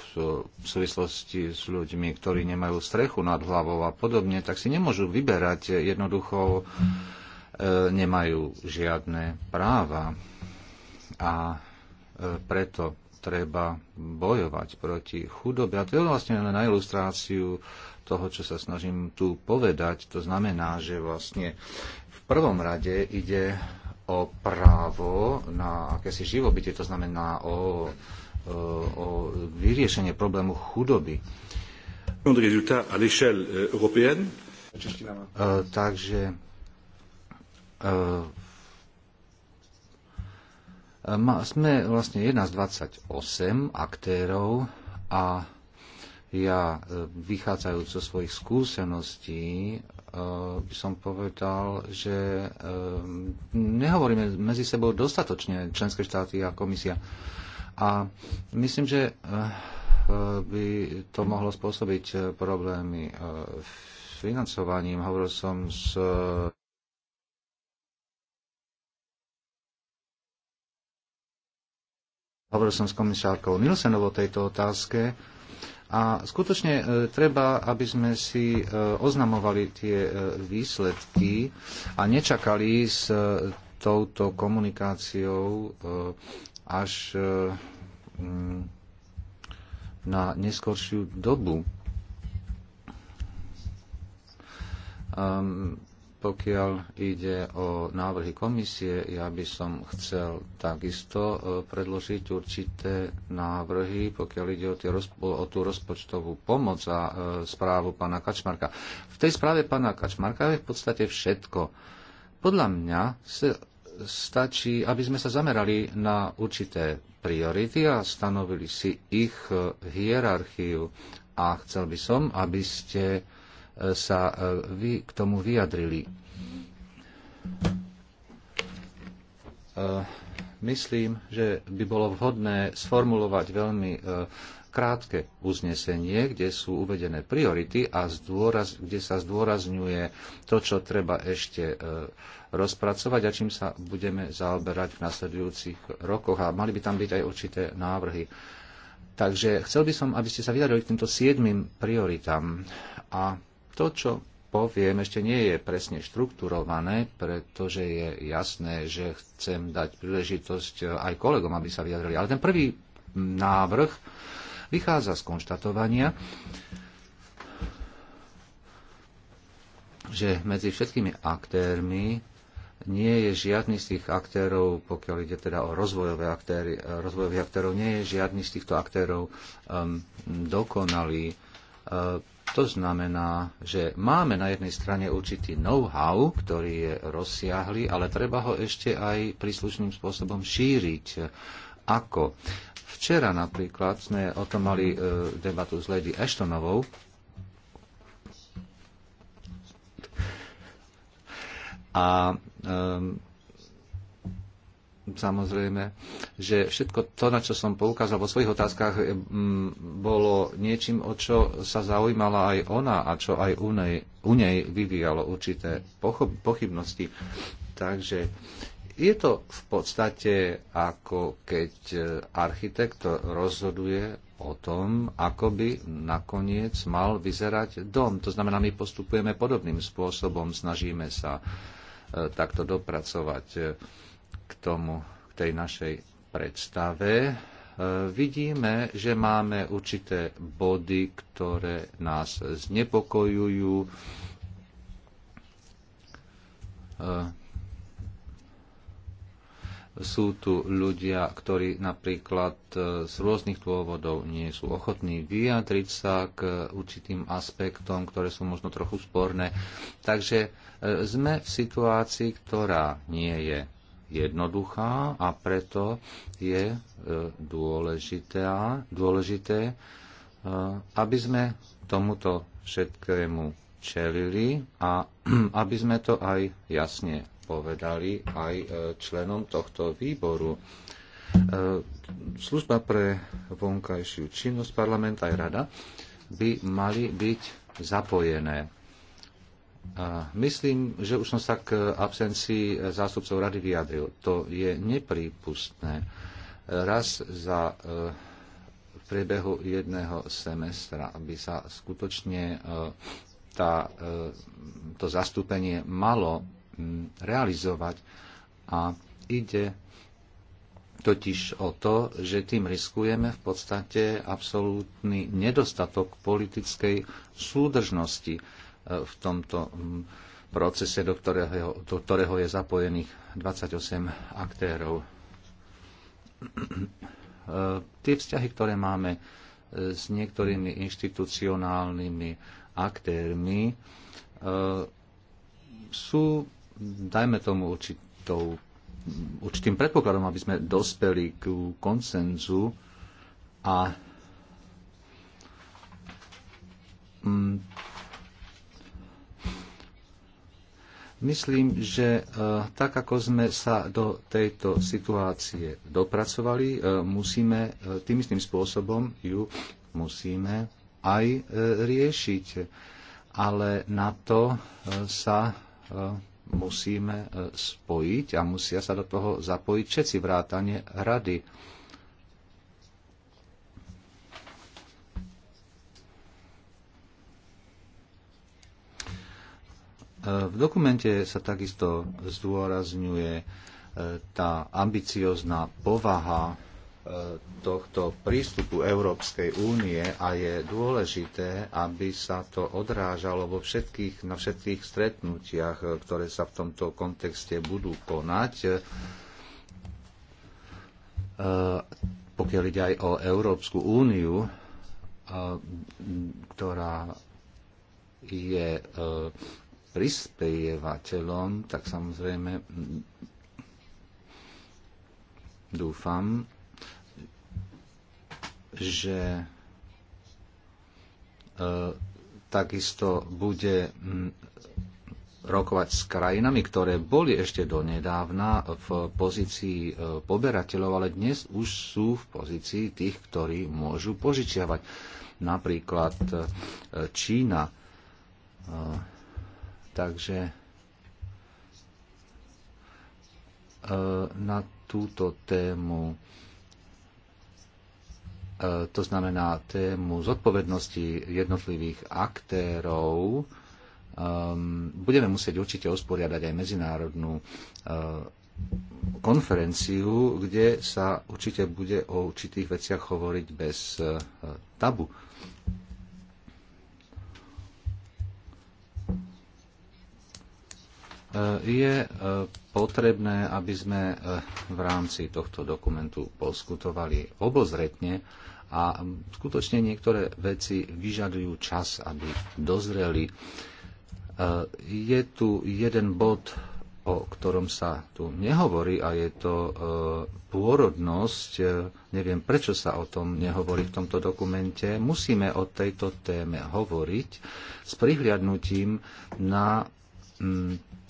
súvislosti s ľuďmi, ktorí nemajú strechu nad hlavou a podobne, tak si nemôžu vyberať. Jednoducho e, nemajú žiadne práva. A e, preto treba bojovať proti chudobe. A to je vlastne na ilustráciu toho, čo sa snažím tu povedať. To znamená, že vlastne v prvom rade ide o právo na akési živobytie, to znamená o Eh, o vyriešenie problému chudoby. Eh, eh, takže sme vlastne jedna z 28 aktérov a ja vychádzajúc zo svojich skúseností by som povedal, že nehovoríme medzi sebou dostatočne členské štáty a komisia. A myslím, že eh, eh, by to mohlo spôsobiť eh, problémy s financovaním. Hovoril som s Hovoril som s komisárkou Nilsenovou o tejto otázke a skutočne treba, aby sme si oznamovali tie výsledky a nečakali s touto komunikáciou až e, mm, na neskôršiu dobu. Ehm, pokiaľ ide o návrhy komisie, ja by som chcel takisto e, predložiť určité návrhy, pokiaľ ide o, tie, o tú rozpočtovú pomoc a e, správu pána Kačmarka. V tej správe pána Kačmarka je v podstate všetko. Podľa mňa stačí, aby sme sa zamerali na určité priority a stanovili si ich e, hierarchiu. A chcel by som, aby ste e, sa e, vy k tomu vyjadrili. Myslím, že by bolo vhodné sformulovať veľmi krátke uznesenie, kde sú uvedené priority a zdôraz, kde sa zdôrazňuje to, čo treba ešte e, rozpracovať a čím sa budeme zaoberať v nasledujúcich rokoch. A mali by tam byť aj určité návrhy. Takže chcel by som, aby ste sa vyjadrili k týmto siedmým prioritám. A to, čo poviem, ešte nie je presne štrukturované, pretože je jasné, že chcem dať príležitosť e, aj kolegom, aby sa vyjadrili. Ale ten prvý návrh vychádza z konštatovania, že medzi všetkými aktérmi nie je žiadny z tých aktérov, pokiaľ ide teda o rozvojové aktéry, rozvojových aktérov, nie je žiadny z týchto aktérov um, dokonalý. Uh, to znamená, že máme na jednej strane určitý know-how, ktorý je rozsiahly, ale treba ho ešte aj príslušným spôsobom šíriť. Ako? Včera napríklad sme o tom mali e, debatu s Lady Ashtonovou. A e, samozrejme, že všetko to, na čo som poukázal vo svojich otázkach, bolo niečím, o čo sa zaujímala aj ona a čo aj u nej, u nej vyvíjalo určité pochybnosti. Takže je to v podstate ako keď e, architekt rozhoduje o tom, ako by nakoniec mal vyzerať dom. To znamená, my postupujeme podobným spôsobom, snažíme sa e, takto dopracovať e, k tomu, k tej našej predstave. Vidíme, že máme určité body, ktoré nás znepokojujú sú tu ľudia, ktorí napríklad e, z rôznych dôvodov nie sú ochotní vyjadriť sa k určitým aspektom, ktoré sú možno trochu sporné. Takže e, sme v situácii, ktorá nie je jednoduchá a preto je e, dôležité, dôležité aby sme tomuto všetkému čelili a <clears throat> aby sme to aj jasne povedali aj e, členom tohto výboru. E, služba pre vonkajšiu činnosť, parlament aj rada by mali byť zapojené. Myslím, že už som sa k absencii zástupcov rady vyjadril. To je neprípustné. Raz za e, v priebehu jedného semestra by sa skutočne tá, to zastúpenie malo realizovať. A ide totiž o to, že tým riskujeme v podstate absolútny nedostatok politickej súdržnosti e, v tomto procese, do ktorého, do ktorého je zapojených 28 aktérov. <clears throat> E, tie vzťahy, ktoré máme e, s niektorými inštitucionálnymi aktérmi, sú dajme tomu určitou, určitým predpokladom, aby sme dospeli k konsenzu a mm, Myslím, že e, tak ako sme sa do tejto situácie dopracovali, e, musíme e, tým istým spôsobom ju musíme aj riešiť. Ale na to sa musíme e, spojiť a musia sa do toho zapojiť všetci vrátane rady. E, v dokumente sa takisto zdôrazňuje e, tá ambiciozná povaha tohto prístupu Európskej únie a je dôležité, aby sa to odrážalo vo všetkých, na všetkých stretnutiach, ktoré sa v tomto kontexte budú konať. E, pokiaľ ide aj o Európsku úniu, e, ktorá je e, prispievateľom, tak samozrejme dúfam, že e, takisto bude rokovať s krajinami, ktoré boli ešte donedávna v pozícii e, poberateľov, ale dnes už sú v pozícii tých, ktorí môžu požičiavať. Napríklad e, Čína. Takže na túto tému E, to znamená tému zodpovednosti jednotlivých aktérov, ehm, budeme musieť určite usporiadať aj medzinárodnú e, konferenciu, kde sa určite bude o určitých veciach hovoriť bez e, tabu. E, je e, potrebné, aby sme e, v rámci tohto dokumentu poskutovali obozretne a skutočne niektoré veci vyžadujú čas, aby dozreli. Je tu jeden bod, o ktorom sa tu nehovorí a je to pôrodnosť. Neviem, prečo sa o tom nehovorí v tomto dokumente. Musíme o tejto téme hovoriť s prihliadnutím na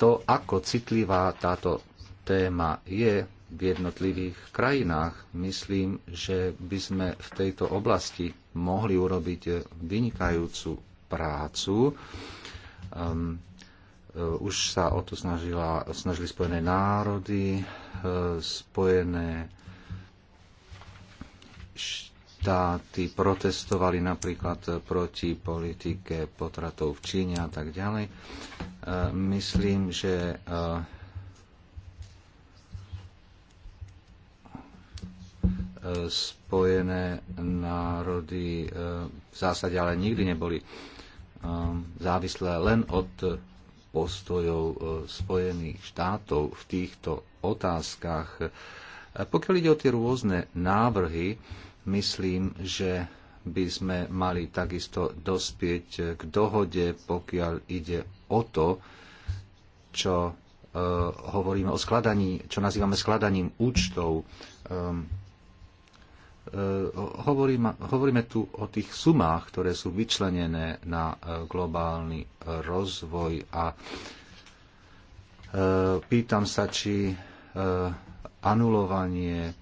to, ako citlivá táto téma je v jednotlivých krajinách. Myslím, že by sme v tejto oblasti mohli urobiť vynikajúcu prácu. Um, už sa o to snažila, snažili Spojené národy, e, Spojené štáty protestovali napríklad proti politike potratov v Číne a tak ďalej. E, myslím, že e, Spojené národy e, v zásade ale nikdy neboli závislé len od postojov Spojených štátov v týchto otázkach. Pokiaľ ide o tie rôzne návrhy, Myslím, že by sme mali takisto dospieť k dohode, pokiaľ ide o to, čo e, hovoríme o skladaní, čo nazývame skladaním účtov. Ehm, e, hovoríme, tu o tých sumách, ktoré sú vyčlenené na e, globálny rozvoj a e, pýtam sa, či e, anulovanie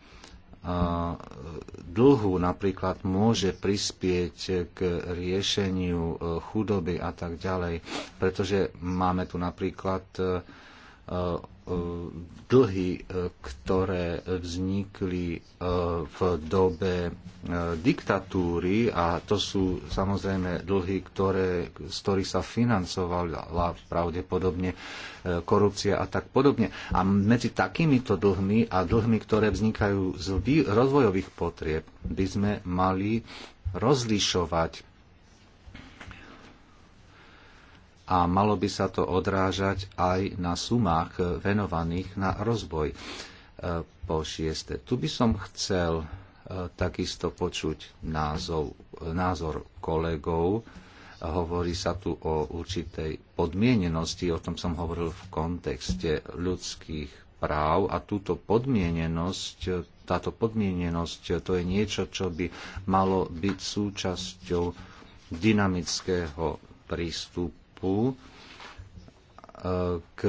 dlhu napríklad môže prispieť k riešeniu e, chudoby a tak ďalej, pretože máme tu napríklad e, dlhy, e, ktoré vznikli e, v dobe e, diktatúry a to sú samozrejme dlhy, ktoré, z ktorých sa financovala pravdepodobne korupcia a tak podobne. A medzi takýmito dlhmi a dlhmi, ktoré vznikajú z rozvojových potrieb, by sme mali rozlišovať a malo by sa to odrážať aj na sumách venovaných na rozvoj. E, po šieste, tu by som chcel e, takisto počuť názov, názor kolegov. Hovorí sa tu o určitej podmienenosti, o tom som hovoril v kontexte ľudských práv a túto podmienenosť, táto podmienenosť, to je niečo, čo by malo byť súčasťou dynamického prístupu prístupu e, k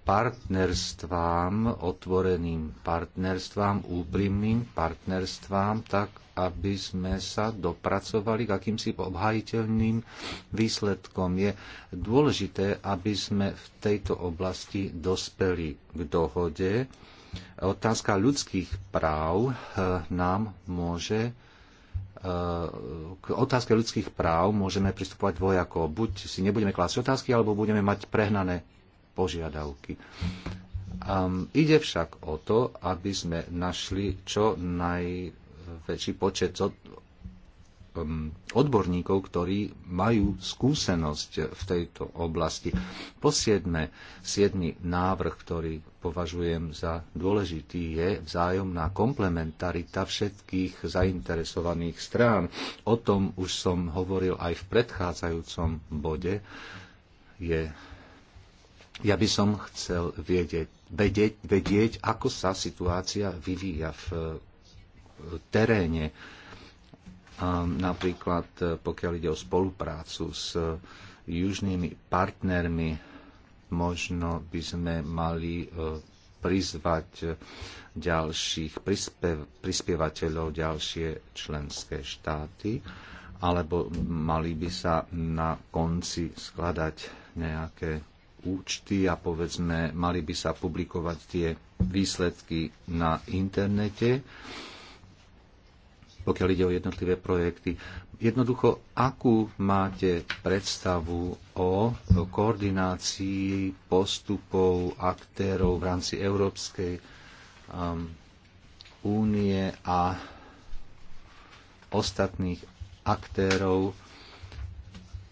partnerstvám, otvoreným partnerstvám, úprimným partnerstvám, tak aby sme sa dopracovali k akýmsi obhajiteľným výsledkom. Je dôležité, aby sme v tejto oblasti dospeli k dohode. Otázka ľudských práv e, nám môže k otázke ľudských práv môžeme pristupovať dvojako. Buď si nebudeme klásť otázky, alebo budeme mať prehnané požiadavky. Um, ide však o to, aby sme našli čo najväčší počet Um, odborníkov, ktorí majú skúsenosť v tejto oblasti. Po siedme, siedmy návrh, ktorý považujem za dôležitý, je vzájomná komplementarita všetkých zainteresovaných strán. O tom už som hovoril aj v predchádzajúcom bode. Je, ja by som chcel vedieť, vedieť, vedieť ako sa situácia vyvíja v teréne Napríklad e, pokiaľ ide o spoluprácu s e, južnými partnermi, možno by sme mali e, prizvať ďalších prispiev, prispievateľov, ďalšie členské štáty, alebo mali by sa na konci skladať nejaké účty a povedzme, mali by sa publikovať tie výsledky na internete pokiaľ ide o jednotlivé projekty. Jednoducho, akú máte predstavu o koordinácii postupov aktérov v rámci Európskej um, únie a ostatných aktérov?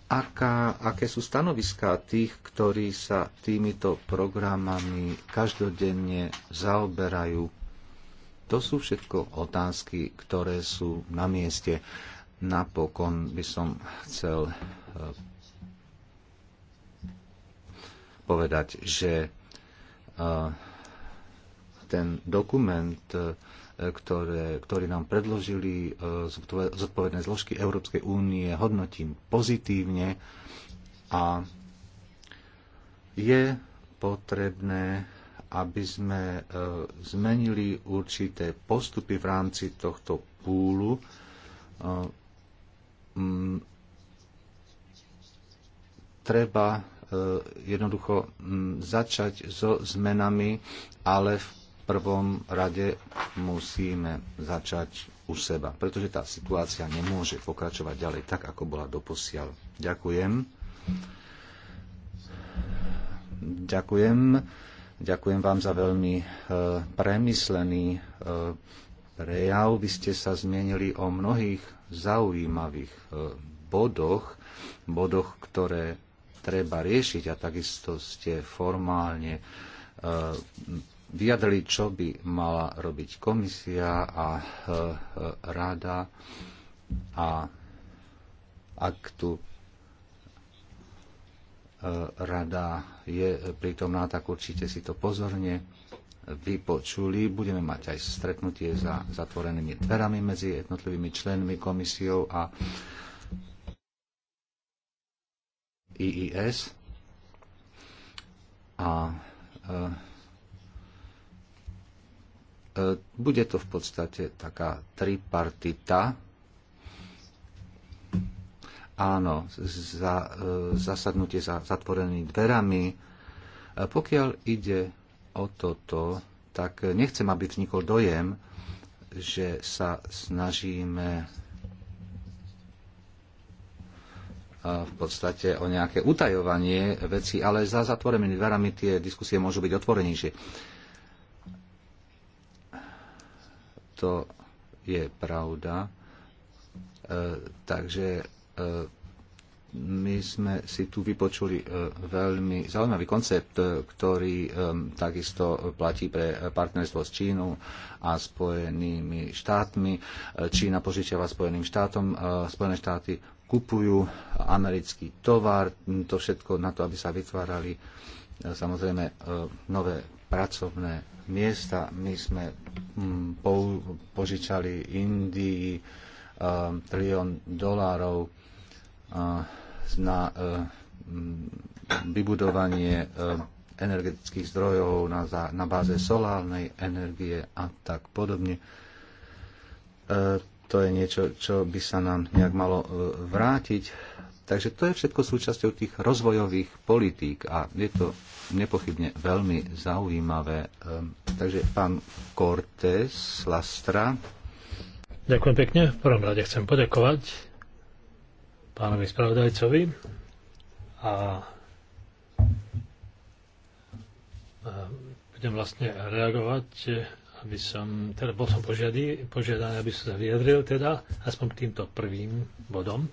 Aká, aké sú stanoviská tých, ktorí sa týmito programami každodenne zaoberajú? To sú všetko otázky, ktoré sú na mieste. Napokon by som chcel e, povedať, že e, ten dokument, e, ktoré, ktorý nám predložili zodpovedné zložky Európskej únie, hodnotím pozitívne a je potrebné aby sme e, zmenili určité postupy v rámci tohto púlu. E, treba e, jednoducho začať so zmenami, ale v prvom rade musíme začať u seba, pretože tá situácia nemôže pokračovať ďalej tak, ako bola doposiaľ. Ďakujem. Ďakujem. Ďakujem vám za veľmi e, premyslený e, prejav. Vy ste sa zmienili o mnohých zaujímavých e, bodoch, bodoch, ktoré treba riešiť a takisto ste formálne vyjadrili, čo by mala robiť komisia a rada. A ak tu rada je prítomná, tak určite si to pozorne vypočuli. Budeme mať aj stretnutie za zatvorenými dverami medzi jednotlivými členmi komisiou a IIS. A e, e, bude to v podstate taká tripartita áno, za, e, zasadnutie za zatvorenými dverami. E, pokiaľ ide o toto, tak nechcem, aby vznikol dojem, že sa snažíme e, v podstate o nejaké utajovanie veci, ale za zatvorenými dverami tie diskusie môžu byť otvorenejšie. To je pravda. takže my sme si tu vypočuli e, veľmi zaujímavý koncept, e, ktorý e, takisto platí pre partnerstvo s Čínou a Spojenými štátmi. Čína požičiava Spojeným štátom, Spojené štáty kupujú americký tovar, to všetko na to, aby sa vytvárali samozrejme nové pracovné miesta. My sme mm, požičali Indii trilión dolárov na e, vybudovanie e, energetických zdrojov na, báze solárnej energie a tak podobne. E, to je niečo, čo by sa nám nejak malo vrátiť. Takže to je všetko súčasťou tých rozvojových politík a je to nepochybne veľmi zaujímavé. Takže pán Cortés Lastra. Ďakujem pekne. V prvom rade chcem poďakovať pánovi spravodajcovi a budem vlastne reagovať, aby som, teda bol som požiadý, požiadaný, aby som sa vyjadril teda aspoň k týmto prvým bodom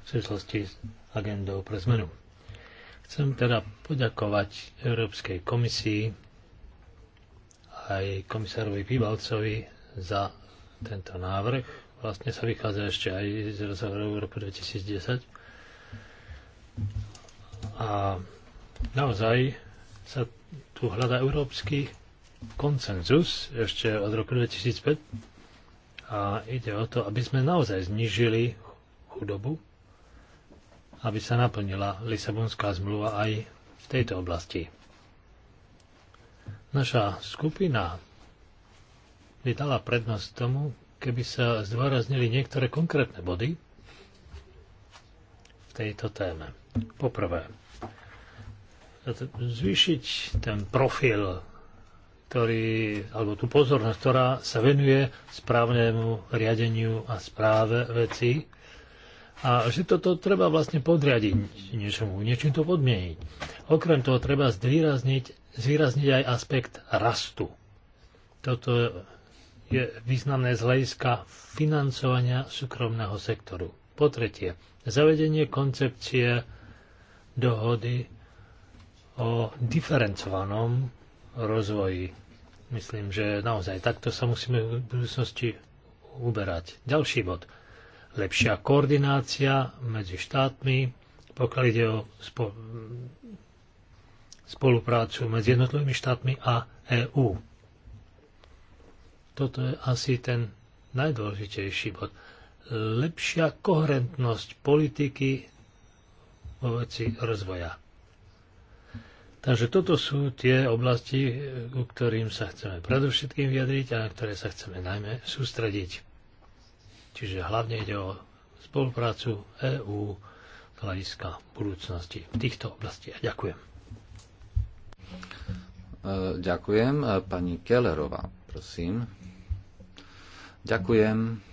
v súvislosti s agendou pre zmenu. Chcem teda poďakovať Európskej komisii aj komisárovi Píbalcovi za tento návrh vlastne sa vychádza ešte aj z rozhovoru v roku 2010. A naozaj sa tu hľadá európsky koncenzus ešte od roku 2005 a ide o to, aby sme naozaj znížili chudobu, aby sa naplnila Lisabonská zmluva aj v tejto oblasti. Naša skupina vydala prednosť tomu, keby sa zdôraznili niektoré konkrétne body v tejto téme. Poprvé, zvýšiť ten profil, ktorý, alebo tú pozornosť, ktorá sa venuje správnemu riadeniu a správe veci. A že toto treba vlastne podriadiť niečomu, niečím to podmieniť. Okrem toho treba zvýrazniť, zvýrazniť aj aspekt rastu. Toto je významné z hľadiska financovania súkromného sektoru. Po tretie, zavedenie koncepcie dohody o diferencovanom rozvoji. Myslím, že naozaj takto sa musíme v budúcnosti uberať. Ďalší bod. Lepšia koordinácia medzi štátmi, pokiaľ ide o spoluprácu medzi jednotlivými štátmi a EÚ. Toto je asi ten najdôležitejší bod. Lepšia koherentnosť politiky vo veci rozvoja. Takže toto sú tie oblasti, ku ktorým sa chceme predovšetkým vyjadriť a na ktoré sa chceme najmä sústrediť. Čiže hlavne ide o spoluprácu EÚ z hľadiska budúcnosti v týchto oblastiach. Ďakujem. E, ďakujem. E, pani Kellerová prosím. Ďakujem.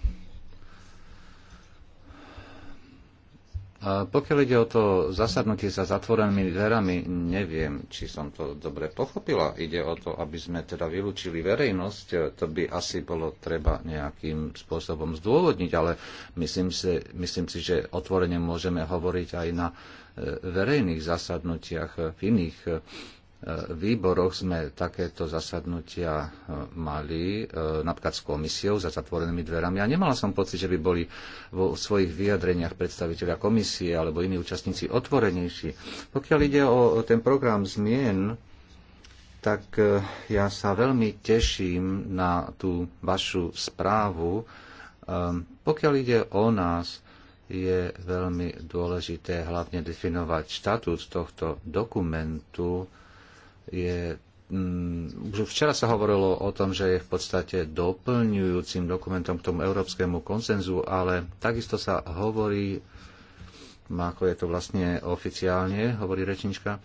A pokiaľ ide o to zasadnutie sa zatvorenými dverami, neviem, či som to dobre pochopila. Ide o to, aby sme teda vylúčili verejnosť. To by asi bolo treba nejakým spôsobom zdôvodniť, ale myslím si, myslím si že otvorene môžeme hovoriť aj na e, verejných zasadnutiach v iných výboroch sme takéto zasadnutia e, mali, e, napríklad s komisiou za zatvorenými dverami. A nemala som pocit, že by boli vo svojich vyjadreniach predstaviteľia komisie alebo iní účastníci otvorenejší. Pokiaľ ide o ten program zmien, tak e, ja sa veľmi teším na tú vašu správu. Pokiaľ ide o nás, je veľmi dôležité hlavne definovať štatút tohto dokumentu, je mm, už včera sa hovorilo o tom, že je v podstate doplňujúcim dokumentom k tomu európskemu konsenzu, ale takisto sa hovorí, no ako je to vlastne oficiálne, hovorí rečnička,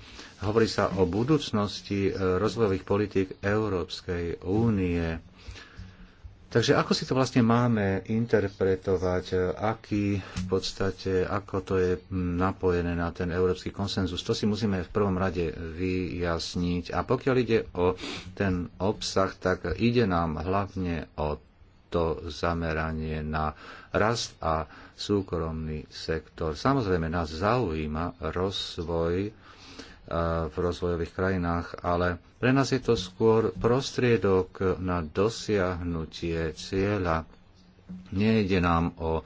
hovorí sa o budúcnosti e, rozvojových politík Európskej únie Takže ako si to vlastne máme interpretovať, e, aký v podstate, ako to je napojené na ten európsky konsenzus, to si musíme v prvom rade vyjasniť. A pokiaľ ide o ten obsah, tak ide nám hlavne o to zameranie na rast a súkromný sektor. Samozrejme nás zaujíma rozvoj v rozvojových krajinách, ale pre nás je to skôr prostriedok na dosiahnutie cieľa. Nejde nám o e,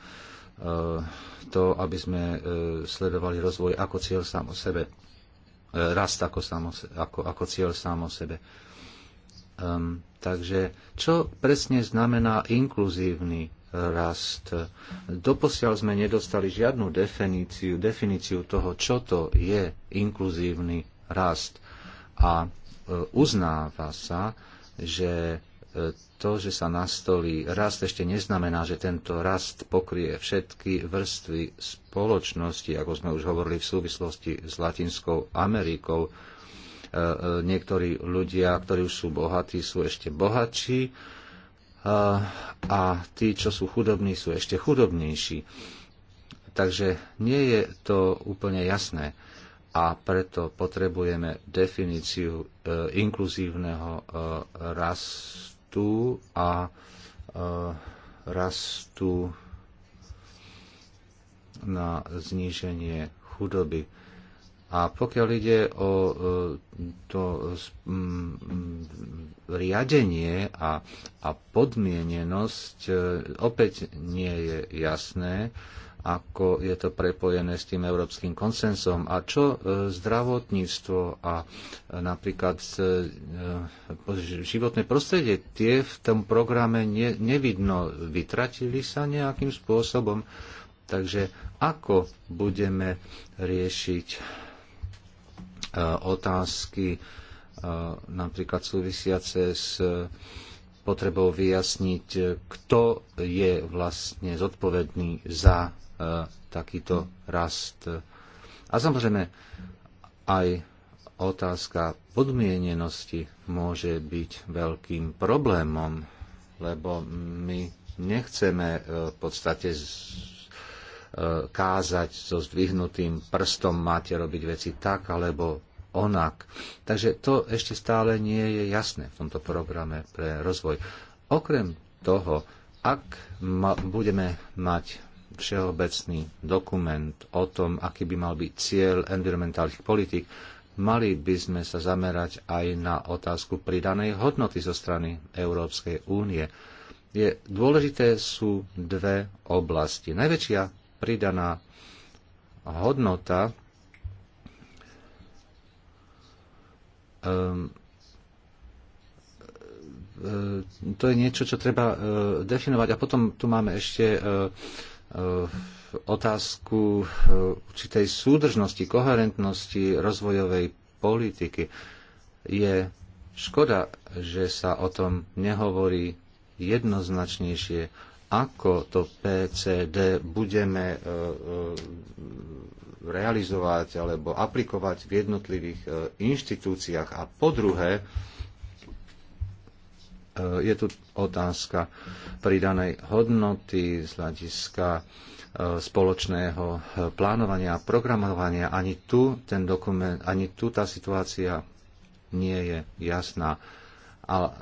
to, aby sme e, sledovali rozvoj ako cieľ sám o sebe. E, rast ako, sám o sebe, ako, ako cieľ sám o sebe. Um, takže čo presne znamená inkluzívny rast. Doposiaľ sme nedostali žiadnu definíciu, definíciu toho, čo to je inkluzívny rast. A e, uznáva sa, že e, to, že sa nastolí rast, ešte neznamená, že tento rast pokrie všetky vrstvy spoločnosti, ako sme už hovorili v súvislosti s Latinskou Amerikou. E, niektorí ľudia, ktorí už sú bohatí, sú ešte bohatší a tí, čo sú chudobní, sú ešte chudobnejší. Takže nie je to úplne jasné a preto potrebujeme definíciu e, inkluzívneho e, rastu a e, rastu na zníženie chudoby. A pokiaľ ide o e, to mm, riadenie a, a podmienenosť, e, opäť nie je jasné, ako je to prepojené s tým európskym konsensom a čo e, zdravotníctvo a napríklad životné prostredie, tie v tom programe ne, nevidno, vytratili sa nejakým spôsobom. Takže ako budeme riešiť Eh, otázky eh, napríklad súvisiace s eh, potrebou vyjasniť, kto je vlastne zodpovedný za takýto rast. A samozrejme aj otázka podmienenosti môže byť veľkým problémom, lebo my nechceme v podstate kázať so zdvihnutým prstom, máte robiť veci tak alebo onak. Takže to ešte stále nie je jasné v tomto programe pre rozvoj. Okrem toho, ak ma, budeme mať všeobecný dokument o tom, aký by mal byť cieľ environmentálnych politik, mali by sme sa zamerať aj na otázku pridanej hodnoty zo strany Európskej únie. Je, dôležité sú dve oblasti. Najväčšia pridaná hodnota um, to je niečo, čo treba ehm, definovať. A potom tu máme ešte otázku určitej súdržnosti, koherentnosti rozvojovej politiky. Je škoda, že sa o tom nehovorí jednoznačnejšie ako to PCD budeme e, e, realizovať alebo aplikovať v jednotlivých e, inštitúciách. A po druhé, je tu otázka pridanej hodnoty z hľadiska spoločného plánovania a programovania. Ani tu, ten dokument, ani tu tá situácia nie je jasná. Ale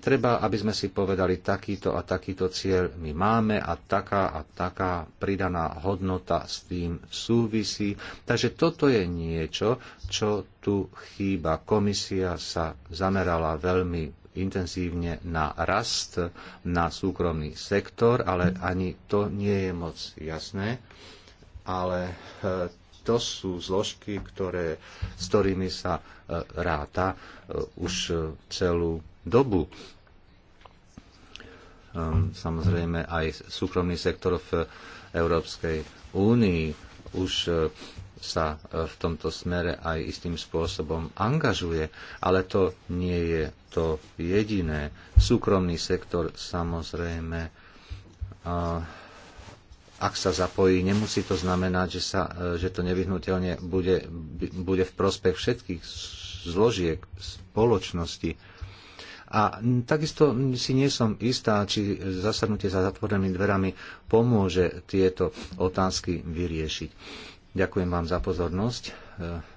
treba, aby sme si povedali, takýto a takýto cieľ my máme a taká a taká pridaná hodnota s tým súvisí. Takže toto je niečo, čo tu chýba. Komisia sa zamerala veľmi intenzívne na rast, na súkromný sektor, ale ani to nie je moc jasné. Ale e, to sú zložky, ktoré, s ktorými sa e, ráta e, už celú dobu. Ehm, samozrejme aj súkromný sektor v Európskej únii už e, sa e, v tomto smere aj istým spôsobom angažuje, ale to nie je to jediné. Súkromný sektor samozrejme, e, ak sa zapojí, nemusí to znamenať, že, sa, že to nevyhnutelne bude, bude v prospech všetkých zložiek spoločnosti. A takisto si nie som istá, či zasadnutie za zatvorenými dverami pomôže tieto otázky vyriešiť. Ďakujem vám za pozornosť. E,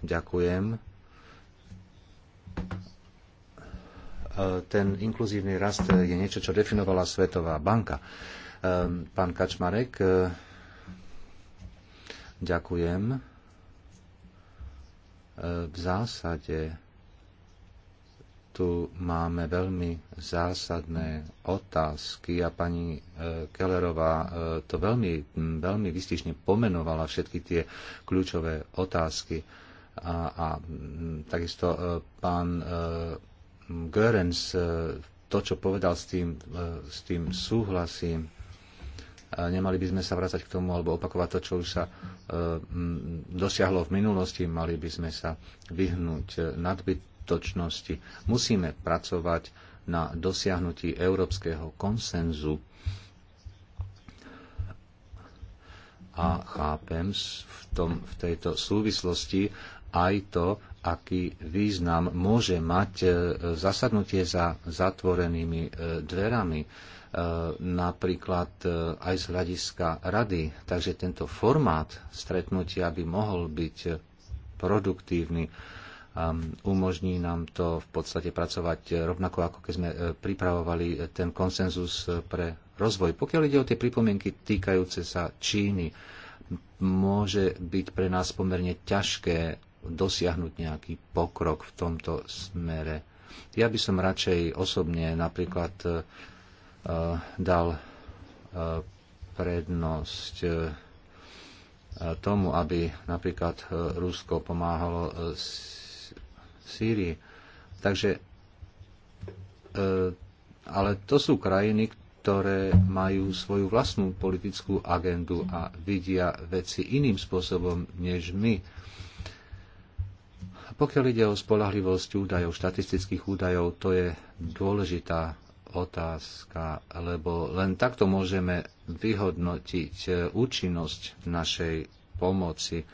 ďakujem. E, ten inkluzívny rast je niečo, čo definovala Svetová banka. E, pán Kačmarek, ďakujem. V zásade tu máme veľmi zásadné otázky a pani e, Kellerová e, to veľmi, veľmi vystižne pomenovala všetky tie kľúčové otázky. A, a takisto e, pán Görens, to, čo povedal, s tým, s tým súhlasím. Nemali by sme sa vrácať k tomu alebo opakovať to, čo už sa dosiahlo v minulosti. Mali by sme sa vyhnúť nadbyt skutočnosti. Musíme pracovať na dosiahnutí európskeho konsenzu a chápem v, tom, v tejto súvislosti aj to, aký význam môže mať e, zasadnutie za zatvorenými e, dverami, e, napríklad aj z hľadiska rady. Takže tento formát stretnutia by mohol byť produktívny umožní nám to v podstate pracovať rovnako, ako keď sme e, pripravovali e, ten konsenzus e, pre rozvoj. Pokiaľ ide o tie pripomienky týkajúce sa Číny, môže byť pre nás pomerne ťažké dosiahnuť nejaký pokrok v tomto smere. Ja by som radšej osobne napríklad uh, dal uh, prednosť uh, tomu, aby napríklad Rusko pomáhalo s v Sýrii. Takže, e, ale to sú krajiny, ktoré majú svoju vlastnú politickú agendu a vidia veci iným spôsobom než my. Pokiaľ ide o spolahlivosť údajov, štatistických údajov, to je dôležitá otázka, lebo len takto môžeme vyhodnotiť e, účinnosť našej pomoci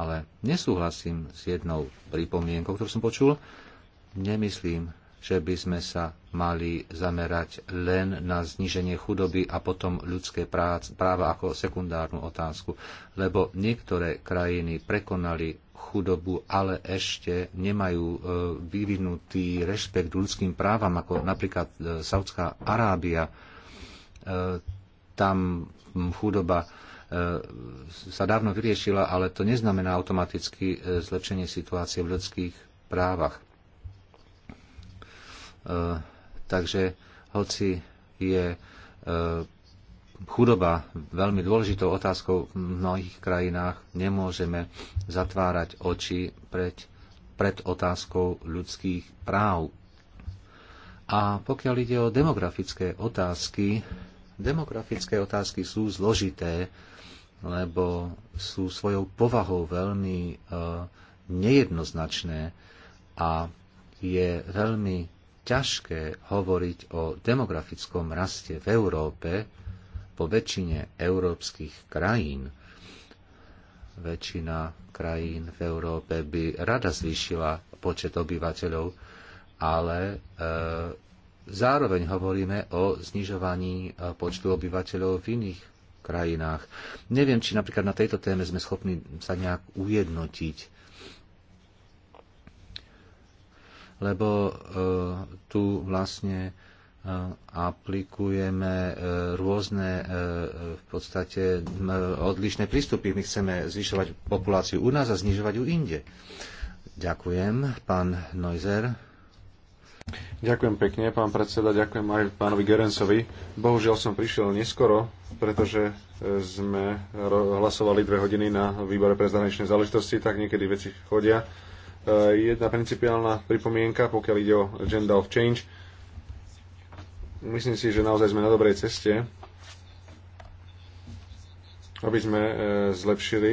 ale nesúhlasím s jednou pripomienkou, ktorú som počul. Nemyslím, že by sme sa mali zamerať len na zníženie chudoby a potom ľudské prác, práva ako sekundárnu otázku, lebo niektoré krajiny prekonali chudobu, ale ešte nemajú e, vyvinutý rešpekt ľudským právam, ako napríklad e, Saudská Arábia. E, tam chudoba sa dávno vyriešila, ale to neznamená automaticky e, zlepšenie situácie v ľudských právach. E, takže hoci je e, chudoba veľmi dôležitou otázkou v mnohých krajinách, nemôžeme zatvárať oči pred, pred otázkou ľudských práv. A pokiaľ ide o demografické otázky, demografické otázky sú zložité lebo sú svojou povahou veľmi e, nejednoznačné a je veľmi ťažké hovoriť o demografickom raste v Európe po väčšine európskych krajín. Väčšina krajín v Európe by rada zvýšila počet obyvateľov, ale e, zároveň hovoríme o znižovaní e, počtu obyvateľov v iných krajinách. Neviem, či napríklad na tejto téme sme schopní sa nejak ujednotiť. lebo e, tu vlastne e, aplikujeme e, rôzne v podstate odlišné prístupy. My chceme zvyšovať populáciu u nás a znižovať ju inde. Ďakujem, pán Neuser. Ďakujem pekne, pán predseda, ďakujem aj pánovi Gerencovi. Bohužiaľ som prišiel neskoro, pretože e, sme hlasovali dve hodiny na výbore pre zahraničné záležitosti, tak niekedy veci chodia. E, jedna principiálna pripomienka, pokiaľ ide o agenda of change. Myslím si, že naozaj sme na dobrej ceste, aby sme e, zlepšili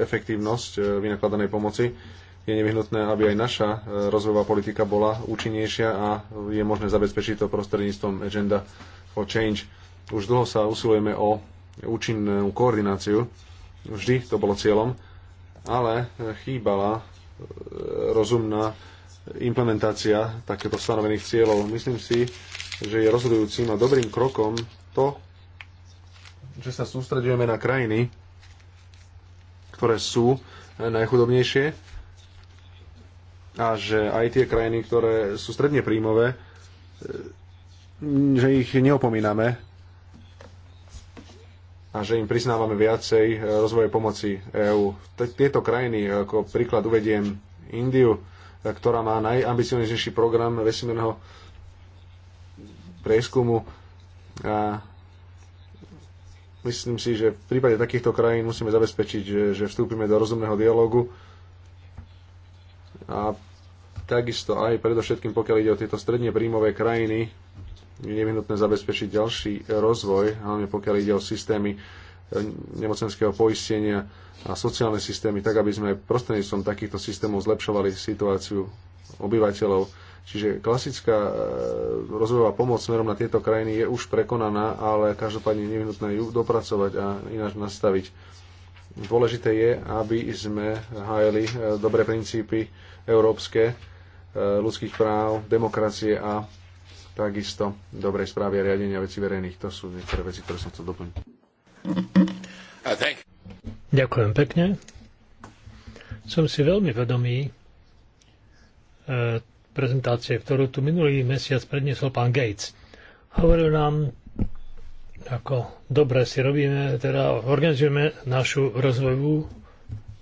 efektívnosť vynakladanej pomoci je nevyhnutné, aby aj naša e, rozvojová politika bola účinnejšia a je možné zabezpečiť to prostredníctvom Agenda for Change. Už dlho sa usilujeme o účinnú koordináciu, vždy to bolo cieľom, ale chýbala e, rozumná implementácia takéto stanovených cieľov. Myslím si, že je rozhodujúcim a dobrým krokom to, že sa sústredujeme na krajiny, ktoré sú najchudobnejšie a že aj tie krajiny, ktoré sú stredne príjmové, e, že ich neopomíname a že im priznávame viacej e, rozvoje pomoci EÚ. Tieto krajiny, e, ako príklad uvediem Indiu, ktorá má najambicioznejší program vesmírneho prieskumu a myslím si, že v prípade takýchto krajín musíme zabezpečiť, že, že vstúpime do rozumného dialogu a takisto aj predovšetkým, pokiaľ ide o tieto stredne príjmové krajiny, je nevyhnutné zabezpečiť ďalší rozvoj, hlavne pokiaľ ide o systémy e, nemocenského poistenia a sociálne systémy, tak aby sme aj prostredníctvom takýchto systémov zlepšovali situáciu obyvateľov. Čiže klasická e, rozvojová pomoc smerom na tieto krajiny je už prekonaná, ale každopádne je nevyhnutné ju dopracovať a ináč nastaviť. Dôležité je, aby sme hájali e, dobré princípy európske e, ľudských práv, demokracie a takisto dobrej správy a riadenia vecí verejných. To sú niektoré veci, ktoré som chcel doplniť. Uh, Ďakujem pekne. Som si veľmi vedomý e, prezentácie, ktorú tu minulý mesiac predniesol pán Gates. Hovoril nám, ako dobre si robíme, teda organizujeme našu rozvojovú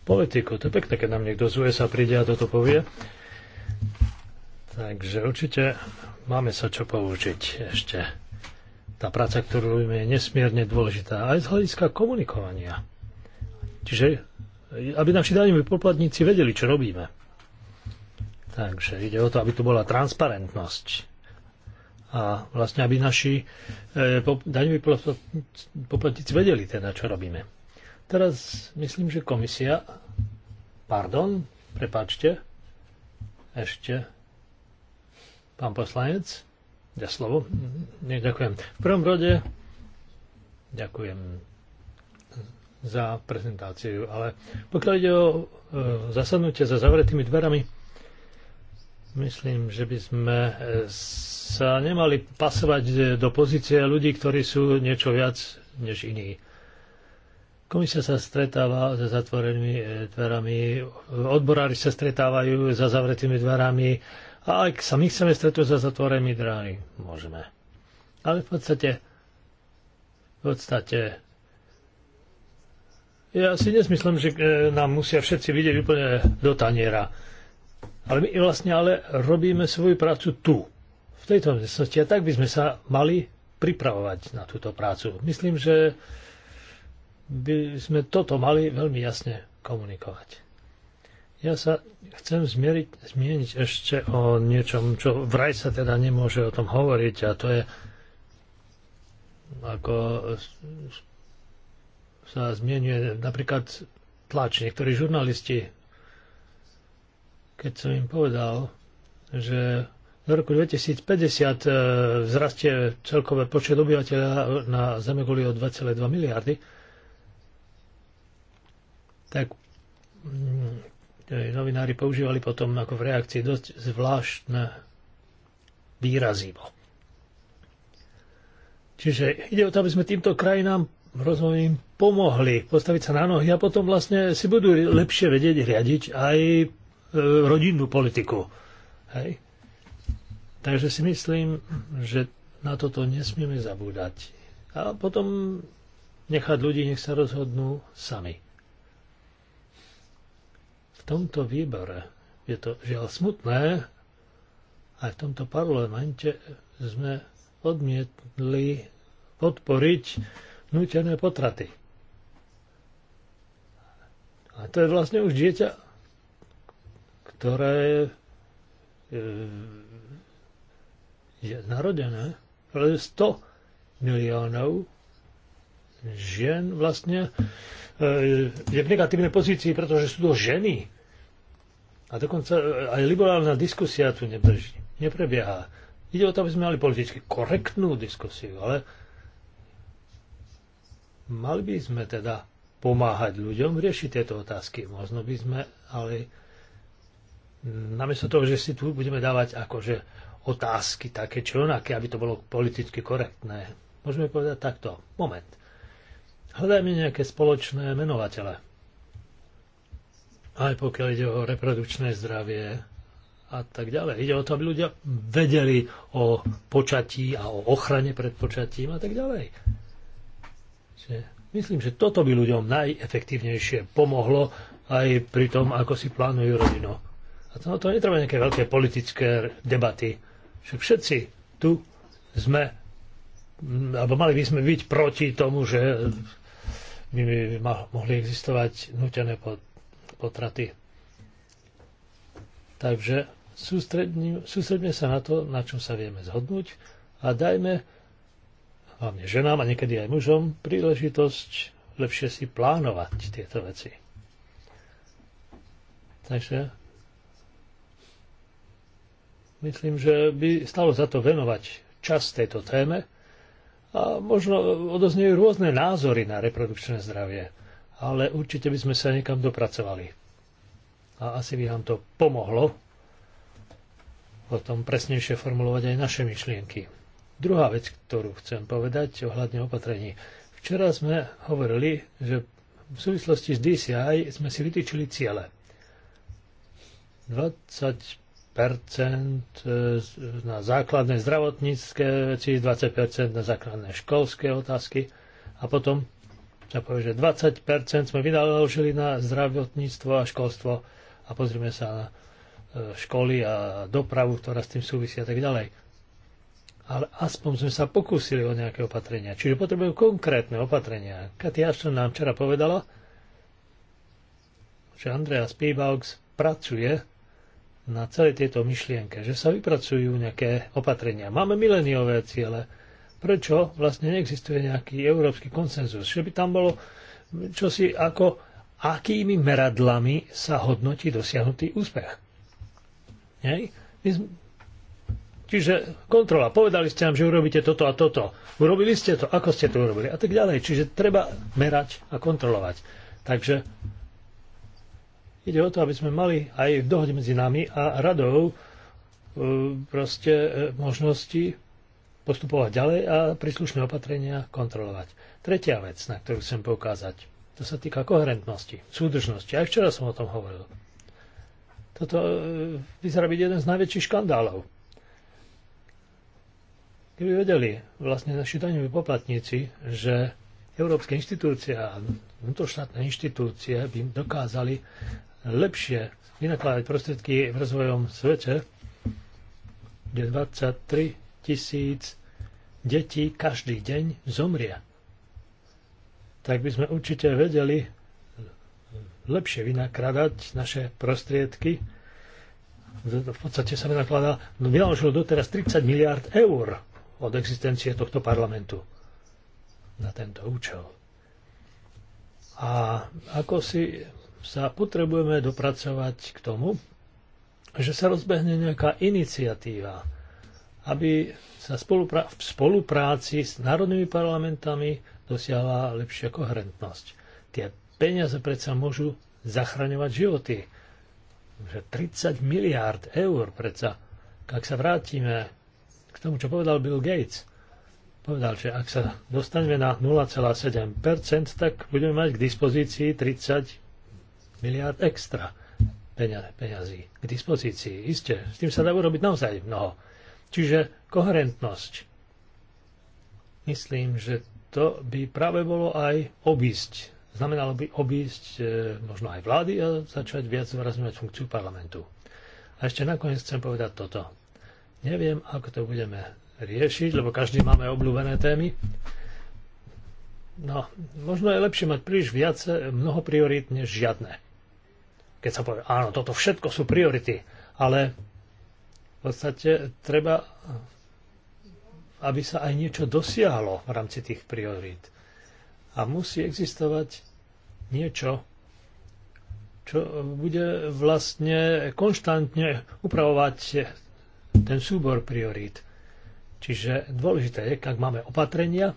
politiku. To je pekné, keď nám niekto z USA príde a toto povie. Takže určite máme sa čo poučiť ešte. Tá práca, ktorú robíme, je nesmierne dôležitá aj z hľadiska komunikovania. Čiže aby naši daňoví poplatníci vedeli, čo robíme. Takže ide o to, aby tu bola transparentnosť. A vlastne, aby naši e, po, daňoví poplatníci vedeli teda, čo robíme. Teraz myslím, že komisia Pardon, prepačte. Ešte. Pán poslanec, ja slovo. Nie, ďakujem. V prvom rode ďakujem za prezentáciu, ale pokiaľ ide o e, zasadnutie za zavretými dverami, myslím, že by sme e, sa nemali pasovať do pozície ľudí, ktorí sú niečo viac než iní. Komisia sa stretáva za zatvorenými e, dverami, odborári sa stretávajú za zavretými dverami a aj sa my chceme stretnúť za zatvorenými dverami, môžeme. Ale v podstate, v podstate, ja si nesmyslím, že e, nám musia všetci vidieť úplne do taniera. Ale my vlastne ale robíme svoju prácu tu, v tejto miestnosti a tak by sme sa mali pripravovať na túto prácu. Myslím, že by sme toto mali veľmi jasne komunikovať. Ja sa chcem zmieriť, zmieniť ešte o niečom, čo vraj sa teda nemôže o tom hovoriť a to je ako sa zmienuje napríklad tlač. Niektorí žurnalisti, keď som im povedal, že do roku 2050 e, vzrastie celkové počet obyvateľa na Zemeguli o 2,2 miliardy, tak mm, e, novinári používali potom ako v reakcii dosť zvláštne výrazivo. Čiže ide o to, aby sme týmto krajinám rozvojím pomohli postaviť sa na nohy a potom vlastne si budú lepšie vedieť riadiť aj e, rodinnú politiku. Hej. Takže si myslím, že na toto nesmieme zabúdať. A potom nechať ľudí, nech sa rozhodnú sami tomto výbore, je to žiaľ smutné, aj v tomto parlamente sme odmietli podporiť nutené potraty. A to je vlastne už dieťa, ktoré e, je narodené, ale 100 miliónov žien vlastne e, je v negatívnej pozícii, pretože sú to ženy, a dokonca e, aj liberálna diskusia tu nebrží, neprebieha. Ide o to, aby sme mali politicky korektnú diskusiu, ale mali by sme teda pomáhať ľuďom riešiť tieto otázky. Možno by sme, ale namiesto toho, že si tu budeme dávať akože otázky také či onaké, aby to bolo politicky korektné. Môžeme povedať takto. Moment. Hľadajme nejaké spoločné menovatele aj pokiaľ ide o reprodukčné zdravie a tak ďalej. Ide o to, aby ľudia vedeli o počatí a o ochrane pred počatím a tak ďalej. Čiže myslím, že toto by ľuďom najefektívnejšie pomohlo aj pri tom, ako si plánujú rodinu. A to, to netreba nejaké veľké politické debaty. Že všetci tu sme, alebo mali by sme byť proti tomu, že by mohli existovať nutené pod potraty. Takže sústredne sa na to, na čom sa vieme zhodnúť a dajme hlavne ženám a niekedy aj mužom príležitosť lepšie si plánovať tieto veci. Takže myslím, že by stalo za to venovať čas tejto téme a možno odoznejú rôzne názory na reprodukčné zdravie ale určite by sme sa niekam dopracovali. A asi by nám to pomohlo potom presnejšie formulovať aj naše myšlienky. Druhá vec, ktorú chcem povedať ohľadne opatrení. Včera sme hovorili, že v súvislosti s DCI sme si vytýčili ciele. 20 na základné zdravotnícke veci, 20 na základné školské otázky a potom čo povie, že 20% sme vynaložili na zdravotníctvo a školstvo a pozrieme sa na e, školy a dopravu, ktorá s tým súvisí a tak ďalej. Ale aspoň sme sa pokúsili o nejaké opatrenia. Čiže potrebujú konkrétne opatrenia. Katia Ašton nám včera povedala, že Andreas Spiebaux pracuje na celé tieto myšlienke, že sa vypracujú nejaké opatrenia. Máme mileniové ciele, prečo vlastne neexistuje nejaký európsky konsenzus, že by tam bolo čosi ako akými meradlami sa hodnotí dosiahnutý úspech. Čiže kontrola. Povedali ste nám, že urobíte toto a toto. Urobili ste to, ako ste to urobili a tak ďalej. Čiže treba merať a kontrolovať. Takže ide o to, aby sme mali aj v dohode medzi nami a radou e, proste e, možnosti postupovať ďalej a príslušné opatrenia kontrolovať. Tretia vec, na ktorú chcem poukázať, to sa týka koherentnosti, súdržnosti. Aj včera som o tom hovoril. Toto e, vyzerá byť jeden z najväčších škandálov. Keby vedeli vlastne naši daňoví poplatníci, že európske inštitúcie a vnútroštátne inštitúcie by dokázali lepšie vynakladať prostriedky v rozvojom svete, kde 23 tisíc detí každý deň zomria. Tak by sme určite vedeli lepšie vynakradať naše prostriedky. V podstate sa vynakladá, no vynaložilo doteraz 30 miliard eur od existencie tohto parlamentu na tento účel. A ako si sa potrebujeme dopracovať k tomu, že sa rozbehne nejaká iniciatíva, aby sa spolupra- v spolupráci s národnými parlamentami dosiahla lepšia koherentnosť. Tie peniaze predsa môžu zachraňovať životy. Že 30 miliárd eur predsa. Ak sa vrátime k tomu, čo povedal Bill Gates, povedal, že ak sa dostaneme na 0,7%, tak budeme mať k dispozícii 30 miliárd extra peňazí k dispozícii. Isté, s tým sa dá urobiť naozaj mnoho Čiže koherentnosť. Myslím, že to by práve bolo aj obísť. Znamenalo by obísť e, možno aj vlády a e, začať viac zvrazňovať funkciu parlamentu. A ešte nakoniec chcem povedať toto. Neviem, ako to budeme riešiť, lebo každý máme obľúbené témy. No, možno je lepšie mať príliš viac, e, mnoho priorít, než žiadne. Keď sa povie, áno, toto všetko sú priority, ale v podstate treba, aby sa aj niečo dosiahlo v rámci tých priorít. A musí existovať niečo, čo bude vlastne konštantne upravovať ten súbor priorít. Čiže dôležité je, ak máme opatrenia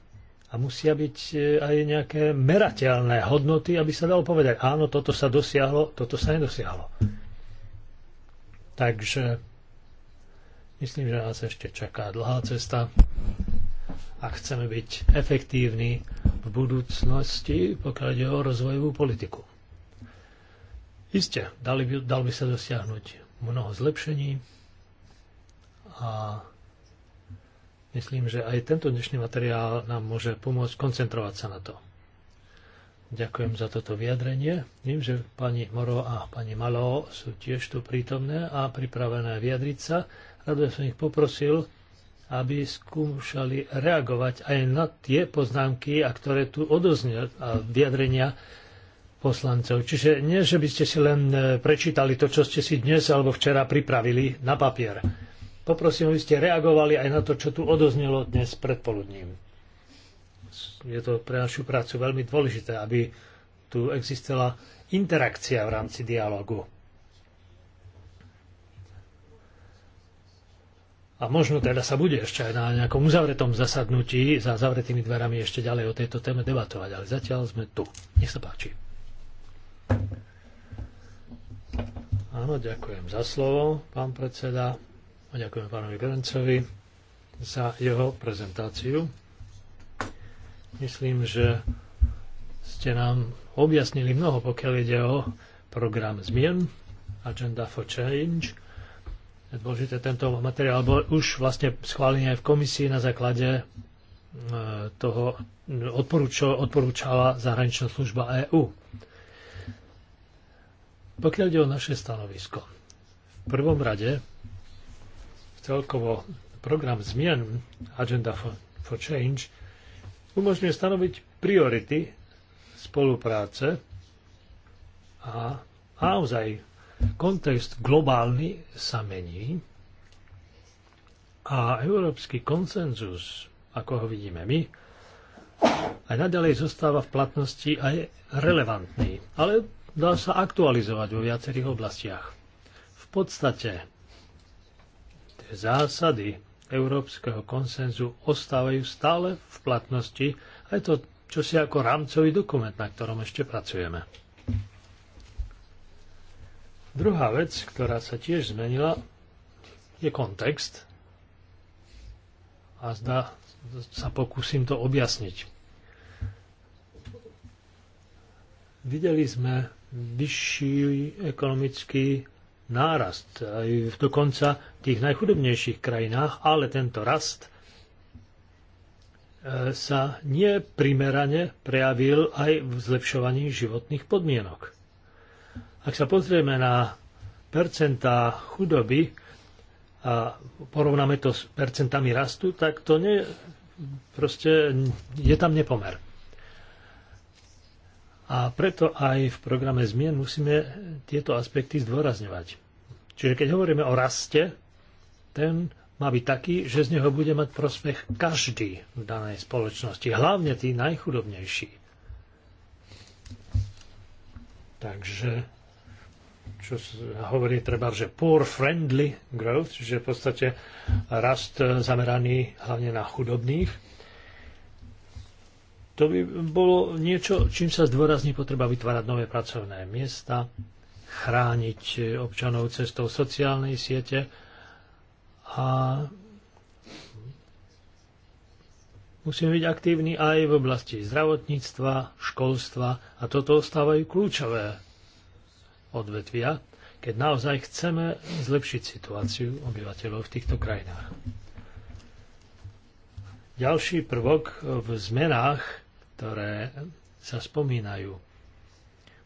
a musia byť eh, aj nejaké merateľné hodnoty, aby sa dalo povedať, áno, toto sa dosiahlo, toto sa nedosiahlo. Takže Myslím, že nás ešte čaká dlhá cesta. Ak chceme byť efektívni v budúcnosti, pokiaľ ide o rozvojovú politiku. Isté, dali by, dal by sa dosiahnuť mnoho zlepšení a myslím, že aj tento dnešný materiál nám môže pomôcť koncentrovať sa na to. Ďakujem za toto vyjadrenie. Viem, že pani Moro a pani Malo sú tiež tu prítomné a pripravené vyjadriť sa. Rád by som ich poprosil, aby skúšali reagovať aj na tie poznámky, a ktoré tu odoznie a vyjadrenia poslancov. Čiže nie, že by ste si len e, prečítali to, čo ste si dnes alebo včera pripravili na papier. Poprosím, aby ste reagovali aj na to, čo tu odoznelo dnes predpoludním. Je to pre našu prácu veľmi dôležité, aby tu existovala interakcia v rámci dialogu. A možno teda sa bude ešte aj na nejakom uzavretom zasadnutí za zavretými dverami ešte ďalej o tejto téme debatovať, ale zatiaľ sme tu. Nech sa páči. Áno, ďakujem za slovo, pán predseda. A ďakujem pánovi Gerencovi za jeho prezentáciu. Myslím, že ste nám objasnili mnoho, pokiaľ ide o program zmien Agenda for Change dôležité tento materiál alebo už vlastne schválený aj v komisii na základe e, toho odporúčala zahraničná služba EÚ. Pokiaľ ide o naše stanovisko, v prvom rade celkovo program zmien Agenda for, for Change umožňuje stanoviť priority spolupráce a naozaj kontext globálny sa mení a európsky koncenzus, ako ho vidíme my, aj naďalej zostáva v platnosti a je relevantný, ale dá sa aktualizovať vo viacerých oblastiach. V podstate tie zásady európskeho konsenzu ostávajú stále v platnosti a je to čosi ako rámcový dokument, na ktorom ešte pracujeme. Druhá vec, ktorá sa tiež zmenila, je kontext. A zdá, sa pokúsim to objasniť. Videli sme vyšší ekonomický nárast aj dokonca v tých najchudobnejších krajinách, ale tento rast e, sa neprimerane prejavil aj v zlepšovaní životných podmienok. Ak sa pozrieme na percentá chudoby a porovnáme to s percentami rastu, tak to nie, proste je tam nepomer. A preto aj v programe zmien musíme tieto aspekty zdôrazňovať. Čiže keď hovoríme o raste, ten má byť taký, že z neho bude mať prospech každý v danej spoločnosti, hlavne tí najchudobnejší. Takže čo sa hovorí treba, že poor friendly growth, čiže v podstate rast eh, zameraný hlavne na chudobných. To by bolo niečo, čím sa zdôrazní potreba vytvárať nové pracovné miesta, chrániť eh, občanov cestou sociálnej siete a musíme byť aktívni aj v oblasti zdravotníctva, školstva a toto ostávajú kľúčové odvetvia, keď naozaj chceme zlepšiť situáciu obyvateľov v týchto krajinách. Ďalší prvok v zmenách, ktoré sa spomínajú,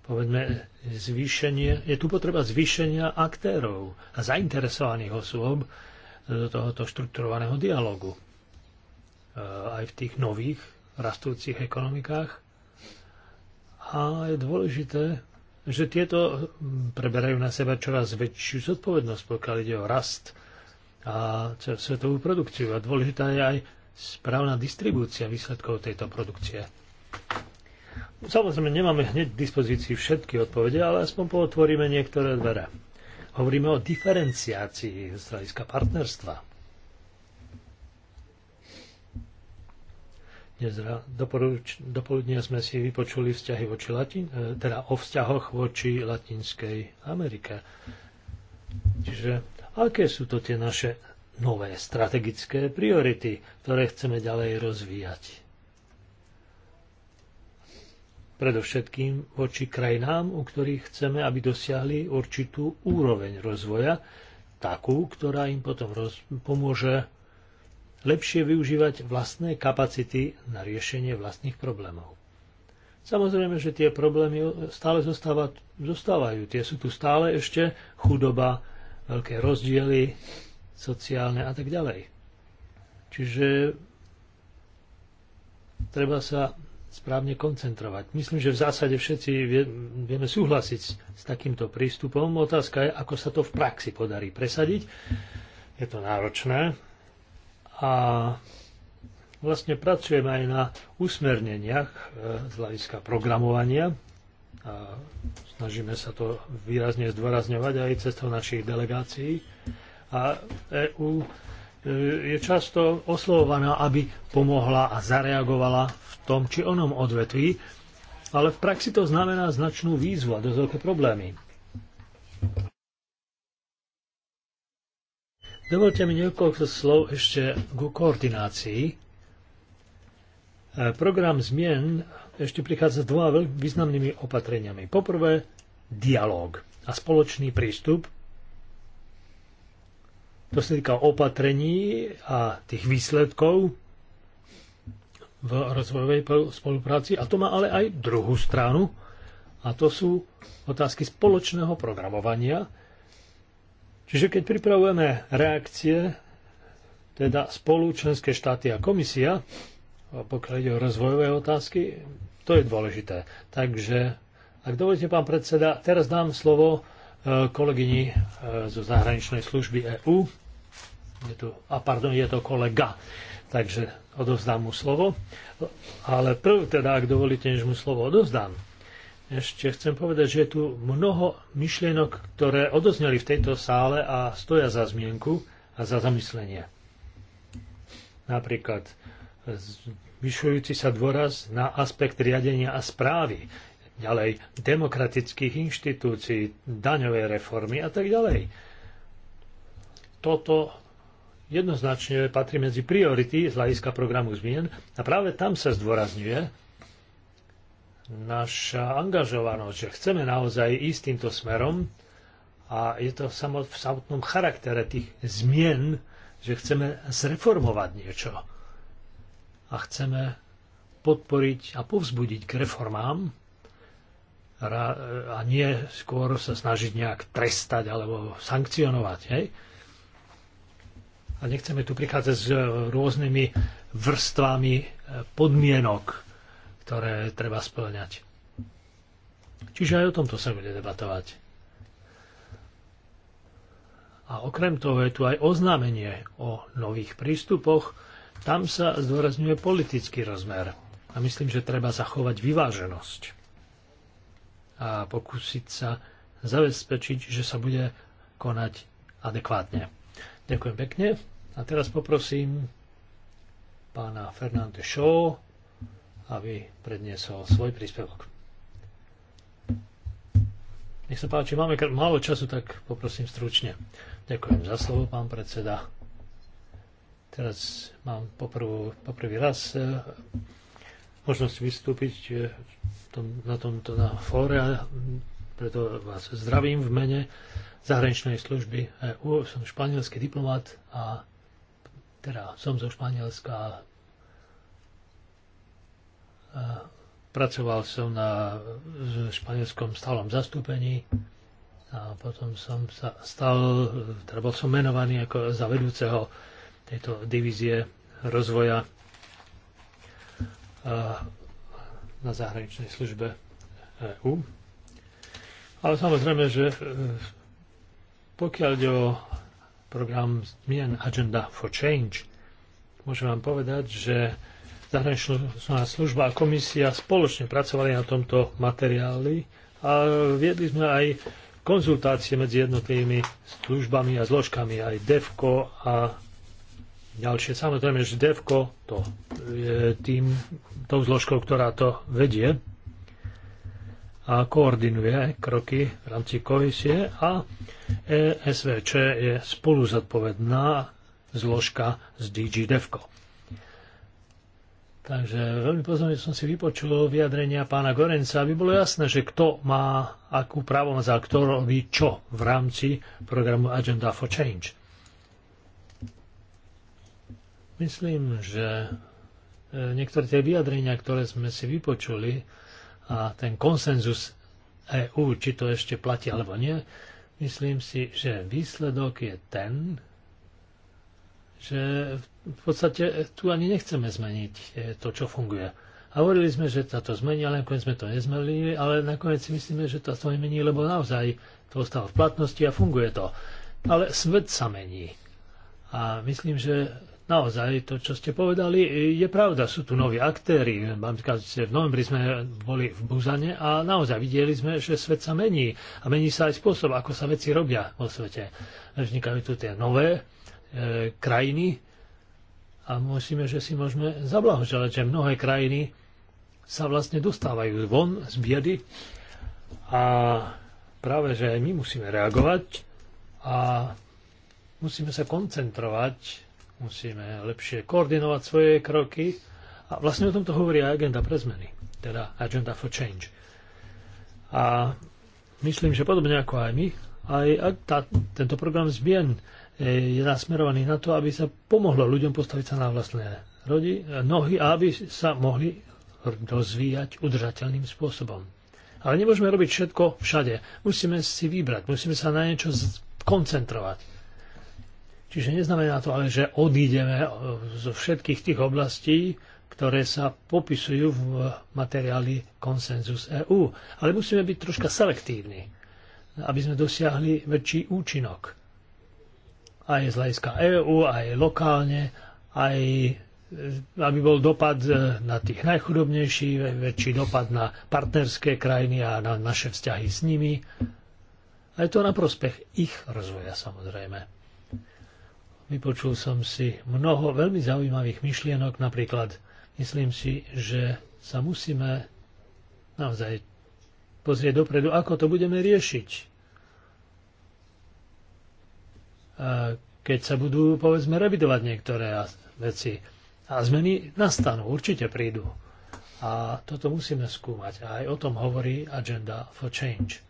povedme zvýšenie, je tu potreba zvýšenia aktérov a zainteresovaných osôb do tohoto štrukturovaného dialogu. E, aj v tých nových rastúcich ekonomikách. A je dôležité že tieto hm, preberajú na seba čoraz väčšiu zodpovednosť, pokiaľ ide o rast a svetovú produkciu. A dôležitá je aj správna distribúcia výsledkov tejto produkcie. Samozrejme, nemáme hneď k dispozícii všetky odpovede, ale aspoň pootvoríme niektoré dvere. Hovoríme o diferenciácii z hľadiska partnerstva. Dnes dopoludnia sme si vypočuli vzťahy voči Latin, e, teda o vzťahoch voči Latinskej Amerike. Čiže aké sú to tie naše nové strategické priority, ktoré chceme ďalej rozvíjať? Predovšetkým voči krajinám, u ktorých chceme, aby dosiahli určitú úroveň rozvoja, takú, ktorá im potom roz- pomôže lepšie využívať vlastné kapacity na riešenie vlastných problémov. Samozrejme, že tie problémy stále zostáva, zostávajú. Tie sú tu stále ešte chudoba, veľké rozdiely sociálne a tak ďalej. Čiže treba sa správne koncentrovať. Myslím, že v zásade všetci vieme súhlasiť s takýmto prístupom. Otázka je, ako sa to v praxi podarí presadiť. Je to náročné, a vlastne pracujem aj na usmerneniach e, z hľadiska programovania a snažíme sa to výrazne zdôrazňovať aj cestou našich delegácií. A EU e, je často oslovovaná, aby pomohla a zareagovala v tom či onom odvetví, ale v praxi to znamená značnú výzvu a dosť veľké problémy. Dovolte mi niekoľko slov ešte ku koordinácii. E, program zmien ešte prichádza s dvoma veľmi významnými opatreniami. Poprvé, dialog a spoločný prístup. To sa týka opatrení a tých výsledkov v rozvojovej spolupráci. A to má ale aj druhú stranu. A to sú otázky spoločného programovania, Čiže keď pripravujeme reakcie, teda spolu členské štáty a komisia, pokiaľ ide o rozvojové otázky, to je dôležité. Takže, ak dovolíte, pán predseda, teraz dám slovo e, kolegyni e, zo zahraničnej služby EÚ. Je tu, a pardon, je to kolega. Takže odovzdám mu slovo. Ale prv teda, ak dovolíte, než mu slovo odovzdám, ešte chcem povedať, že je tu mnoho myšlienok, ktoré odozneli v tejto sále a stoja za zmienku a za zamyslenie. Napríklad zvyšujúci sa dôraz na aspekt riadenia a správy, ďalej demokratických inštitúcií, daňovej reformy a tak ďalej. Toto jednoznačne patrí medzi priority z hľadiska programu zmien a práve tam sa zdôrazňuje, naša angažovanosť, že chceme naozaj ísť týmto smerom a je to v samotnom charaktere tých zmien, že chceme zreformovať niečo a chceme podporiť a povzbudiť k reformám a nie skôr sa snažiť nejak trestať alebo sankcionovať. Hej? A nechceme tu prichádzať s rôznymi vrstvami eh, podmienok, ktoré treba splňať. Čiže aj o tomto sa bude debatovať. A okrem toho je tu aj oznámenie o nových prístupoch. Tam sa zdôrazňuje politický rozmer. A myslím, že treba zachovať vyváženosť. A pokúsiť sa zabezpečiť, že sa bude konať adekvátne. Ďakujem pekne. A teraz poprosím pána Fernández Show aby predniesol svoj príspevok. Nech sa páči, máme málo času, tak poprosím stručne. Ďakujem za slovo, pán predseda. Teraz mám poprvú, poprvý raz e, možnosť vystúpiť e, na tomto na fóre preto vás zdravím v mene zahraničnej služby EU. Som španielský diplomat a teda som zo Španielska a Pracoval som na španielskom stálom zastúpení a potom som sa stal, teda bol som menovaný ako za vedúceho tejto divízie rozvoja na zahraničnej službe EU. Ale samozrejme, že e, pokiaľ ide o program Zmien Agenda for Change, môžem vám povedať, že zahraničná služba a komisia spoločne pracovali na tomto materiáli a viedli sme aj konzultácie medzi jednotlivými službami a zložkami, aj DEVKO a ďalšie. Samozrejme, že DEVKO to je tým, tou zložkou, ktorá to vedie a koordinuje kroky v rámci komisie a e SVČ je spoluzodpovedná zložka z DG DEFCO. Takže veľmi pozorne som si vypočul vyjadrenia pána Gorenca, aby bolo jasné, že kto má akú právomoc a kto robí čo v rámci programu Agenda for Change. Myslím, že e, niektoré tie vyjadrenia, ktoré sme si vypočuli a ten konsenzus EU, či to ešte platí alebo nie, myslím si, že výsledok je ten, že v podstate tu ani nechceme zmeniť eh, to, čo funguje. A hovorili sme, že táto zmení, ale nakoniec sme to nezmenili, ale nakoniec si myslíme, že to sa mení, lebo naozaj to ostalo v platnosti a funguje to. Ale svet sa mení. A myslím, že naozaj to, čo ste povedali, je pravda. Sú tu noví aktéry. V novembri sme boli v Buzane a naozaj videli sme, že svet sa mení. A mení sa aj spôsob, ako sa veci robia vo svete. Vznikajú tu tie nové E, krajiny a musíme, že si môžeme zablahoželať, že mnohé krajiny sa vlastne dostávajú von z biedy a práve, že aj my musíme reagovať a musíme sa koncentrovať, musíme lepšie koordinovať svoje kroky a vlastne o tomto hovorí aj agenda pre zmeny, teda Agenda for Change. A myslím, že podobne ako aj my, aj tá, tento program zmien E, je nasmerovaný na to, aby sa pomohlo ľuďom postaviť sa na vlastné rodi, nohy a aby sa mohli rozvíjať udržateľným spôsobom. Ale nemôžeme robiť všetko všade. Musíme si vybrať, musíme sa na niečo koncentrovať. Čiže neznamená to ale, že odídeme e, zo všetkých tých oblastí, ktoré sa popisujú v materiáli Konsenzus EU. Ale musíme byť troška selektívni, aby sme dosiahli väčší účinok aj z hľadiska EÚ, aj lokálne, aj e, aby bol dopad e, na tých najchudobnejších, e, väčší dopad na partnerské krajiny a na naše vzťahy s nimi. A je to na prospech ich rozvoja samozrejme. Vypočul som si mnoho veľmi zaujímavých myšlienok, napríklad myslím si, že sa musíme naozaj pozrieť dopredu, ako to budeme riešiť keď sa budú, povedzme, revidovať niektoré veci. A zmeny nastanú, určite prídu. A toto musíme skúmať. A aj o tom hovorí Agenda for Change.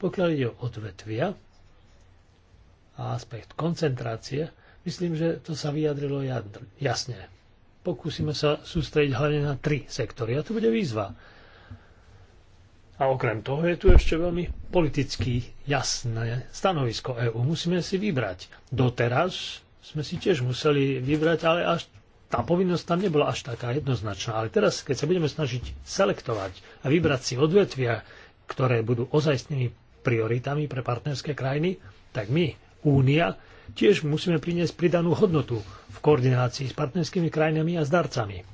Pokiaľ ide o odvetvia a aspekt koncentrácie, myslím, že to sa vyjadrilo jasne. Pokúsime sa sústrediť hlavne na tri sektory. A to bude výzva. A okrem toho je tu ešte veľmi politicky jasné stanovisko EÚ. Musíme si vybrať. Doteraz sme si tiež museli vybrať, ale až tá povinnosť tam nebola až taká jednoznačná. Ale teraz, keď sa budeme snažiť selektovať a vybrať si odvetvia, ktoré budú ozajstnými prioritami pre partnerské krajiny, tak my, Únia, tiež musíme priniesť pridanú hodnotu v koordinácii s partnerskými krajinami a s darcami.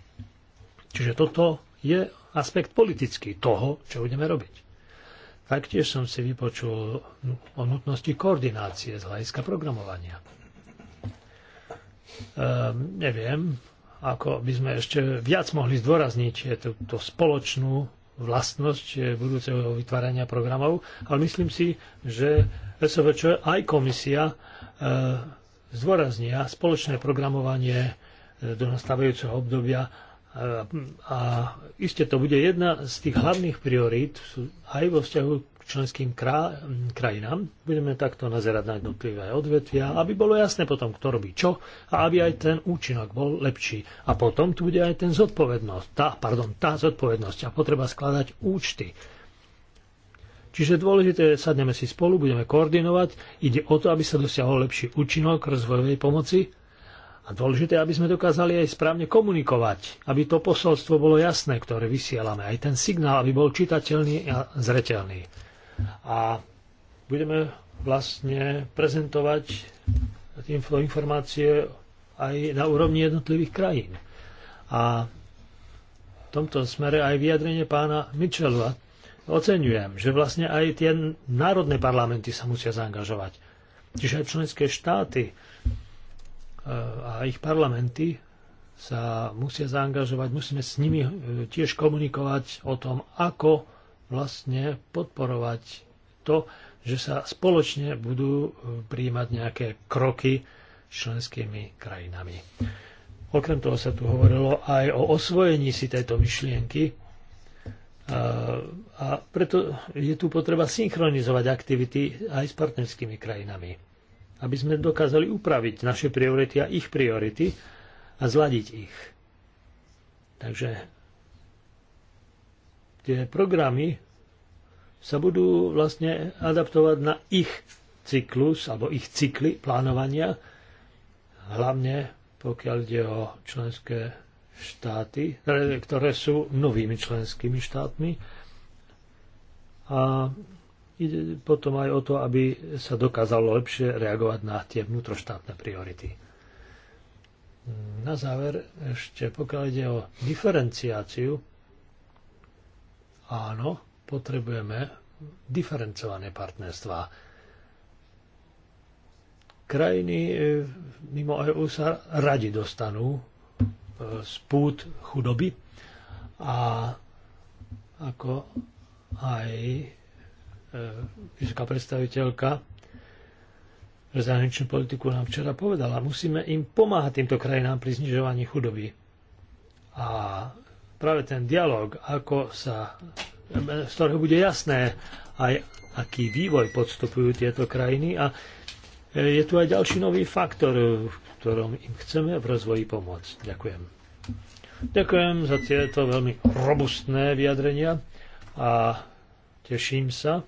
Čiže toto je aspekt politický toho, čo budeme robiť. Taktiež som si vypočul o nutnosti koordinácie z hľadiska programovania. Ehm, neviem, ako by sme ešte viac mohli zdôrazniť túto spoločnú vlastnosť eh, budúceho vytvárania programov, ale myslím si, že SVČ aj komisia e, zdôraznia spoločné programovanie eh, do nastávajúceho obdobia a iste to bude jedna z tých hlavných priorít aj vo vzťahu k členským krajinám. Budeme takto nazerať na jednotlivé odvetvia, aby bolo jasné potom, kto robí čo a aby aj ten účinok bol lepší. A potom tu bude aj ten zodpovednosť, tá, pardon, tá zodpovednosť a potreba skladať účty. Čiže dôležité je, sadneme si spolu, budeme koordinovať. Ide o to, aby sa dosiahol lepší účinok rozvojovej pomoci a dôležité, aby sme dokázali aj správne komunikovať, aby to posolstvo bolo jasné, ktoré vysielame, aj ten signál, aby bol čitateľný a zreteľný. A budeme vlastne prezentovať informácie aj na úrovni jednotlivých krajín. A v tomto smere aj vyjadrenie pána Mitchella oceňujem, že vlastne aj tie národné parlamenty sa musia zaangažovať. Čiže aj členské štáty a ich parlamenty sa musia zaangažovať, musíme s nimi e, tiež komunikovať o tom, ako vlastne podporovať to, že sa spoločne budú e, prijímať nejaké kroky s členskými krajinami. Okrem toho sa tu hovorilo aj o osvojení si tejto myšlienky e, a preto je tu potreba synchronizovať aktivity aj s partnerskými krajinami aby sme dokázali upraviť naše priority a ich priority a zladiť ich. Takže tie programy sa budú vlastne adaptovať na ich cyklus alebo ich cykly plánovania, hlavne pokiaľ ide o členské štáty, ktoré sú novými členskými štátmi. A ide potom aj o to, aby sa dokázalo lepšie reagovať na tie vnútroštátne priority. Na záver ešte, pokiaľ ide o diferenciáciu, áno, potrebujeme diferencované partnerstvá. Krajiny e, mimo EU sa radi dostanú spút e, chudoby a ako aj E, vysoká predstaviteľka pre zahraničnú politiku nám včera povedala, musíme im pomáhať týmto krajinám pri znižovaní chudoby. A práve ten dialog, ako sa, z ktorého bude jasné aj aký vývoj podstupujú tieto krajiny a e, je tu aj ďalší nový faktor, v ktorom im chceme v rozvoji pomôcť. Ďakujem. Ďakujem za tieto veľmi robustné vyjadrenia a teším sa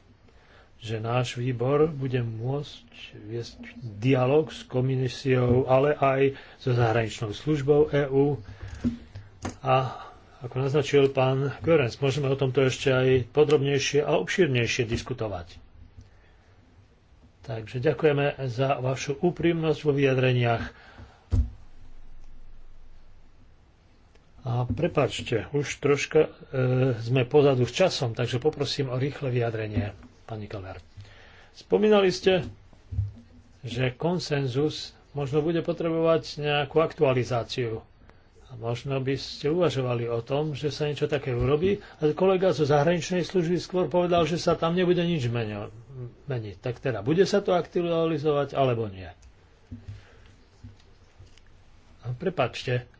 že náš výbor bude môcť viesť dialog s komisiou, ale aj so zahraničnou službou EÚ. A ako naznačil pán Görens, môžeme o tomto ešte aj podrobnejšie a obšírnejšie diskutovať. Takže ďakujeme za vašu úprimnosť vo vyjadreniach. A prepačte, už troška e, sme pozadu s časom, takže poprosím o rýchle vyjadrenie pani Keller. Spomínali ste, že konsenzus možno bude potrebovať nejakú aktualizáciu. A možno by ste uvažovali o tom, že sa niečo také urobí, ale kolega zo zahraničnej služby skôr povedal, že sa tam nebude nič meniť. Tak teda, bude sa to aktualizovať alebo nie? Prepačte,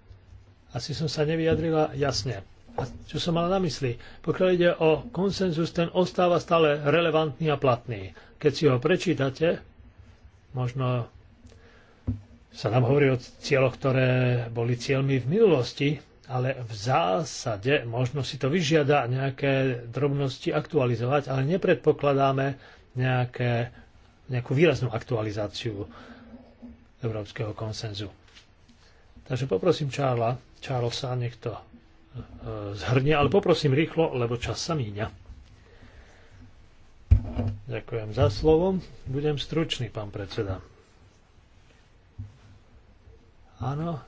asi som sa nevyjadrila jasne. A čo som mal na mysli? Pokiaľ ide o konsenzus, ten ostáva stále relevantný a platný. Keď si ho prečítate, možno sa nám hovorí o cieľoch, ktoré boli cieľmi v minulosti, ale v zásade možno si to vyžiada nejaké drobnosti aktualizovať, ale nepredpokladáme nejaké, nejakú výraznú aktualizáciu európskeho konsenzu. Takže poprosím Charlesa, nech to E, zhrnie, ale poprosím rýchlo, lebo čas sa míňa. Ďakujem za slovo. Budem stručný, pán predseda. Áno,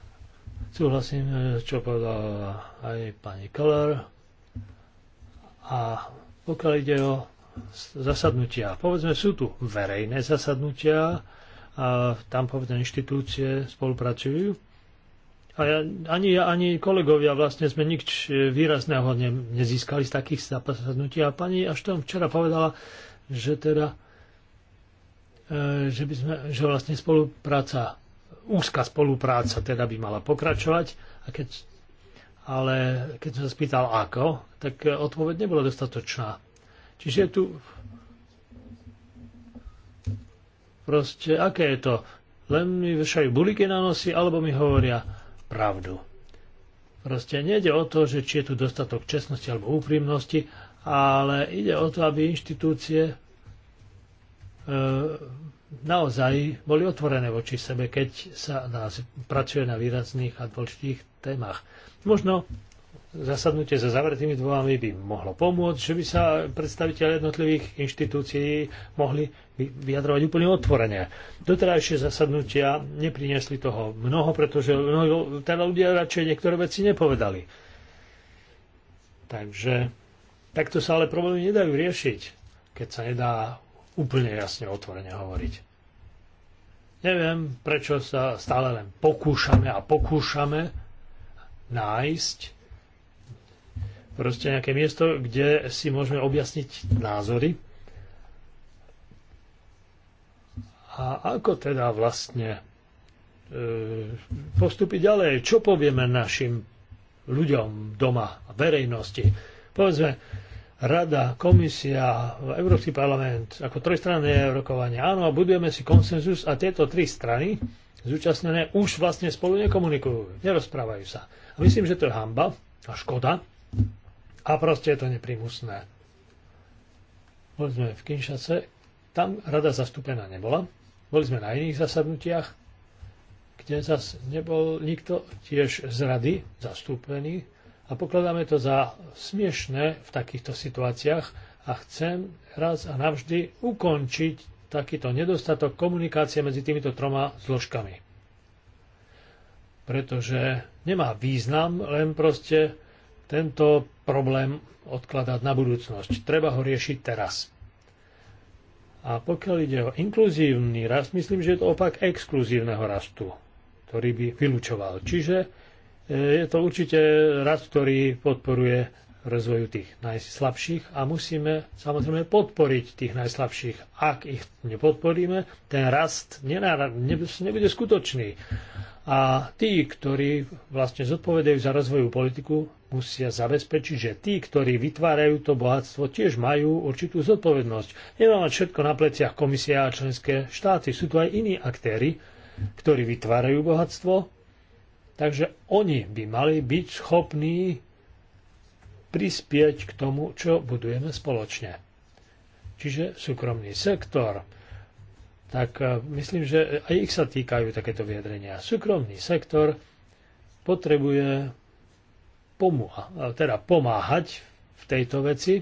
súhlasím, e, čo povedal aj pani Keller. A pokiaľ ide o zasadnutia, povedzme, sú tu verejné zasadnutia, a tam povedzme inštitúcie spolupracujú a ja, ani ja, ani kolegovia vlastne sme nič e, výrazného ne, nezískali z takých zapasadnutí. A pani až tam včera povedala, že teda e, že, by sme, že vlastne spolupráca, úzka spolupráca teda by mala pokračovať. A keď, ale keď som sa spýtal ako, tak e, odpoveď nebola dostatočná. Čiže tu proste aké je to? Len mi vešajú buliky na nosi, alebo mi hovoria, pravdu. Proste nejde o to, že či je tu dostatok čestnosti alebo úprimnosti, ale ide o to, aby inštitúcie e, naozaj boli otvorené voči sebe, keď sa nás pracuje na výrazných a dôležitých témach. Možno zasadnutie za zavretými dvomami by mohlo pomôcť, že by sa predstaviteľ jednotlivých inštitúcií mohli vyjadrovať úplne otvorene. Doterajšie zasadnutia nepriniesli toho mnoho, pretože mnoho, teda ľudia radšej niektoré veci nepovedali. Takže takto sa ale problémy nedajú riešiť, keď sa nedá úplne jasne otvorene hovoriť. Neviem, prečo sa stále len pokúšame a pokúšame nájsť proste nejaké miesto, kde si môžeme objasniť názory. A ako teda vlastne e, postúpiť ďalej? Čo povieme našim ľuďom doma, verejnosti? Povedzme, Rada, komisia, Európsky parlament, ako trojstranné rokovanie. Áno, budujeme si konsenzus a tieto tri strany zúčastnené už vlastne spolu nekomunikujú, nerozprávajú sa. A myslím, že to je hamba a škoda, a proste je to neprimusné. Boli sme v Kinšace, tam rada zastúpená nebola. Boli sme na iných zasadnutiach, kde zas nebol nikto tiež z rady zastúpený a pokladáme to za smiešné v takýchto situáciách a chcem raz a navždy ukončiť takýto nedostatok komunikácie medzi týmito troma zložkami. Pretože nemá význam len proste tento problém odkladať na budúcnosť. Treba ho riešiť teraz. A pokiaľ ide o inkluzívny rast, myslím, že je to opak exkluzívneho rastu, ktorý by vylúčoval. Čiže e, je to určite rast, ktorý podporuje rozvoju tých najslabších a musíme samozrejme podporiť tých najslabších. Ak ich nepodporíme, ten rast nebude skutočný. A tí, ktorí vlastne zodpovedajú za rozvoju politiku, musia zabezpečiť, že tí, ktorí vytvárajú to bohatstvo, tiež majú určitú zodpovednosť. Nemá mať všetko na pleciach komisia a členské štáty. Sú tu aj iní aktéry, ktorí vytvárajú bohatstvo, takže oni by mali byť schopní prispieť k tomu, čo budujeme spoločne. Čiže súkromný sektor, tak e, myslím, že aj ich sa týkajú takéto vyjadrenia. Súkromný sektor potrebuje e, teda pomáhať v tejto veci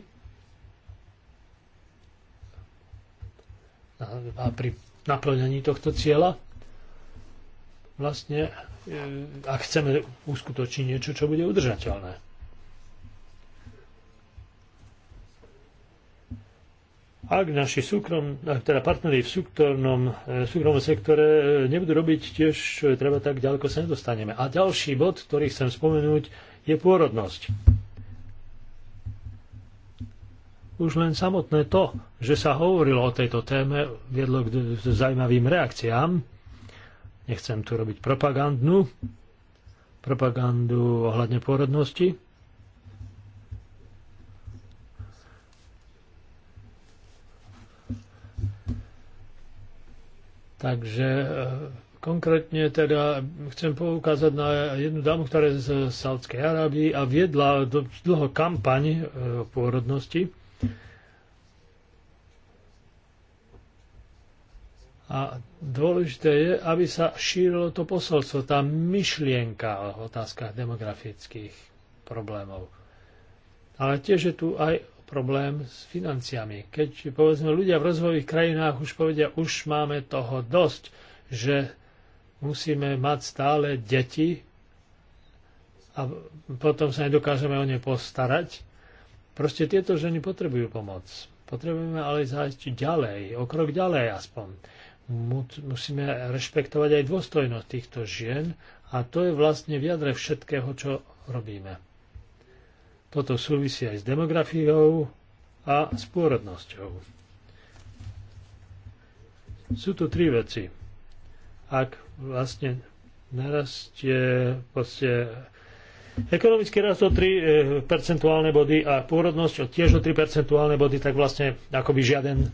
a pri naplňaní tohto cieľa vlastne, e, ak chceme uskutočniť niečo, čo bude udržateľné. ak naši súkrom, ak teda partneri v súkromnom, e, súkromnom sektore e, nebudú robiť tiež, čo je treba, tak ďaleko sa nedostaneme. A ďalší bod, ktorý chcem spomenúť, je pôrodnosť. Už len samotné to, že sa hovorilo o tejto téme, viedlo k zaujímavým reakciám. Nechcem tu robiť propagandnú, propagandu ohľadne pôrodnosti, Takže e, konkrétne teda chcem poukázať na jednu dámu, ktorá je z Sádskej Arábii a viedla dlho kampaň o e, pôrodnosti. A dôležité je, aby sa šírilo to posolstvo, tá myšlienka o otázkach demografických problémov. Ale tiež je tu aj problém s financiami. Keď povedzme ľudia v rozvojových krajinách už povedia, už máme toho dosť, že musíme mať stále deti a potom sa nedokážeme o ne postarať. Proste tieto ženy potrebujú pomoc. Potrebujeme ale zájsť ďalej, o krok ďalej aspoň. Musíme rešpektovať aj dôstojnosť týchto žien a to je vlastne v jadre všetkého, čo robíme. Toto súvisí aj s demografiou a s pôrodnosťou. Sú tu tri veci. Ak vlastne narastie vlastne ekonomický rast o 3 e, percentuálne body a pôrodnosť tiež o 3 percentuálne body, tak vlastne akoby žiaden e,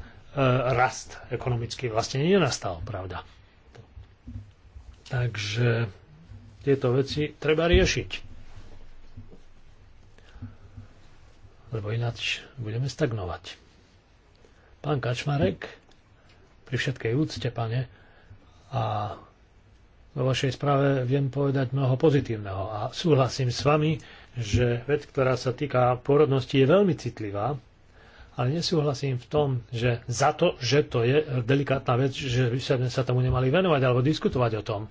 rast ekonomický vlastne nenastal, pravda. Takže tieto veci treba riešiť. lebo ináč budeme stagnovať. Pán Kačmarek, pri všetkej úcte, pane, a vo vašej správe viem povedať mnoho pozitívneho a súhlasím s vami, že vec, ktorá sa týka porodnosti je veľmi citlivá, ale nesúhlasím v tom, že za to, že to je delikátna vec, že by sme sa tomu nemali venovať alebo diskutovať o tom.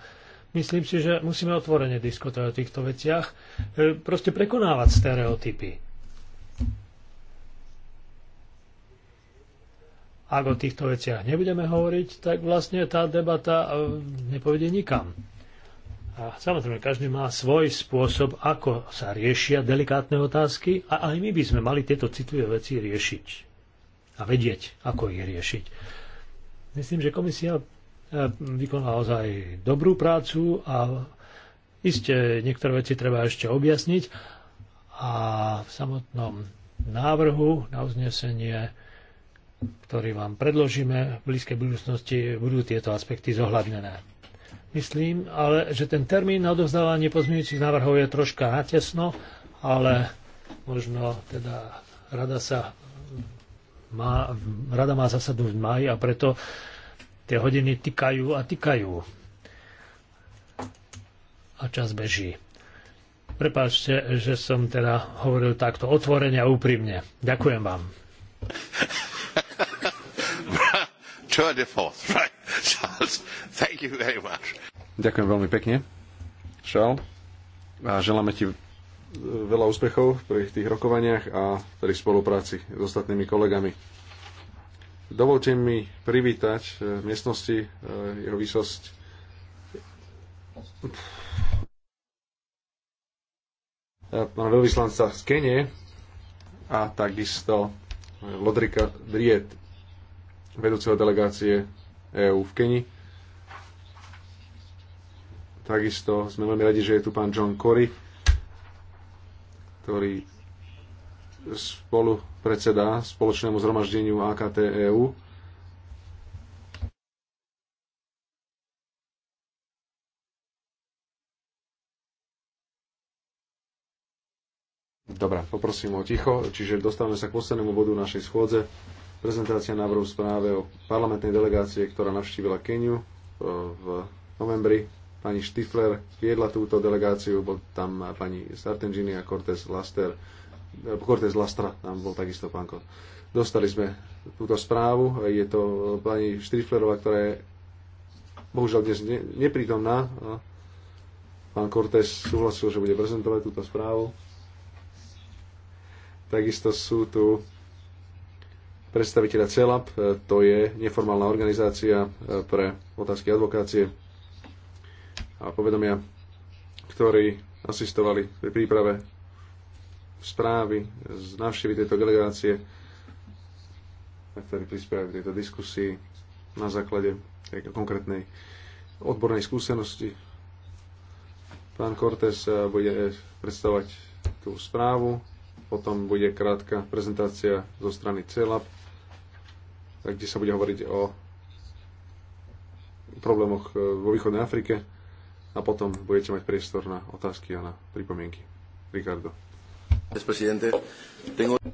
Myslím si, že musíme otvorene diskutovať o týchto veciach, e, proste prekonávať stereotypy. Ak o týchto veciach nebudeme hovoriť, tak vlastne tá debata e, nepovede nikam. A samozrejme, každý má svoj spôsob, ako sa riešia delikátne otázky a aj my by sme mali tieto citlivé veci riešiť a vedieť, ako ich riešiť. Myslím, že komisia e, vykonala ozaj dobrú prácu a iste niektoré veci treba ešte objasniť a v samotnom návrhu na uznesenie ktorý vám predložíme v blízkej budúcnosti, budú tieto aspekty zohľadnené. Myslím, ale že ten termín na odovzdávanie pozmeňujúcich návrhov je troška natesno, ale možno teda rada sa má, rada má zasadnúť v maji a preto tie hodiny tikajú a tikajú. A čas beží. Prepáčte, že som teda hovoril takto otvorene a úprimne. Ďakujem vám. <laughs> <laughs> right? thank you very much. Ďakujem veľmi pekne, Charles. A želáme ti e, veľa úspechov pri tých rokovaniach a pri spolupráci s ostatnými kolegami. Dovolte mi privítať e, v miestnosti e, jeho výsosť pána veľvyslanca z Kenie a takisto Lodrika Driet vedúceho delegácie EÚ v Keni. Takisto sme veľmi radi, že je tu pán John Cory, ktorý spolu predseda spoločnému zhromaždeniu AKT EU. Dobre, poprosím o ticho, čiže dostávame sa k poslednému bodu našej schôdze prezentácia návrhu správe o parlamentnej delegácie, ktorá navštívila Keniu e, v novembri. Pani Štifler viedla túto delegáciu, bol tam pani Sartengini a Cortés Laster. E, Cortés Lastra, tam bol takisto pánko. Dostali sme túto správu, je to pani Štiflerová, ktorá je bohužiaľ dnes ne, neprítomná. E, pán Cortés súhlasil, že bude prezentovať túto správu. Takisto sú tu predstaviteľa CELAP, e, to je neformálna organizácia e, pre otázky advokácie a povedomia, ktorí asistovali pri príprave správy z návštevy tejto delegácie, ktorí prispievajú k tejto diskusii na základe konkrétnej odbornej skúsenosti. Pán Cortés e, bude predstavovať tú správu, potom bude krátka prezentácia zo strany CELAP kde sa bude hovoriť o problémoch e, vo východnej Afrike a potom budete mať priestor na otázky a na pripomienky. Ricardo.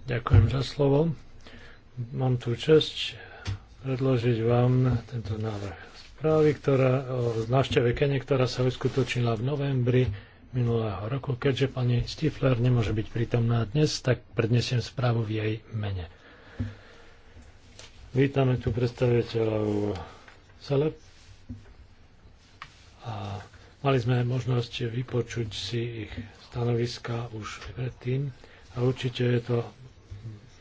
Ďakujem za slovo. Mám tu čest predložiť vám tento návrh správy, ktorá o návšteve Kene, ktorá sa uskutočnila v novembri minulého roku. Keďže pani Stifler nemôže byť prítomná dnes, tak prednesiem správu v jej mene. Vítame tu predstaviteľov Celeb a mali sme možnosť vypočuť si ich stanoviska už predtým a určite je to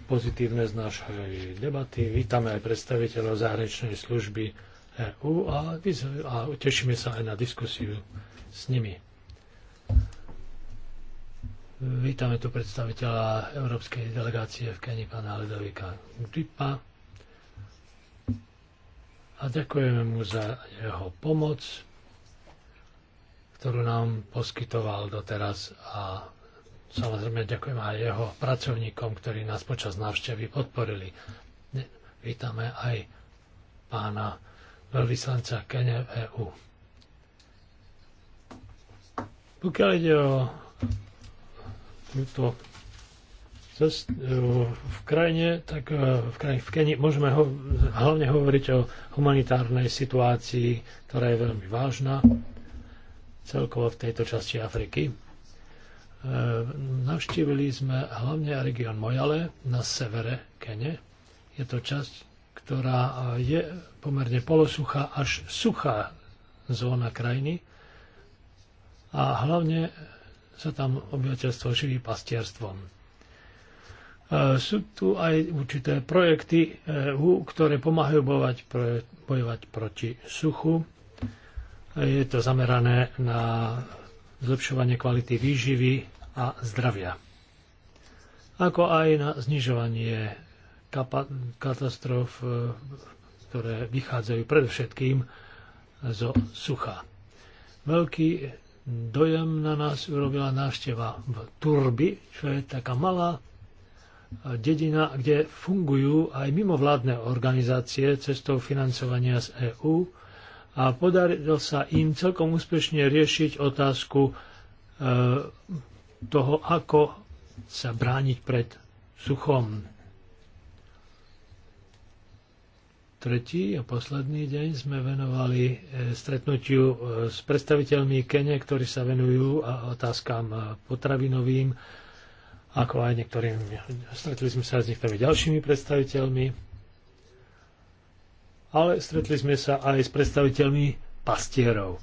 pozitívne z našej debaty. Vítame aj predstaviteľov zahraničnej služby EU a, a tešíme sa aj na diskusiu s nimi. Vítame tu predstaviteľa Európskej delegácie v Keni, pána Ledovika Gripa a ďakujeme mu za jeho pomoc, ktorú nám poskytoval doteraz a samozrejme ďakujem aj jeho pracovníkom, ktorí nás počas návštevy podporili. Vítame aj pána veľvyslanca Kene v EU. Pokiaľ ide o túto E, v krajine, tak e, v, krajine, v Keni môžeme ho, hlavne hovoriť o humanitárnej situácii, ktorá je veľmi vážna celkovo v tejto časti Afriky. E, navštívili sme hlavne región Mojale na severe Kene. Je to časť, ktorá je pomerne polosuchá až suchá zóna krajiny a hlavne sa tam obyvateľstvo živí pastierstvom sú tu aj určité projekty e, ktoré pomáhajú bojovať, bojovať proti suchu. Je to zamerané na zlepšovanie kvality výživy a zdravia, ako aj na znižovanie katastrof, e, ktoré vychádzajú predovšetkým zo sucha. Veľký dojem na nás urobila návšteva v Turbi, čo je taká malá dedina, kde fungujú aj mimovládne organizácie cestou financovania z EÚ a podarilo sa im celkom úspešne riešiť otázku e, toho, ako sa brániť pred suchom. Tretí a posledný deň sme venovali e, stretnutiu e, s predstaviteľmi Kene, ktorí sa venujú otázkam potravinovým ako aj niektorým, stretli sme sa s niektorými ďalšími predstaviteľmi, ale stretli sme sa aj s predstaviteľmi pastierov.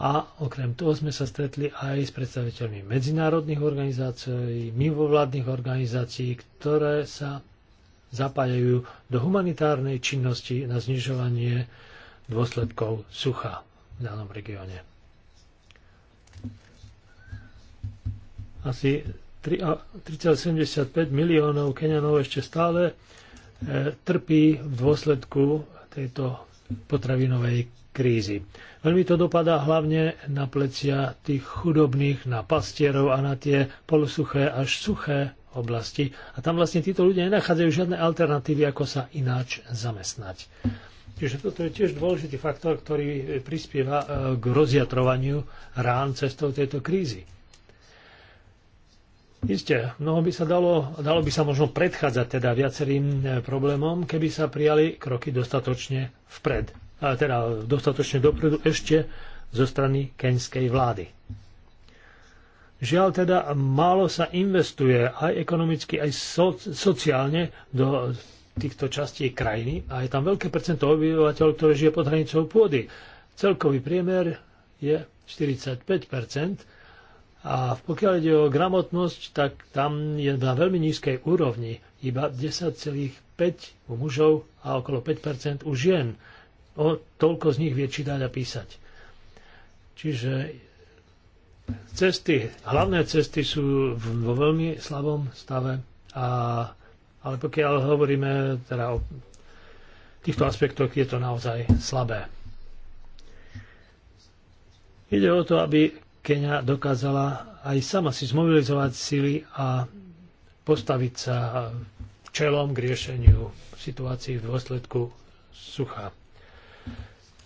A okrem toho sme sa stretli aj s predstaviteľmi medzinárodných organizácií, mimovládnych organizácií, ktoré sa zapájajú do humanitárnej činnosti na znižovanie dôsledkov sucha v danom regióne. Asi 3,75 miliónov Kenianov ešte stále e, trpí v dôsledku tejto potravinovej krízy. Veľmi to dopadá hlavne na plecia tých chudobných, na pastierov a na tie polosuché až suché oblasti. A tam vlastne títo ľudia nenachádzajú žiadne alternatívy, ako sa ináč zamestnať. Čiže toto je tiež dôležitý faktor, ktorý prispieva e, k rozjatrovaniu rán cestou tejto krízy. Isté, mnoho by sa dalo, dalo by sa možno predchádzať teda viacerým e, problémom, keby sa prijali kroky dostatočne vpred, teda dostatočne dopredu ešte zo strany keňskej vlády. Žiaľ teda, málo sa investuje aj ekonomicky, aj so, sociálne do týchto častí krajiny a je tam veľké percento obyvateľov, ktoré žije pod hranicou pôdy. Celkový priemer je 45 a pokiaľ ide o gramotnosť, tak tam je na veľmi nízkej úrovni, iba 10,5 u mužov a okolo 5 u žien. O toľko z nich vie čítať a písať. Čiže cesty, hlavné cesty sú vo veľmi slabom stave, a, ale pokiaľ hovoríme teda o týchto aspektoch, je to naozaj slabé. Ide o to, aby Kenia dokázala aj sama si zmobilizovať síly a postaviť sa čelom k riešeniu situácií v dôsledku sucha.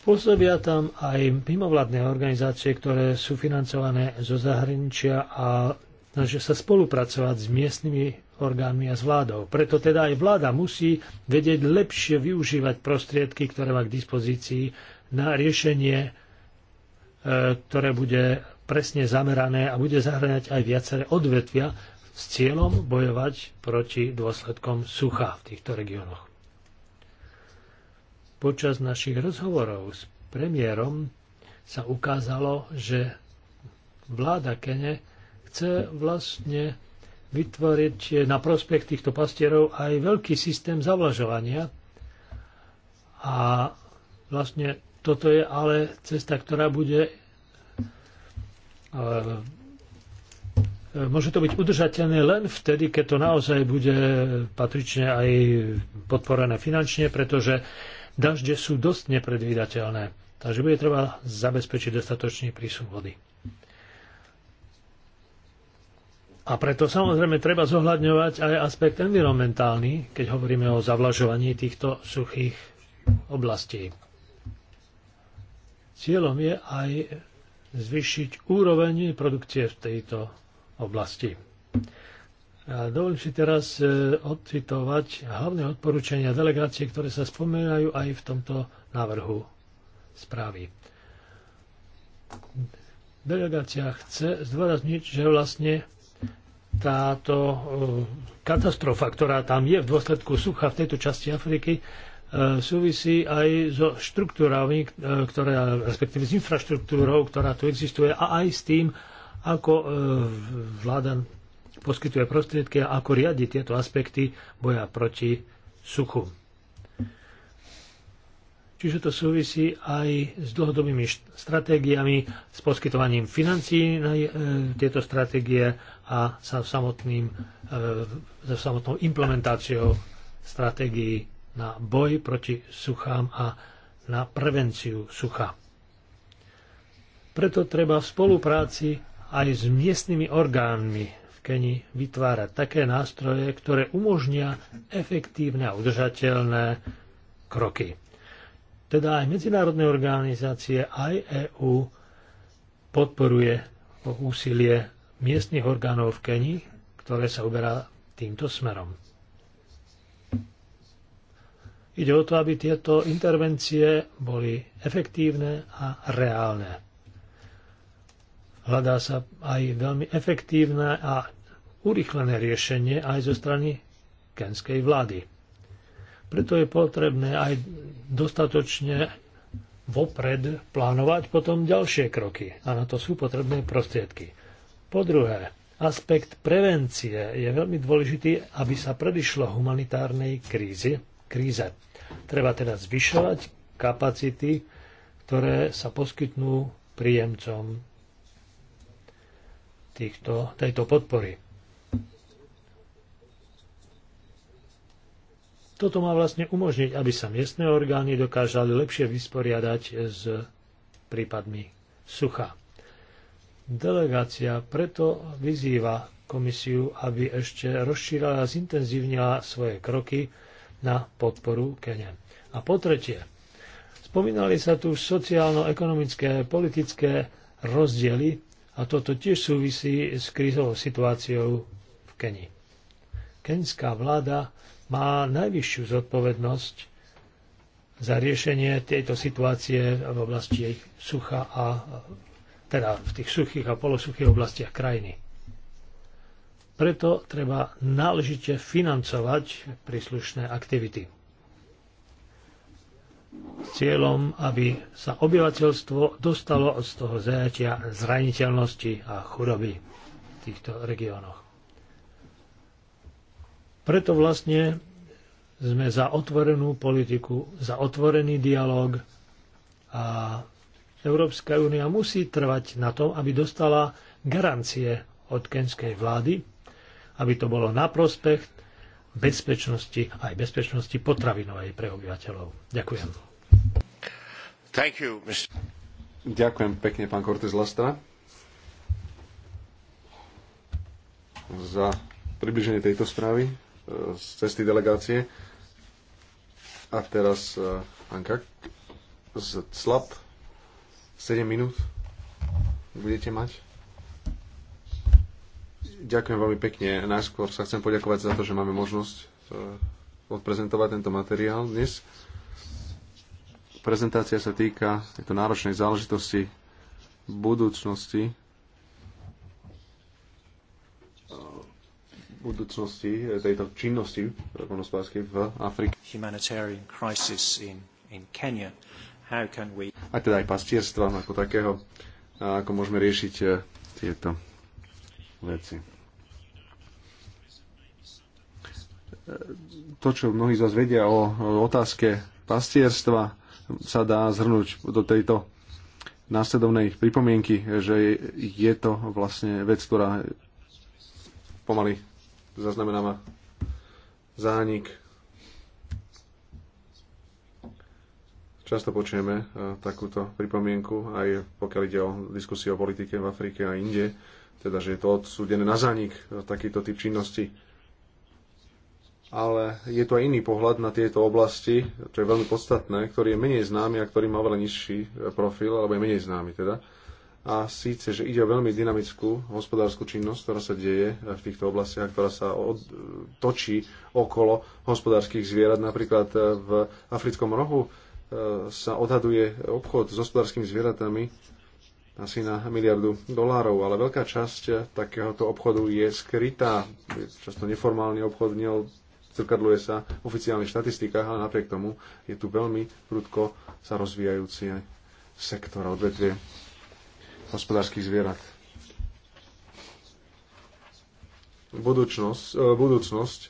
Pôsobia tam aj mimovládne organizácie, ktoré sú financované zo zahraničia a snažia sa spolupracovať s miestnymi orgánmi a s vládou. Preto teda aj vláda musí vedieť lepšie využívať prostriedky, ktoré má k dispozícii na riešenie, e, ktoré bude presne zamerané a bude zahraňať aj viaceré odvetvia s cieľom bojovať proti dôsledkom sucha v týchto regiónoch. Počas našich rozhovorov s premiérom sa ukázalo, že vláda Kene chce vlastne vytvoriť na prospech týchto pastierov aj veľký systém zavlažovania. A vlastne toto je ale cesta, ktorá bude E, môže to byť udržateľné len vtedy, keď to naozaj bude patrične aj podporené finančne, pretože dažde sú dosť nepredvídateľné. Takže bude treba zabezpečiť dostatočný prísun vody. A preto samozrejme treba zohľadňovať aj aspekt environmentálny, keď hovoríme o zavlažovaní týchto suchých oblastí. Cieľom je aj zvyšiť úroveň produkcie v tejto oblasti. A dovolím si teraz e, odcitovať hlavné odporúčania delegácie, ktoré sa spomínajú aj v tomto návrhu správy. Delegácia chce zdôrazniť, že vlastne táto e, katastrofa, ktorá tam je v dôsledku sucha v tejto časti Afriky, E, súvisí aj so štruktúrami, e, ktoré, respektíve s infraštruktúrou, ktorá tu existuje a aj s tým, ako e, vláda poskytuje prostriedky a ako riadi tieto aspekty boja proti suchu. Čiže to súvisí aj s dlhodobými stratégiami, s poskytovaním financí na tieto stratégie a sa samotným, samotnou implementáciou stratégií na boj proti suchám a na prevenciu sucha. Preto treba v spolupráci aj s miestnymi orgánmi v Keni vytvárať také nástroje, ktoré umožnia efektívne a udržateľné kroky. Teda aj medzinárodné organizácie, aj EÚ podporuje úsilie miestnych orgánov v Keni, ktoré sa uberá týmto smerom. Ide o to, aby tieto intervencie boli efektívne a reálne. Hľadá sa aj veľmi efektívne a urychlené riešenie aj zo strany kenskej vlády. Preto je potrebné aj dostatočne vopred plánovať potom ďalšie kroky a na to sú potrebné prostriedky. Po druhé, aspekt prevencie je veľmi dôležitý, aby sa predišlo humanitárnej krízi kríze. Treba teda zvyšovať kapacity, ktoré sa poskytnú príjemcom týchto, tejto podpory. Toto má vlastne umožniť, aby sa miestne orgány dokážali lepšie vysporiadať s prípadmi sucha. Delegácia preto vyzýva komisiu, aby ešte rozšírala a zintenzívnila svoje kroky na podporu Kene. A po tretie, spomínali sa tu sociálno-ekonomické, politické rozdiely a toto tiež súvisí s krizovou situáciou v Keni. Kenská vláda má najvyššiu zodpovednosť za riešenie tejto situácie v oblasti sucha a teda v tých suchých a polosuchých oblastiach krajiny. Preto treba náležite financovať príslušné aktivity. S cieľom, aby sa obyvateľstvo dostalo od toho zajatia zraniteľnosti a chudoby v týchto regiónoch. Preto vlastne sme za otvorenú politiku, za otvorený dialog a Európska únia musí trvať na tom, aby dostala garancie od kenskej vlády aby to bolo na prospech bezpečnosti aj bezpečnosti potravinovej pre obyvateľov. Ďakujem. Thank you, Ďakujem pekne, pán Cortez Lastra, za približenie tejto správy e, z cesty delegácie. A teraz Anka e, z Slab 7 minút budete mať. Ďakujem veľmi pekne. Najskôr sa chcem poďakovať za to, že máme možnosť e, odprezentovať tento materiál dnes. Prezentácia sa týka tejto náročnej záležitosti budúcnosti e, budúcnosti tejto činnosti poľnohospodárskej v Afrike. Humanitarian crisis in, in Kenya. How can we... A teda aj pastierstva ako takého, a ako môžeme riešiť e, tieto veci. to, čo mnohí z vás vedia o otázke pastierstva, sa dá zhrnúť do tejto následovnej pripomienky, že je to vlastne vec, ktorá pomaly zaznamenáva zánik. Často počujeme eh, takúto pripomienku, aj pokiaľ ide o diskusiu o politike v Afrike a inde, teda, že je to odsúdené na zánik eh, takýto typ činnosti ale je tu aj iný pohľad na tieto oblasti, čo je veľmi podstatné, ktorý je menej známy a ktorý má veľa nižší e, profil, alebo je menej známy teda. A síce, že ide o veľmi dynamickú hospodárskú činnosť, ktorá sa deje e, v týchto oblastiach, ktorá sa od, e, točí okolo hospodárskych zvierat. Napríklad v africkom rohu sa odhaduje obchod s hospodárskymi zvieratami asi na miliardu dolárov, ale veľká časť takéhoto obchodu je skrytá. Je často neformálny obchod, zrkadluje sa v oficiálnych štatistikách, ale napriek tomu je tu veľmi prudko sa rozvíjajúci sektor a odvetvie hospodárskych zvierat. Budúcnosť, e, budúcnosť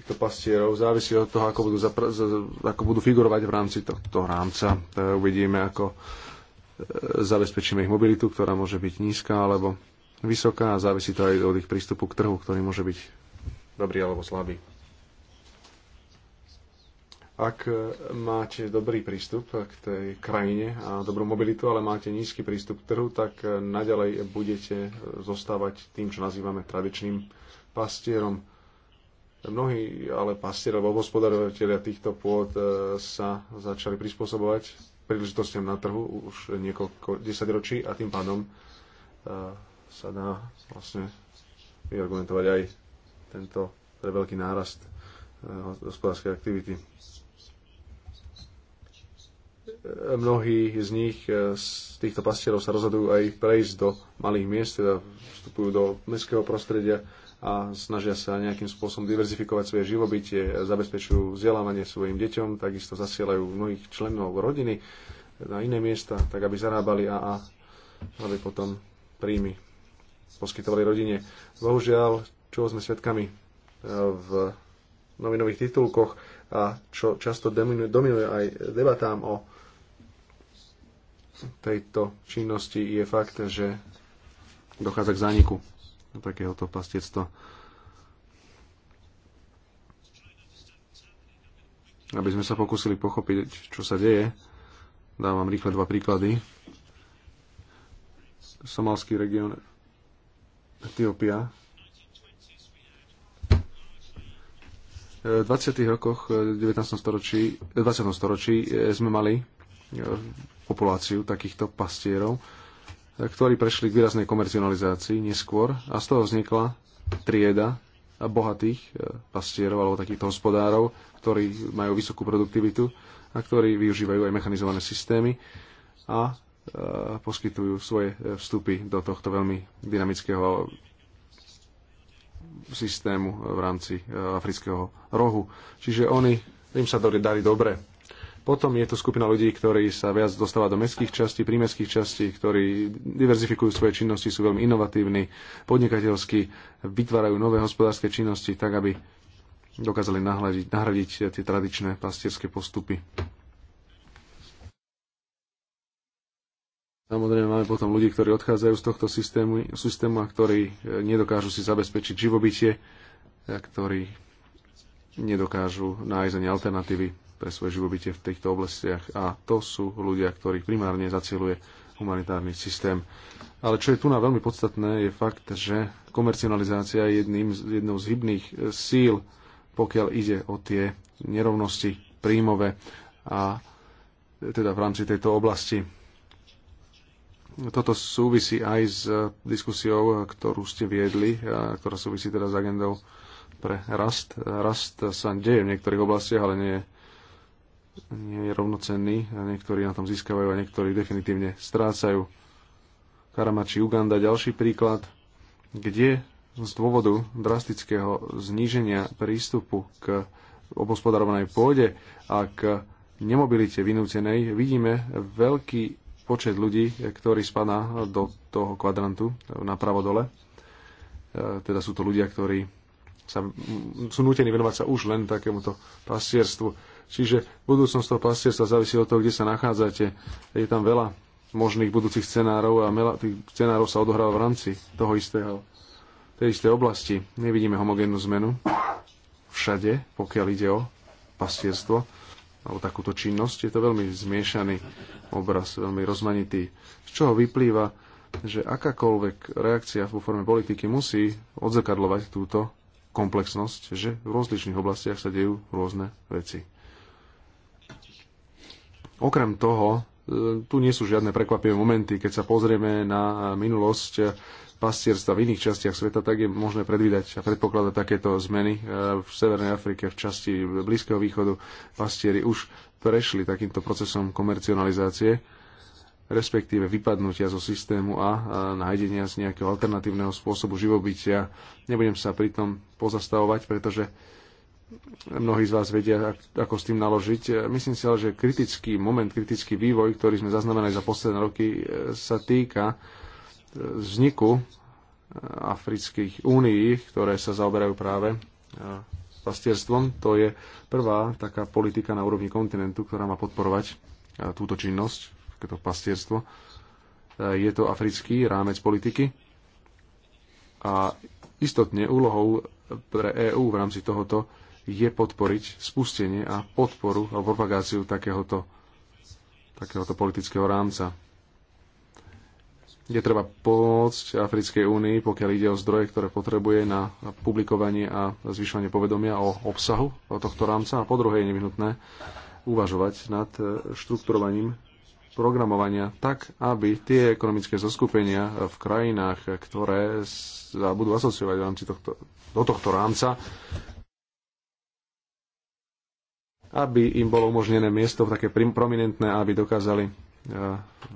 týchto pastierov závisí od toho, ako budú, ako budú figurovať v rámci tohto rámca. E, uvidíme, ako e, zabezpečíme ich mobilitu, ktorá môže byť nízka alebo vysoká a závisí to aj od ich prístupu k trhu, ktorý môže byť dobrý alebo slabý ak máte dobrý prístup k tej krajine a dobrú mobilitu, ale máte nízky prístup k trhu, tak naďalej budete zostávať tým, čo nazývame tradičným pastierom. Mnohí ale pastieri alebo hospodárovateľia týchto pôd e, sa začali prispôsobovať príležitostiam na trhu už niekoľko desaťročí a tým pádom e, sa dá vlastne vyargumentovať aj tento veľký nárast e, hospodárskej aktivity mnohí z nich, e, z týchto pastierov sa rozhodujú aj prejsť do malých miest, teda vstupujú do mestského prostredia a snažia sa nejakým spôsobom diverzifikovať svoje živobytie, zabezpečujú vzdelávanie svojim deťom, takisto zasielajú mnohých členov rodiny na iné miesta, tak aby zarábali a, a aby potom príjmy poskytovali rodine. Bohužiaľ, čo sme svedkami e, v novinových titulkoch a čo často dominuje aj debatám o tejto činnosti je fakt, že dochádza k zániku takéhoto pastiectva. Aby sme sa pokúsili pochopiť, čo sa deje, dávam rýchle dva príklady. Somalský región Etiópia. V 20. rokoch 19. Eh, storočí, 20. storočí eh, sme mali eh, populáciu takýchto pastierov, ktorí prešli k výraznej komercionalizácii neskôr a z toho vznikla trieda bohatých e, pastierov alebo takýchto hospodárov, ktorí majú vysokú produktivitu a ktorí využívajú aj mechanizované systémy a e, poskytujú svoje e, vstupy do tohto veľmi dynamického systému v rámci afrického rohu. Čiže oni, im sa dali dobre potom je tu skupina ľudí, ktorí sa viac dostáva do mestských častí, prímestských častí, ktorí diverzifikujú svoje činnosti, sú veľmi inovatívni, podnikateľskí, vytvárajú nové hospodárske činnosti, tak aby dokázali nahradiť, nahradiť tie tradičné pastierské postupy. Samozrejme máme potom ľudí, ktorí odchádzajú z tohto systému, systému a ktorí e, nedokážu si zabezpečiť živobytie, a ktorí nedokážu nájsť ani alternatívy pre svoje živobytie v týchto oblastiach a to sú ľudia, ktorých primárne zacieluje humanitárny systém. Ale čo je tu na veľmi podstatné, je fakt, že komercionalizácia je jedným, jednou z hybných e, síl, pokiaľ ide o tie nerovnosti príjmové a e, teda v rámci tejto oblasti. Toto súvisí aj s e, diskusiou, ktorú ste viedli, a ktorá súvisí teda s agendou pre rast. Rast sa deje v niektorých oblastiach, ale nie je nie je rovnocenný a niektorí na tom získavajú a niektorí definitívne strácajú. Karamači, Uganda, ďalší príklad, kde z dôvodu drastického zníženia prístupu k obospodarovanej pôde a k nemobilite vynúcenej vidíme veľký počet ľudí, ktorý spadá do toho kvadrantu napravo dole. E, teda sú to ľudia, ktorí sa, sú nútení venovať sa už len takémuto pastierstvu Čiže budúcnosť toho pastierstva závisí od toho, kde sa nachádzate. Je tam veľa možných budúcich scenárov a veľa tých scenárov sa odohráva v rámci toho istého, tej istej oblasti. Nevidíme homogénnu zmenu všade, pokiaľ ide o pastierstvo alebo takúto činnosť. Je to veľmi zmiešaný obraz, veľmi rozmanitý, z čoho vyplýva, že akákoľvek reakcia vo forme politiky musí odzrkadlovať túto komplexnosť, že v rozličných oblastiach sa dejú rôzne veci. Okrem toho, e, tu nie sú žiadne prekvapivé momenty. Keď sa pozrieme na minulosť pastierstva v iných častiach sveta, tak je možné predvídať a predpokladať takéto zmeny. E, v Severnej Afrike, v časti Blízkeho východu, pastieri už prešli takýmto procesom komercionalizácie, respektíve vypadnutia zo systému a nájdenia z nejakého alternatívneho spôsobu živobytia. Nebudem sa pritom pozastavovať, pretože mnohí z vás vedia, ako s tým naložiť. Myslím si ale, že kritický moment, kritický vývoj, ktorý sme zaznamenali za posledné roky, e, sa týka e, vzniku e, afrických únií, ktoré sa zaoberajú práve pastierstvom. To je prvá taká politika na úrovni kontinentu, ktorá má podporovať túto činnosť, to pastierstvo. Je to africký rámec politiky a istotne úlohou pre EÚ v rámci tohoto je podporiť spustenie a podporu a propagáciu takéhoto, takéhoto politického rámca. Je treba pomôcť Africkej únii, pokiaľ ide o zdroje, ktoré potrebuje na publikovanie a zvyšovanie povedomia o obsahu tohto rámca. A po druhé je nevyhnutné uvažovať nad e, štrukturovaním programovania tak, aby tie ekonomické zoskupenia v krajinách, ktoré sa budú asociovať v rámci tohto, do tohto rámca, aby im bolo umožnené miesto také prominentné, aby dokázali e,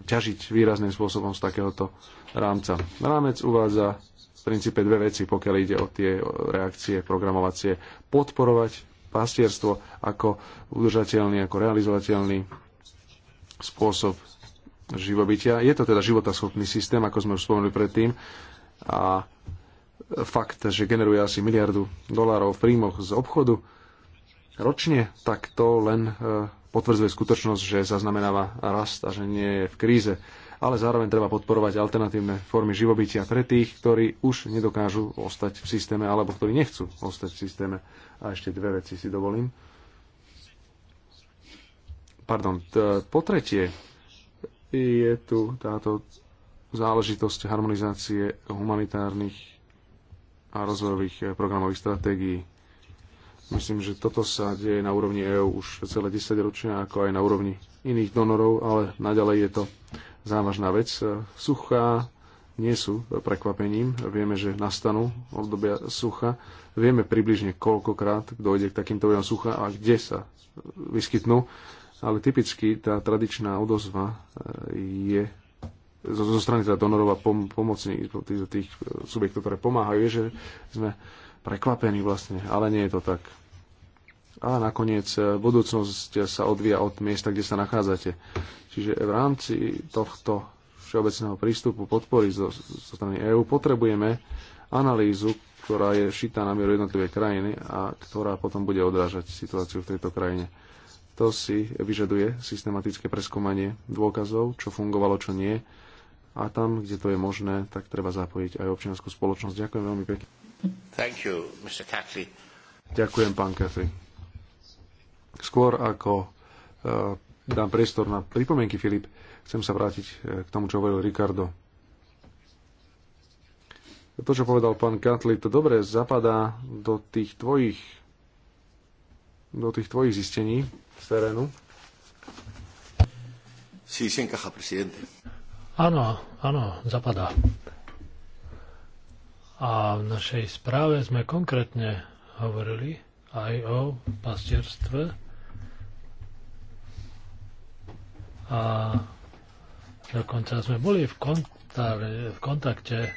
ťažiť výrazným spôsobom z takéhoto rámca. Rámec uvádza v princípe dve veci, pokiaľ ide o tie reakcie programovacie. Podporovať pastierstvo ako udržateľný, ako realizovateľný spôsob živobytia. Je to teda životaschopný systém, ako sme už spomenuli predtým. A fakt, že generuje asi miliardu dolárov v príjmoch z obchodu, ročne, tak to len e, potvrdzuje skutočnosť, že zaznamenáva rast a že nie je v kríze. Ale zároveň treba podporovať alternatívne formy živobytia pre tých, ktorí už nedokážu ostať v systéme alebo ktorí nechcú ostať v systéme. A ešte dve veci si dovolím. Pardon, po tretie je tu táto záležitosť harmonizácie humanitárnych a rozvojových e, programových stratégií Myslím, že toto sa deje na úrovni EÚ už celé 10 ročia, ako aj na úrovni iných donorov, ale naďalej je to závažná vec. Suchá nie sú prekvapením. Vieme, že nastanú obdobia sucha. Vieme približne, koľkokrát dojde k takýmto objavom sucha a kde sa vyskytnú. Ale typicky tá tradičná odozva e, je zo, zo strany teda donorov a pom, pomocných tých, tých subjektov, ktoré pomáhajú, je, že sme prekvapení vlastne, ale nie je to tak ale nakoniec e, budúcnosť sa odvíja od miesta, kde sa nachádzate. Čiže v rámci tohto všeobecného prístupu podpory zo, zo strany EÚ potrebujeme analýzu, ktorá je šitá na mieru jednotlivej krajiny a ktorá potom bude odrážať situáciu v tejto krajine. To si vyžaduje systematické preskúmanie dôkazov, čo fungovalo, čo nie. A tam, kde to je možné, tak treba zapojiť aj občianskú spoločnosť. Ďakujem veľmi pekne. Thank you, Mr. Ďakujem, pán Kefri. Skôr ako eh, dám priestor na pripomienky, Filip, chcem sa vrátiť eh, k tomu, čo hovoril Ricardo. To, čo povedal pán Katli, to dobre zapadá do tých tvojich do tých tvojich zistení z terénu. Sí, sí encaja, presidente. Áno, áno, zapadá. A v našej správe sme konkrétne hovorili aj o pastierstve. A dokonca sme boli v, kontar- v kontakte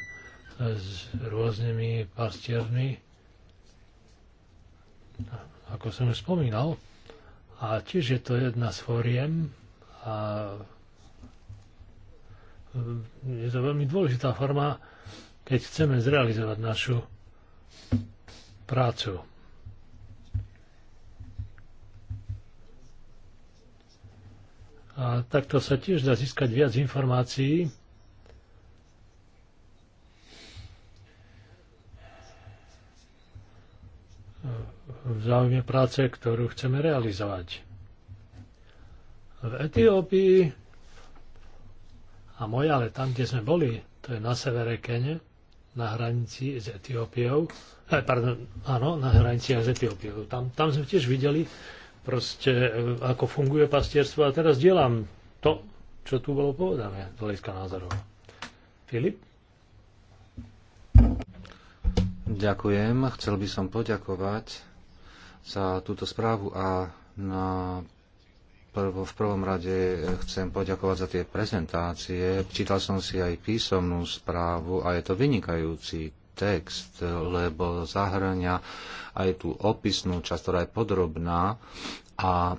s rôznymi pastiermi, ako som už spomínal. A tiež je to jedna z fóriem a je to veľmi dôležitá forma, keď chceme zrealizovať našu prácu. A takto sa tiež dá získať viac informácií. v záujme práce, ktorú chceme realizovať. V Etiópii a moja, ale tam, kde sme boli, to je na severe Kene, na hranici s Etiópiou, eh, pardon, áno, na hranici s Etiópiou. Tam, tam sme tiež videli, proste, e, ako funguje pastierstvo. A teraz dielam to, čo tu bolo povedané z hľadiska názorov. Filip? Ďakujem. Chcel by som poďakovať za túto správu a na prvo, v prvom rade chcem poďakovať za tie prezentácie. Čítal som si aj písomnú správu a je to vynikajúci text, lebo zahrania aj tú opisnú časť, ktorá je podrobná a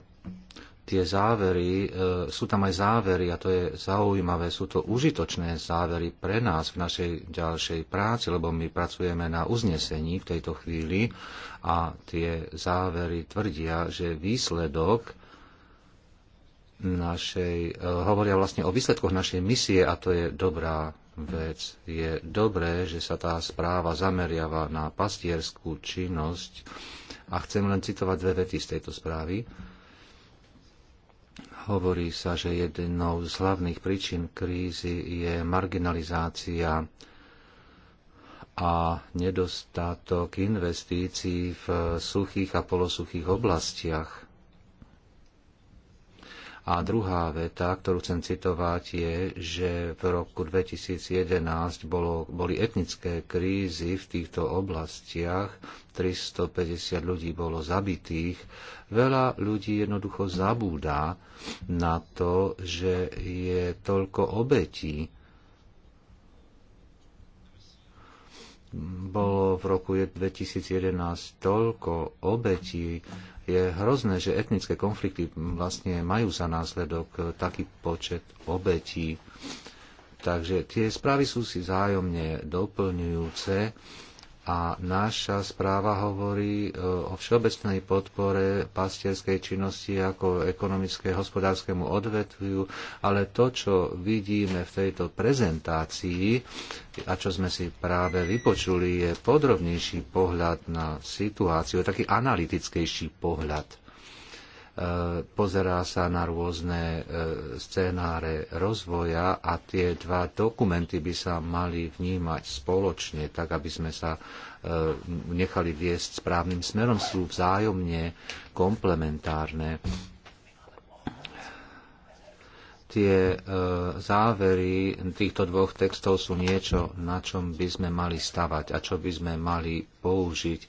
tie závery, e, sú tam aj závery a to je zaujímavé, sú to užitočné závery pre nás v našej ďalšej práci, lebo my pracujeme na uznesení v tejto chvíli a tie závery tvrdia, že výsledok našej, e, hovoria vlastne o výsledkoch našej misie a to je dobrá vec. Je dobré, že sa tá správa zameriava na pastierskú činnosť a chcem len citovať dve vety z tejto správy. Hovorí sa, že jednou z hlavných príčin krízy je marginalizácia a nedostatok investícií v suchých a polosuchých oblastiach a druhá veta, ktorú chcem citovať, je, že v roku 2011 bolo, boli etnické krízy v týchto oblastiach, 350 ľudí bolo zabitých. Veľa ľudí jednoducho zabúda na to, že je toľko obetí bolo v roku 2011 toľko obetí je hrozné, že etnické konflikty vlastne majú za následok eh, taký počet obetí. Takže tie správy sú si vzájomne doplňujúce a naša správa hovorí e, o všeobecnej podpore pastierskej činnosti ako ekonomické hospodárskemu odvetviu, ale to, čo vidíme v tejto prezentácii a čo sme si práve vypočuli, je podrobnejší pohľad na situáciu, taký analytickejší pohľad. E, pozerá sa na rôzne e, scénáre rozvoja a tie dva dokumenty by sa mali vnímať spoločne, tak aby sme sa e, nechali viesť správnym smerom. Sú vzájomne komplementárne. Tie závery týchto dvoch textov sú niečo, na čom by sme mali stavať a čo by sme mali použiť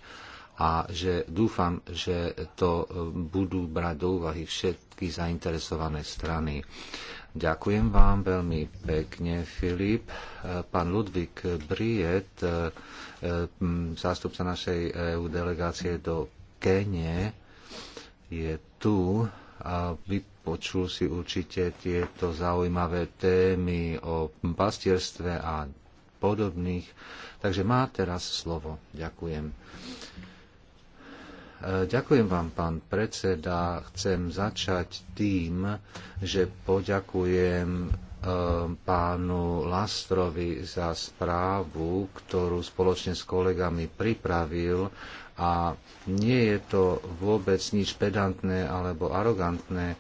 a že dúfam, že to e, budú brať do úvahy všetky zainteresované strany. Ďakujem vám veľmi pekne, Filip. E, pán Ludvík Briet, e, zástupca našej EU delegácie do Kenie, je tu a vypočul si určite tieto zaujímavé témy o pastierstve a podobných. Takže má teraz slovo. Ďakujem. E, ďakujem vám, pán predseda. Chcem začať tým, že poďakujem e, pánu Lastrovi za správu, ktorú spoločne s kolegami pripravil a nie je to vôbec nič pedantné alebo arogantné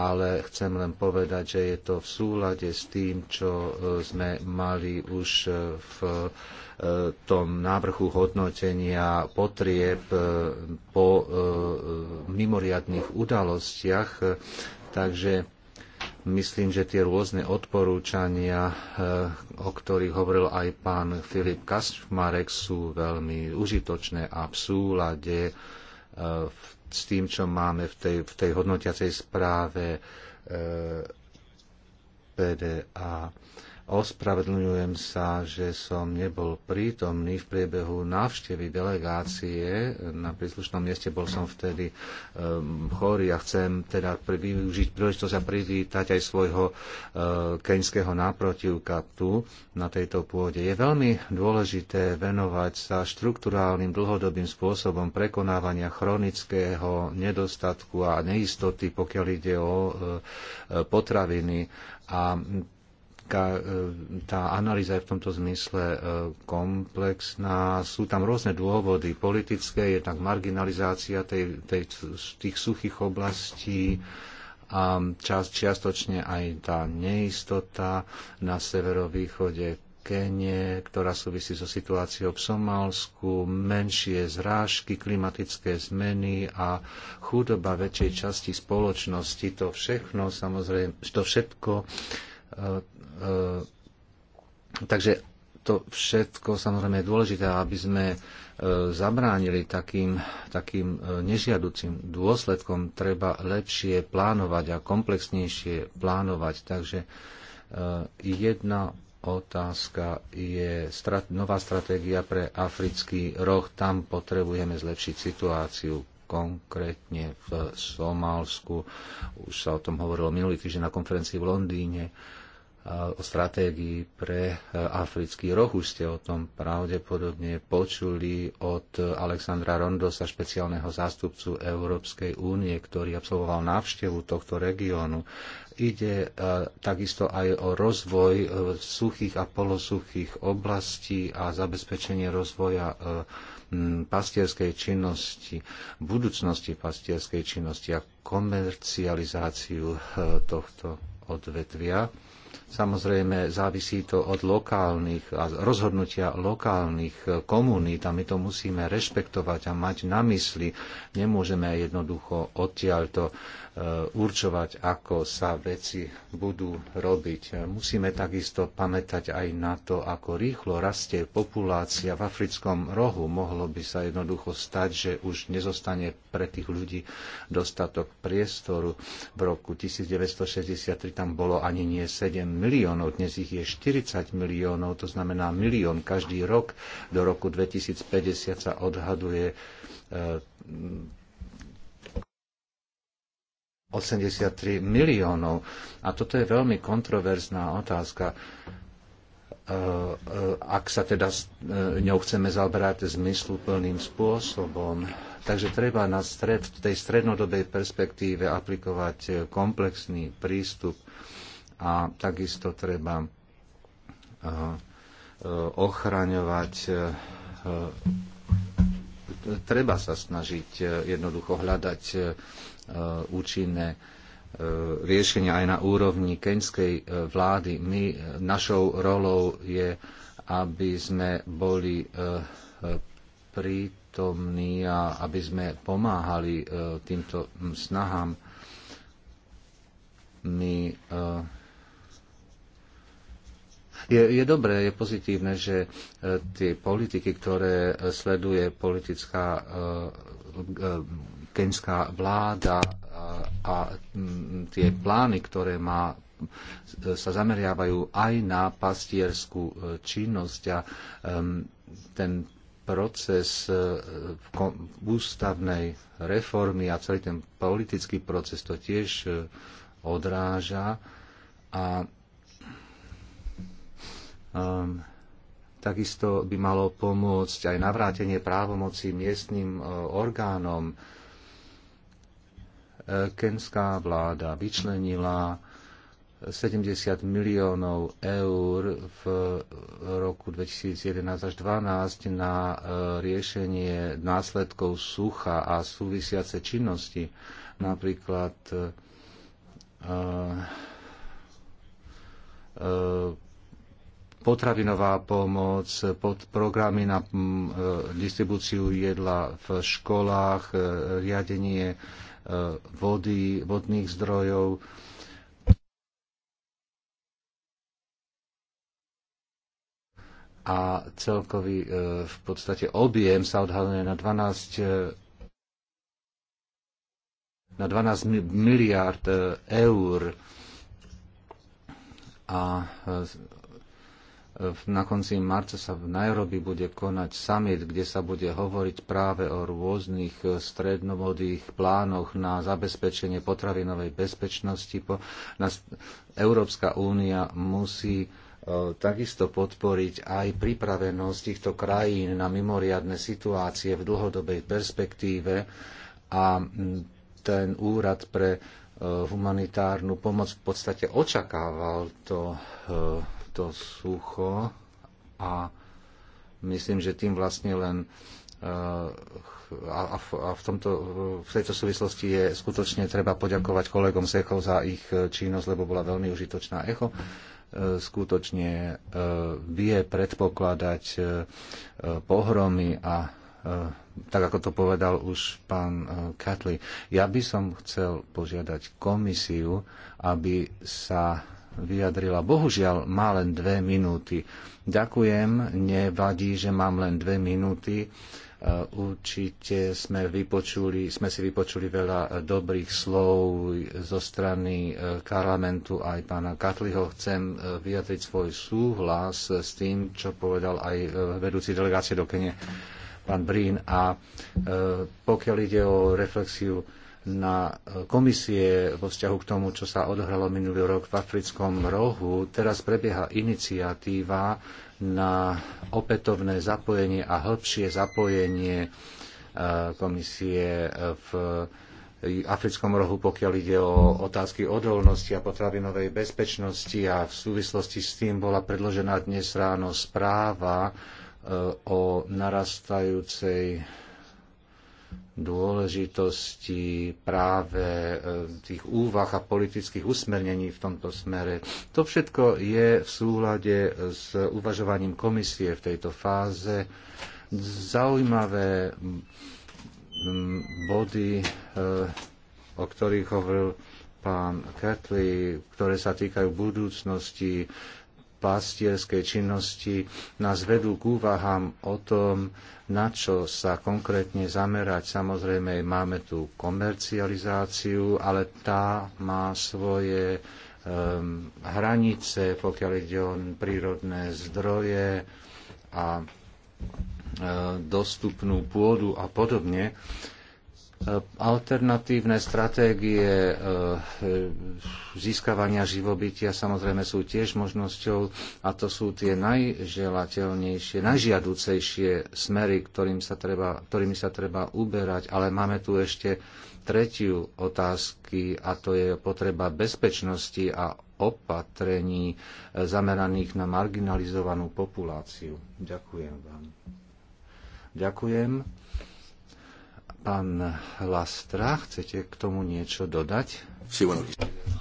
ale chcem len povedať, že je to v súlade s tým, čo e, sme mali už e, v e, tom návrhu hodnotenia potrieb po mimoriadných udalostiach. Takže myslím, že tie rôzne odporúčania, o ktorých hovoril aj pán Filip Kašmarek, sú veľmi užitočné a v súlade v s tým, čo máme v tej, v tej hodnotiacej správe e, eh, PDA. E, Ospravedlňujem sa, že som nebol prítomný v priebehu návštevy delegácie. Na príslušnom mieste bol som vtedy um, chorý a chcem teda využiť príležitosť a privítať aj svojho uh, keňského náprotivka tu na tejto pôde. Je veľmi dôležité venovať sa štruktúrálnym dlhodobým spôsobom prekonávania chronického nedostatku a neistoty, pokiaľ ide o uh, potraviny a tá, e, tá analýza je v tomto zmysle e, komplexná. Sú tam rôzne dôvody politické, je tam marginalizácia tej, tej, tých suchých oblastí a čas, čiastočne aj tá neistota na severovýchode Kenie, ktorá súvisí so situáciou v Somálsku, menšie zrážky, klimatické zmeny a chudoba väčšej časti spoločnosti. To všechno, samozrejme, to všetko E, e, takže to všetko samozrejme je dôležité, aby sme e, zabránili takým, takým nežiaducim dôsledkom. Treba lepšie plánovať a komplexnejšie plánovať. Takže jedna otázka je strat, nová stratégia pre africký roh. Tam potrebujeme zlepšiť situáciu konkrétne v Somálsku. Už sa o tom hovorilo minulý týždeň na konferencii v Londýne. Uh, o stratégii pre e, africký roh. Už ste o tom pravdepodobne počuli od Alexandra Rondosa, špeciálneho zástupcu Európskej únie, ktorý absolvoval návštevu tohto regiónu. Ide e, takisto aj o rozvoj e, suchých a polosuchých oblastí a zabezpečenie rozvoja pastierskej činnosti, budúcnosti pastierskej činnosti a komercializáciu tohto odvetvia Samozrejme, závisí to od lokálnych a rozhodnutia lokálnych eh, komunít a my to musíme rešpektovať a mať na mysli. Nemôžeme jednoducho odtiaľ to Eh, určovať, ako sa veci budú robiť. Musíme takisto pamätať aj na to, ako rýchlo rastie populácia v africkom rohu. Mohlo by sa jednoducho stať, že už nezostane pre tých ľudí dostatok priestoru. V roku 1963 tam bolo ani nie 7 miliónov, dnes ich je 40 miliónov, to znamená milión každý rok. Do roku 2050 sa odhaduje eh, 83 miliónov. A toto je veľmi kontroverzná otázka. E, e, ak sa teda e, ňou chceme zabrať zmysluplným spôsobom, takže treba na stred, v tej strednodobej perspektíve aplikovať komplexný prístup a takisto treba ochraňovať treba sa snažiť jednoducho hľadať Eh, účinné eh, riešenia aj na úrovni keňskej eh, vlády. My, našou rolou je, aby sme boli prítomní a aby sme pomáhali týmto hm, snahám. My je, je dobré, je pozitívne, že tie politiky, ktoré sleduje politická kenská vláda a tie plány, ktoré má sa zameriavajú aj na pastierskú e, činnosť a ten proces e, ústavnej reformy a celý ten politický proces to tiež e, odráža a um, takisto by malo pomôcť aj navrátenie právomoci miestnym orgánom kenská vláda vyčlenila 70 miliónov eur v roku 2011 až 2012 na e, riešenie následkov sucha a súvisiace činnosti, napríklad e, e, potravinová pomoc, pod programy na distribúciu jedla v školách, riadenie E, vody, vodných zdrojov. A celkový e, v podstate objem sa odhaduje na 12 e, na 12 miliard eur a na konci marca sa v Nairobi bude konať summit, kde sa bude hovoriť práve o rôznych e, strednovodých plánoch na zabezpečenie potravinovej bezpečnosti. Európska únia musí e, takisto podporiť aj pripravenosť týchto krajín na mimoriadne situácie v dlhodobej perspektíve a ten úrad pre e, humanitárnu pomoc v podstate očakával to to sucho a myslím, že tým vlastne len eh, a, a v, tomto, v tejto súvislosti je skutočne treba poďakovať kolegom z ECHO za ich činnosť, lebo bola veľmi užitočná ECHO. Eh, skutočne eh, vie predpokladať pohromy a tak ako to povedal už pán Katli. Ja by som chcel požiadať komisiu, aby sa vyjadrila. Bohužiaľ, má len dve minúty. Ďakujem, nevadí, že mám len dve minúty. E, určite sme, vypočuli, sme si vypočuli veľa dobrých slov zo strany e, parlamentu aj pána Katliho. Chcem e, vyjadriť svoj súhlas s tým, čo povedal aj vedúci delegácie do Kene, pán Brín. A pokiaľ ide o reflexiu na eh, komisie vo vzťahu k tomu, čo sa odohralo minulý rok v Africkom rohu. Teraz prebieha iniciatíva na opätovné zapojenie a hĺbšie zapojenie eh, komisie eh, v africkom rohu, pokiaľ ide o otázky odolnosti a potravinovej bezpečnosti a v súvislosti s tým bola predložená dnes ráno správa o narastajúcej dôležitosti práve e, tých úvah a politických usmernení v tomto smere. To všetko je v súhľade s uvažovaním komisie v tejto fáze. Zaujímavé body, e, o ktorých hovoril pán Ketley, ktoré sa týkajú budúcnosti pastierskej činnosti, nás vedú k úvahám o tom, na čo sa konkrétne zamerať. Samozrejme, máme tu komercializáciu, ale tá má svoje um, hranice, pokiaľ ide o prírodné zdroje a um, dostupnú pôdu a podobne. Um, Eh, alternatívne stratégie eh, získavania živobytia samozrejme sú tiež možnosťou a to sú tie najželateľnejšie, najžiaducejšie smery, ktorým sa treba, ktorými sa treba uberať, ale máme tu ešte tretiu otázky a to je potreba bezpečnosti a opatrení eh, zameraných na marginalizovanú populáciu. Ďakujem vám. Ďakujem. Pán Lastra, chcete k tomu niečo dodať?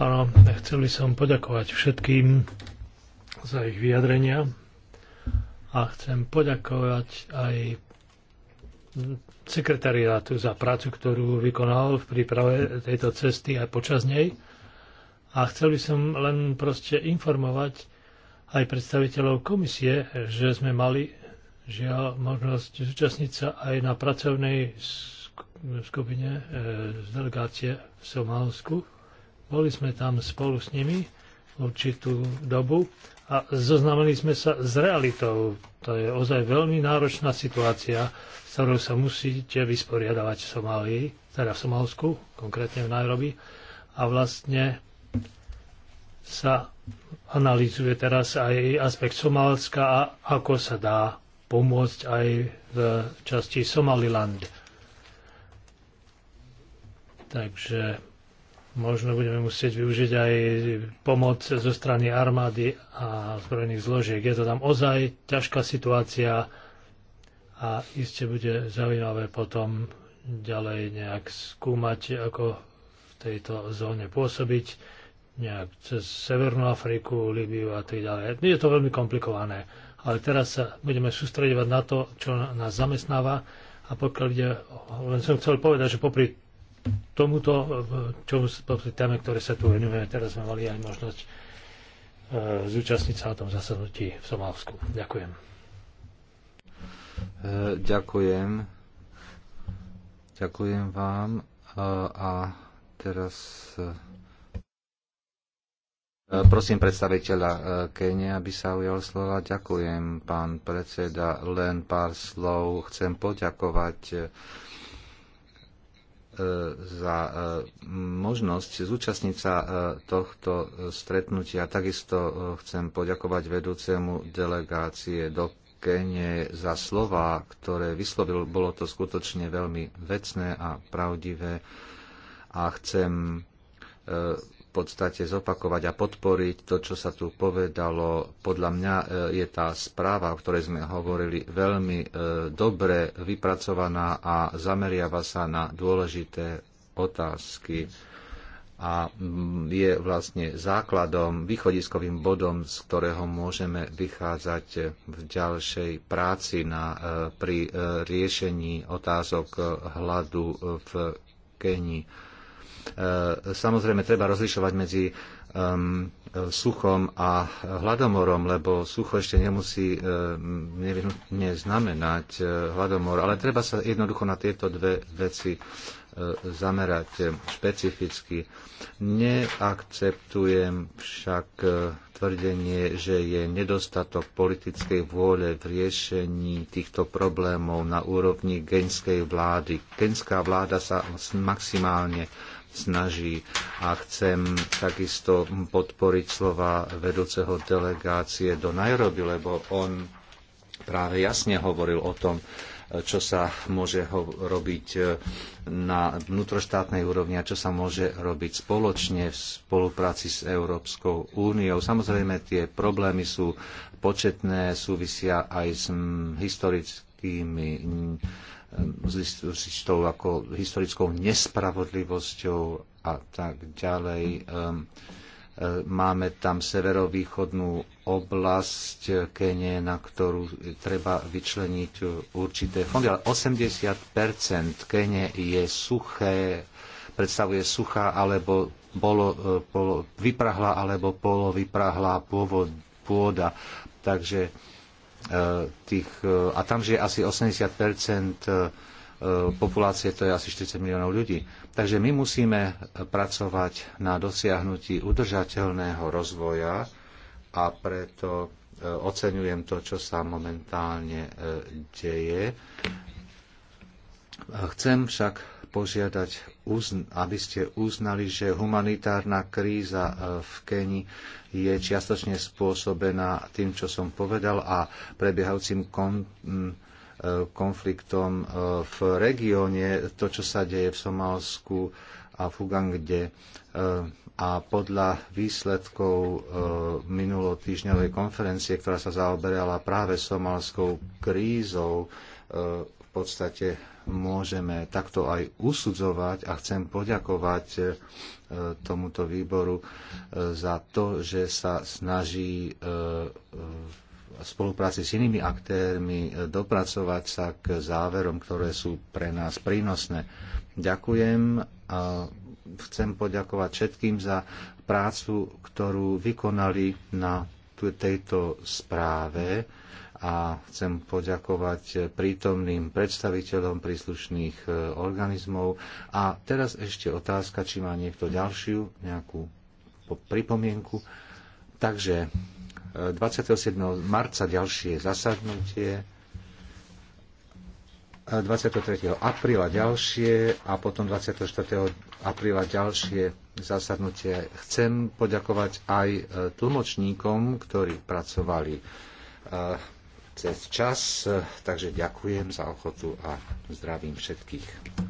Áno, chcel by som poďakovať všetkým za ich vyjadrenia a chcem poďakovať aj sekretariátu za prácu, ktorú vykonal v príprave tejto cesty aj počas nej. A chcel by som len proste informovať aj predstaviteľov komisie, že sme mali žiaľ možnosť zúčastniť sa aj na pracovnej skupine e, z delegácie v Somálsku. Boli sme tam spolu s nimi určitú dobu a zoznamili sme sa s realitou. To je ozaj veľmi náročná situácia, s ktorou sa musíte vysporiadavať v Somálii, teda v Somálsku, konkrétne v Nairobi. A vlastne sa analýzuje teraz aj aspekt Somálska a ako sa dá pomôcť aj v časti Somaliland. Takže možno budeme musieť využiť aj pomoc zo strany armády a zbrojných zložiek. Je to tam ozaj ťažká situácia a iste bude zaujímavé potom ďalej nejak skúmať, ako v tejto zóne pôsobiť nejak cez Severnú Afriku, Libiu a tak ďalej. Je to veľmi komplikované, ale teraz sa budeme sústredovať na to, čo nás zamestnáva a pokiaľ ide, len som chcel povedať, že popri tomuto, čo, tam, ktoré sa tu venujeme, teraz sme mali aj možnosť e, zúčastniť sa na tom zasadnutí v Somálsku. Ďakujem. E, ďakujem. Ďakujem vám. E, a teraz prosím predstaviteľa Kenia, aby sa ujal slova. Ďakujem, pán predseda. Len pár slov. Chcem poďakovať E, za e, možnosť zúčastniť sa e, tohto stretnutia. Takisto chcem poďakovať vedúcemu delegácie do Kene za slova, ktoré vyslovil. Bolo to skutočne veľmi vecné a pravdivé a chcem podstate zopakovať a podporiť to, čo sa tu povedalo. Podľa mňa e, je tá správa, o ktorej sme hovorili, veľmi e, dobre vypracovaná a zameriava sa na dôležité otázky a mm, je vlastne základom, východiskovým bodom, z ktorého môžeme vychádzať v ďalšej práci na, e, pri riešení otázok hladu v Kenii E, samozrejme, treba rozlišovať medzi suchom a hladomorom, lebo sucho ešte nemusí e, nevyhnutne znamenať e, hladomor, ale treba sa jednoducho na tieto dve veci zamerať špecificky. Neakceptujem však tvrdenie, že je nedostatok politickej vôle v riešení týchto problémov na úrovni genskej vlády. Genská vláda sa maximálne snaží. A chcem takisto podporiť slova vedúceho delegácie do Nairobi, lebo on práve jasne hovoril o tom, čo sa môže robiť na vnútroštátnej úrovni a čo sa môže robiť spoločne v spolupráci s Európskou úniou. Samozrejme, tie problémy sú početné, súvisia aj s historickými s istou ako historickou nespravodlivosťou a tak ďalej. E, máme tam severovýchodnú oblasť Kenie, na ktorú treba vyčleniť určité fondy, ale 80 Kenie je suché, predstavuje suchá alebo bolo, bolo, e, vyprahla alebo polovyprahla pôvod, pôda. Takže E, tých, e, a tam žije asi 80 e, populácie, to je asi 40 miliónov ľudí. Takže my musíme pracovať na dosiahnutí udržateľného rozvoja a preto oceňujem to, čo sa momentálne deje. Chcem však požiadať, aby ste uznali, že humanitárna kríza e, v Keni je čiastočne spôsobená tým, čo som povedal a prebiehajúcim kon- e, konfliktom e, v regióne, to, čo sa deje v Somálsku a v Ugande. A podľa výsledkov minulotýždňovej konferencie, ktorá sa zaoberala práve somálskou krízou, v podstate môžeme takto aj usudzovať a chcem poďakovať e, tomuto výboru e, za to, že sa snaží e, v spolupráci s inými aktérmi dopracovať sa k záverom, ktoré sú pre nás prínosné. Ďakujem a chcem poďakovať všetkým za prácu, ktorú vykonali na tejto správe a chcem poďakovať prítomným predstaviteľom príslušných e, organizmov. A teraz ešte otázka, či má niekto ďalšiu nejakú pripomienku. Takže 27. E, marca ďalšie zasadnutie, 23. E, apríla ďalšie a potom 24. apríla ďalšie zasadnutie. Chcem poďakovať aj tlmočníkom, ktorí pracovali cez čas, eh, takže ďakujem za ochotu a zdravím všetkých.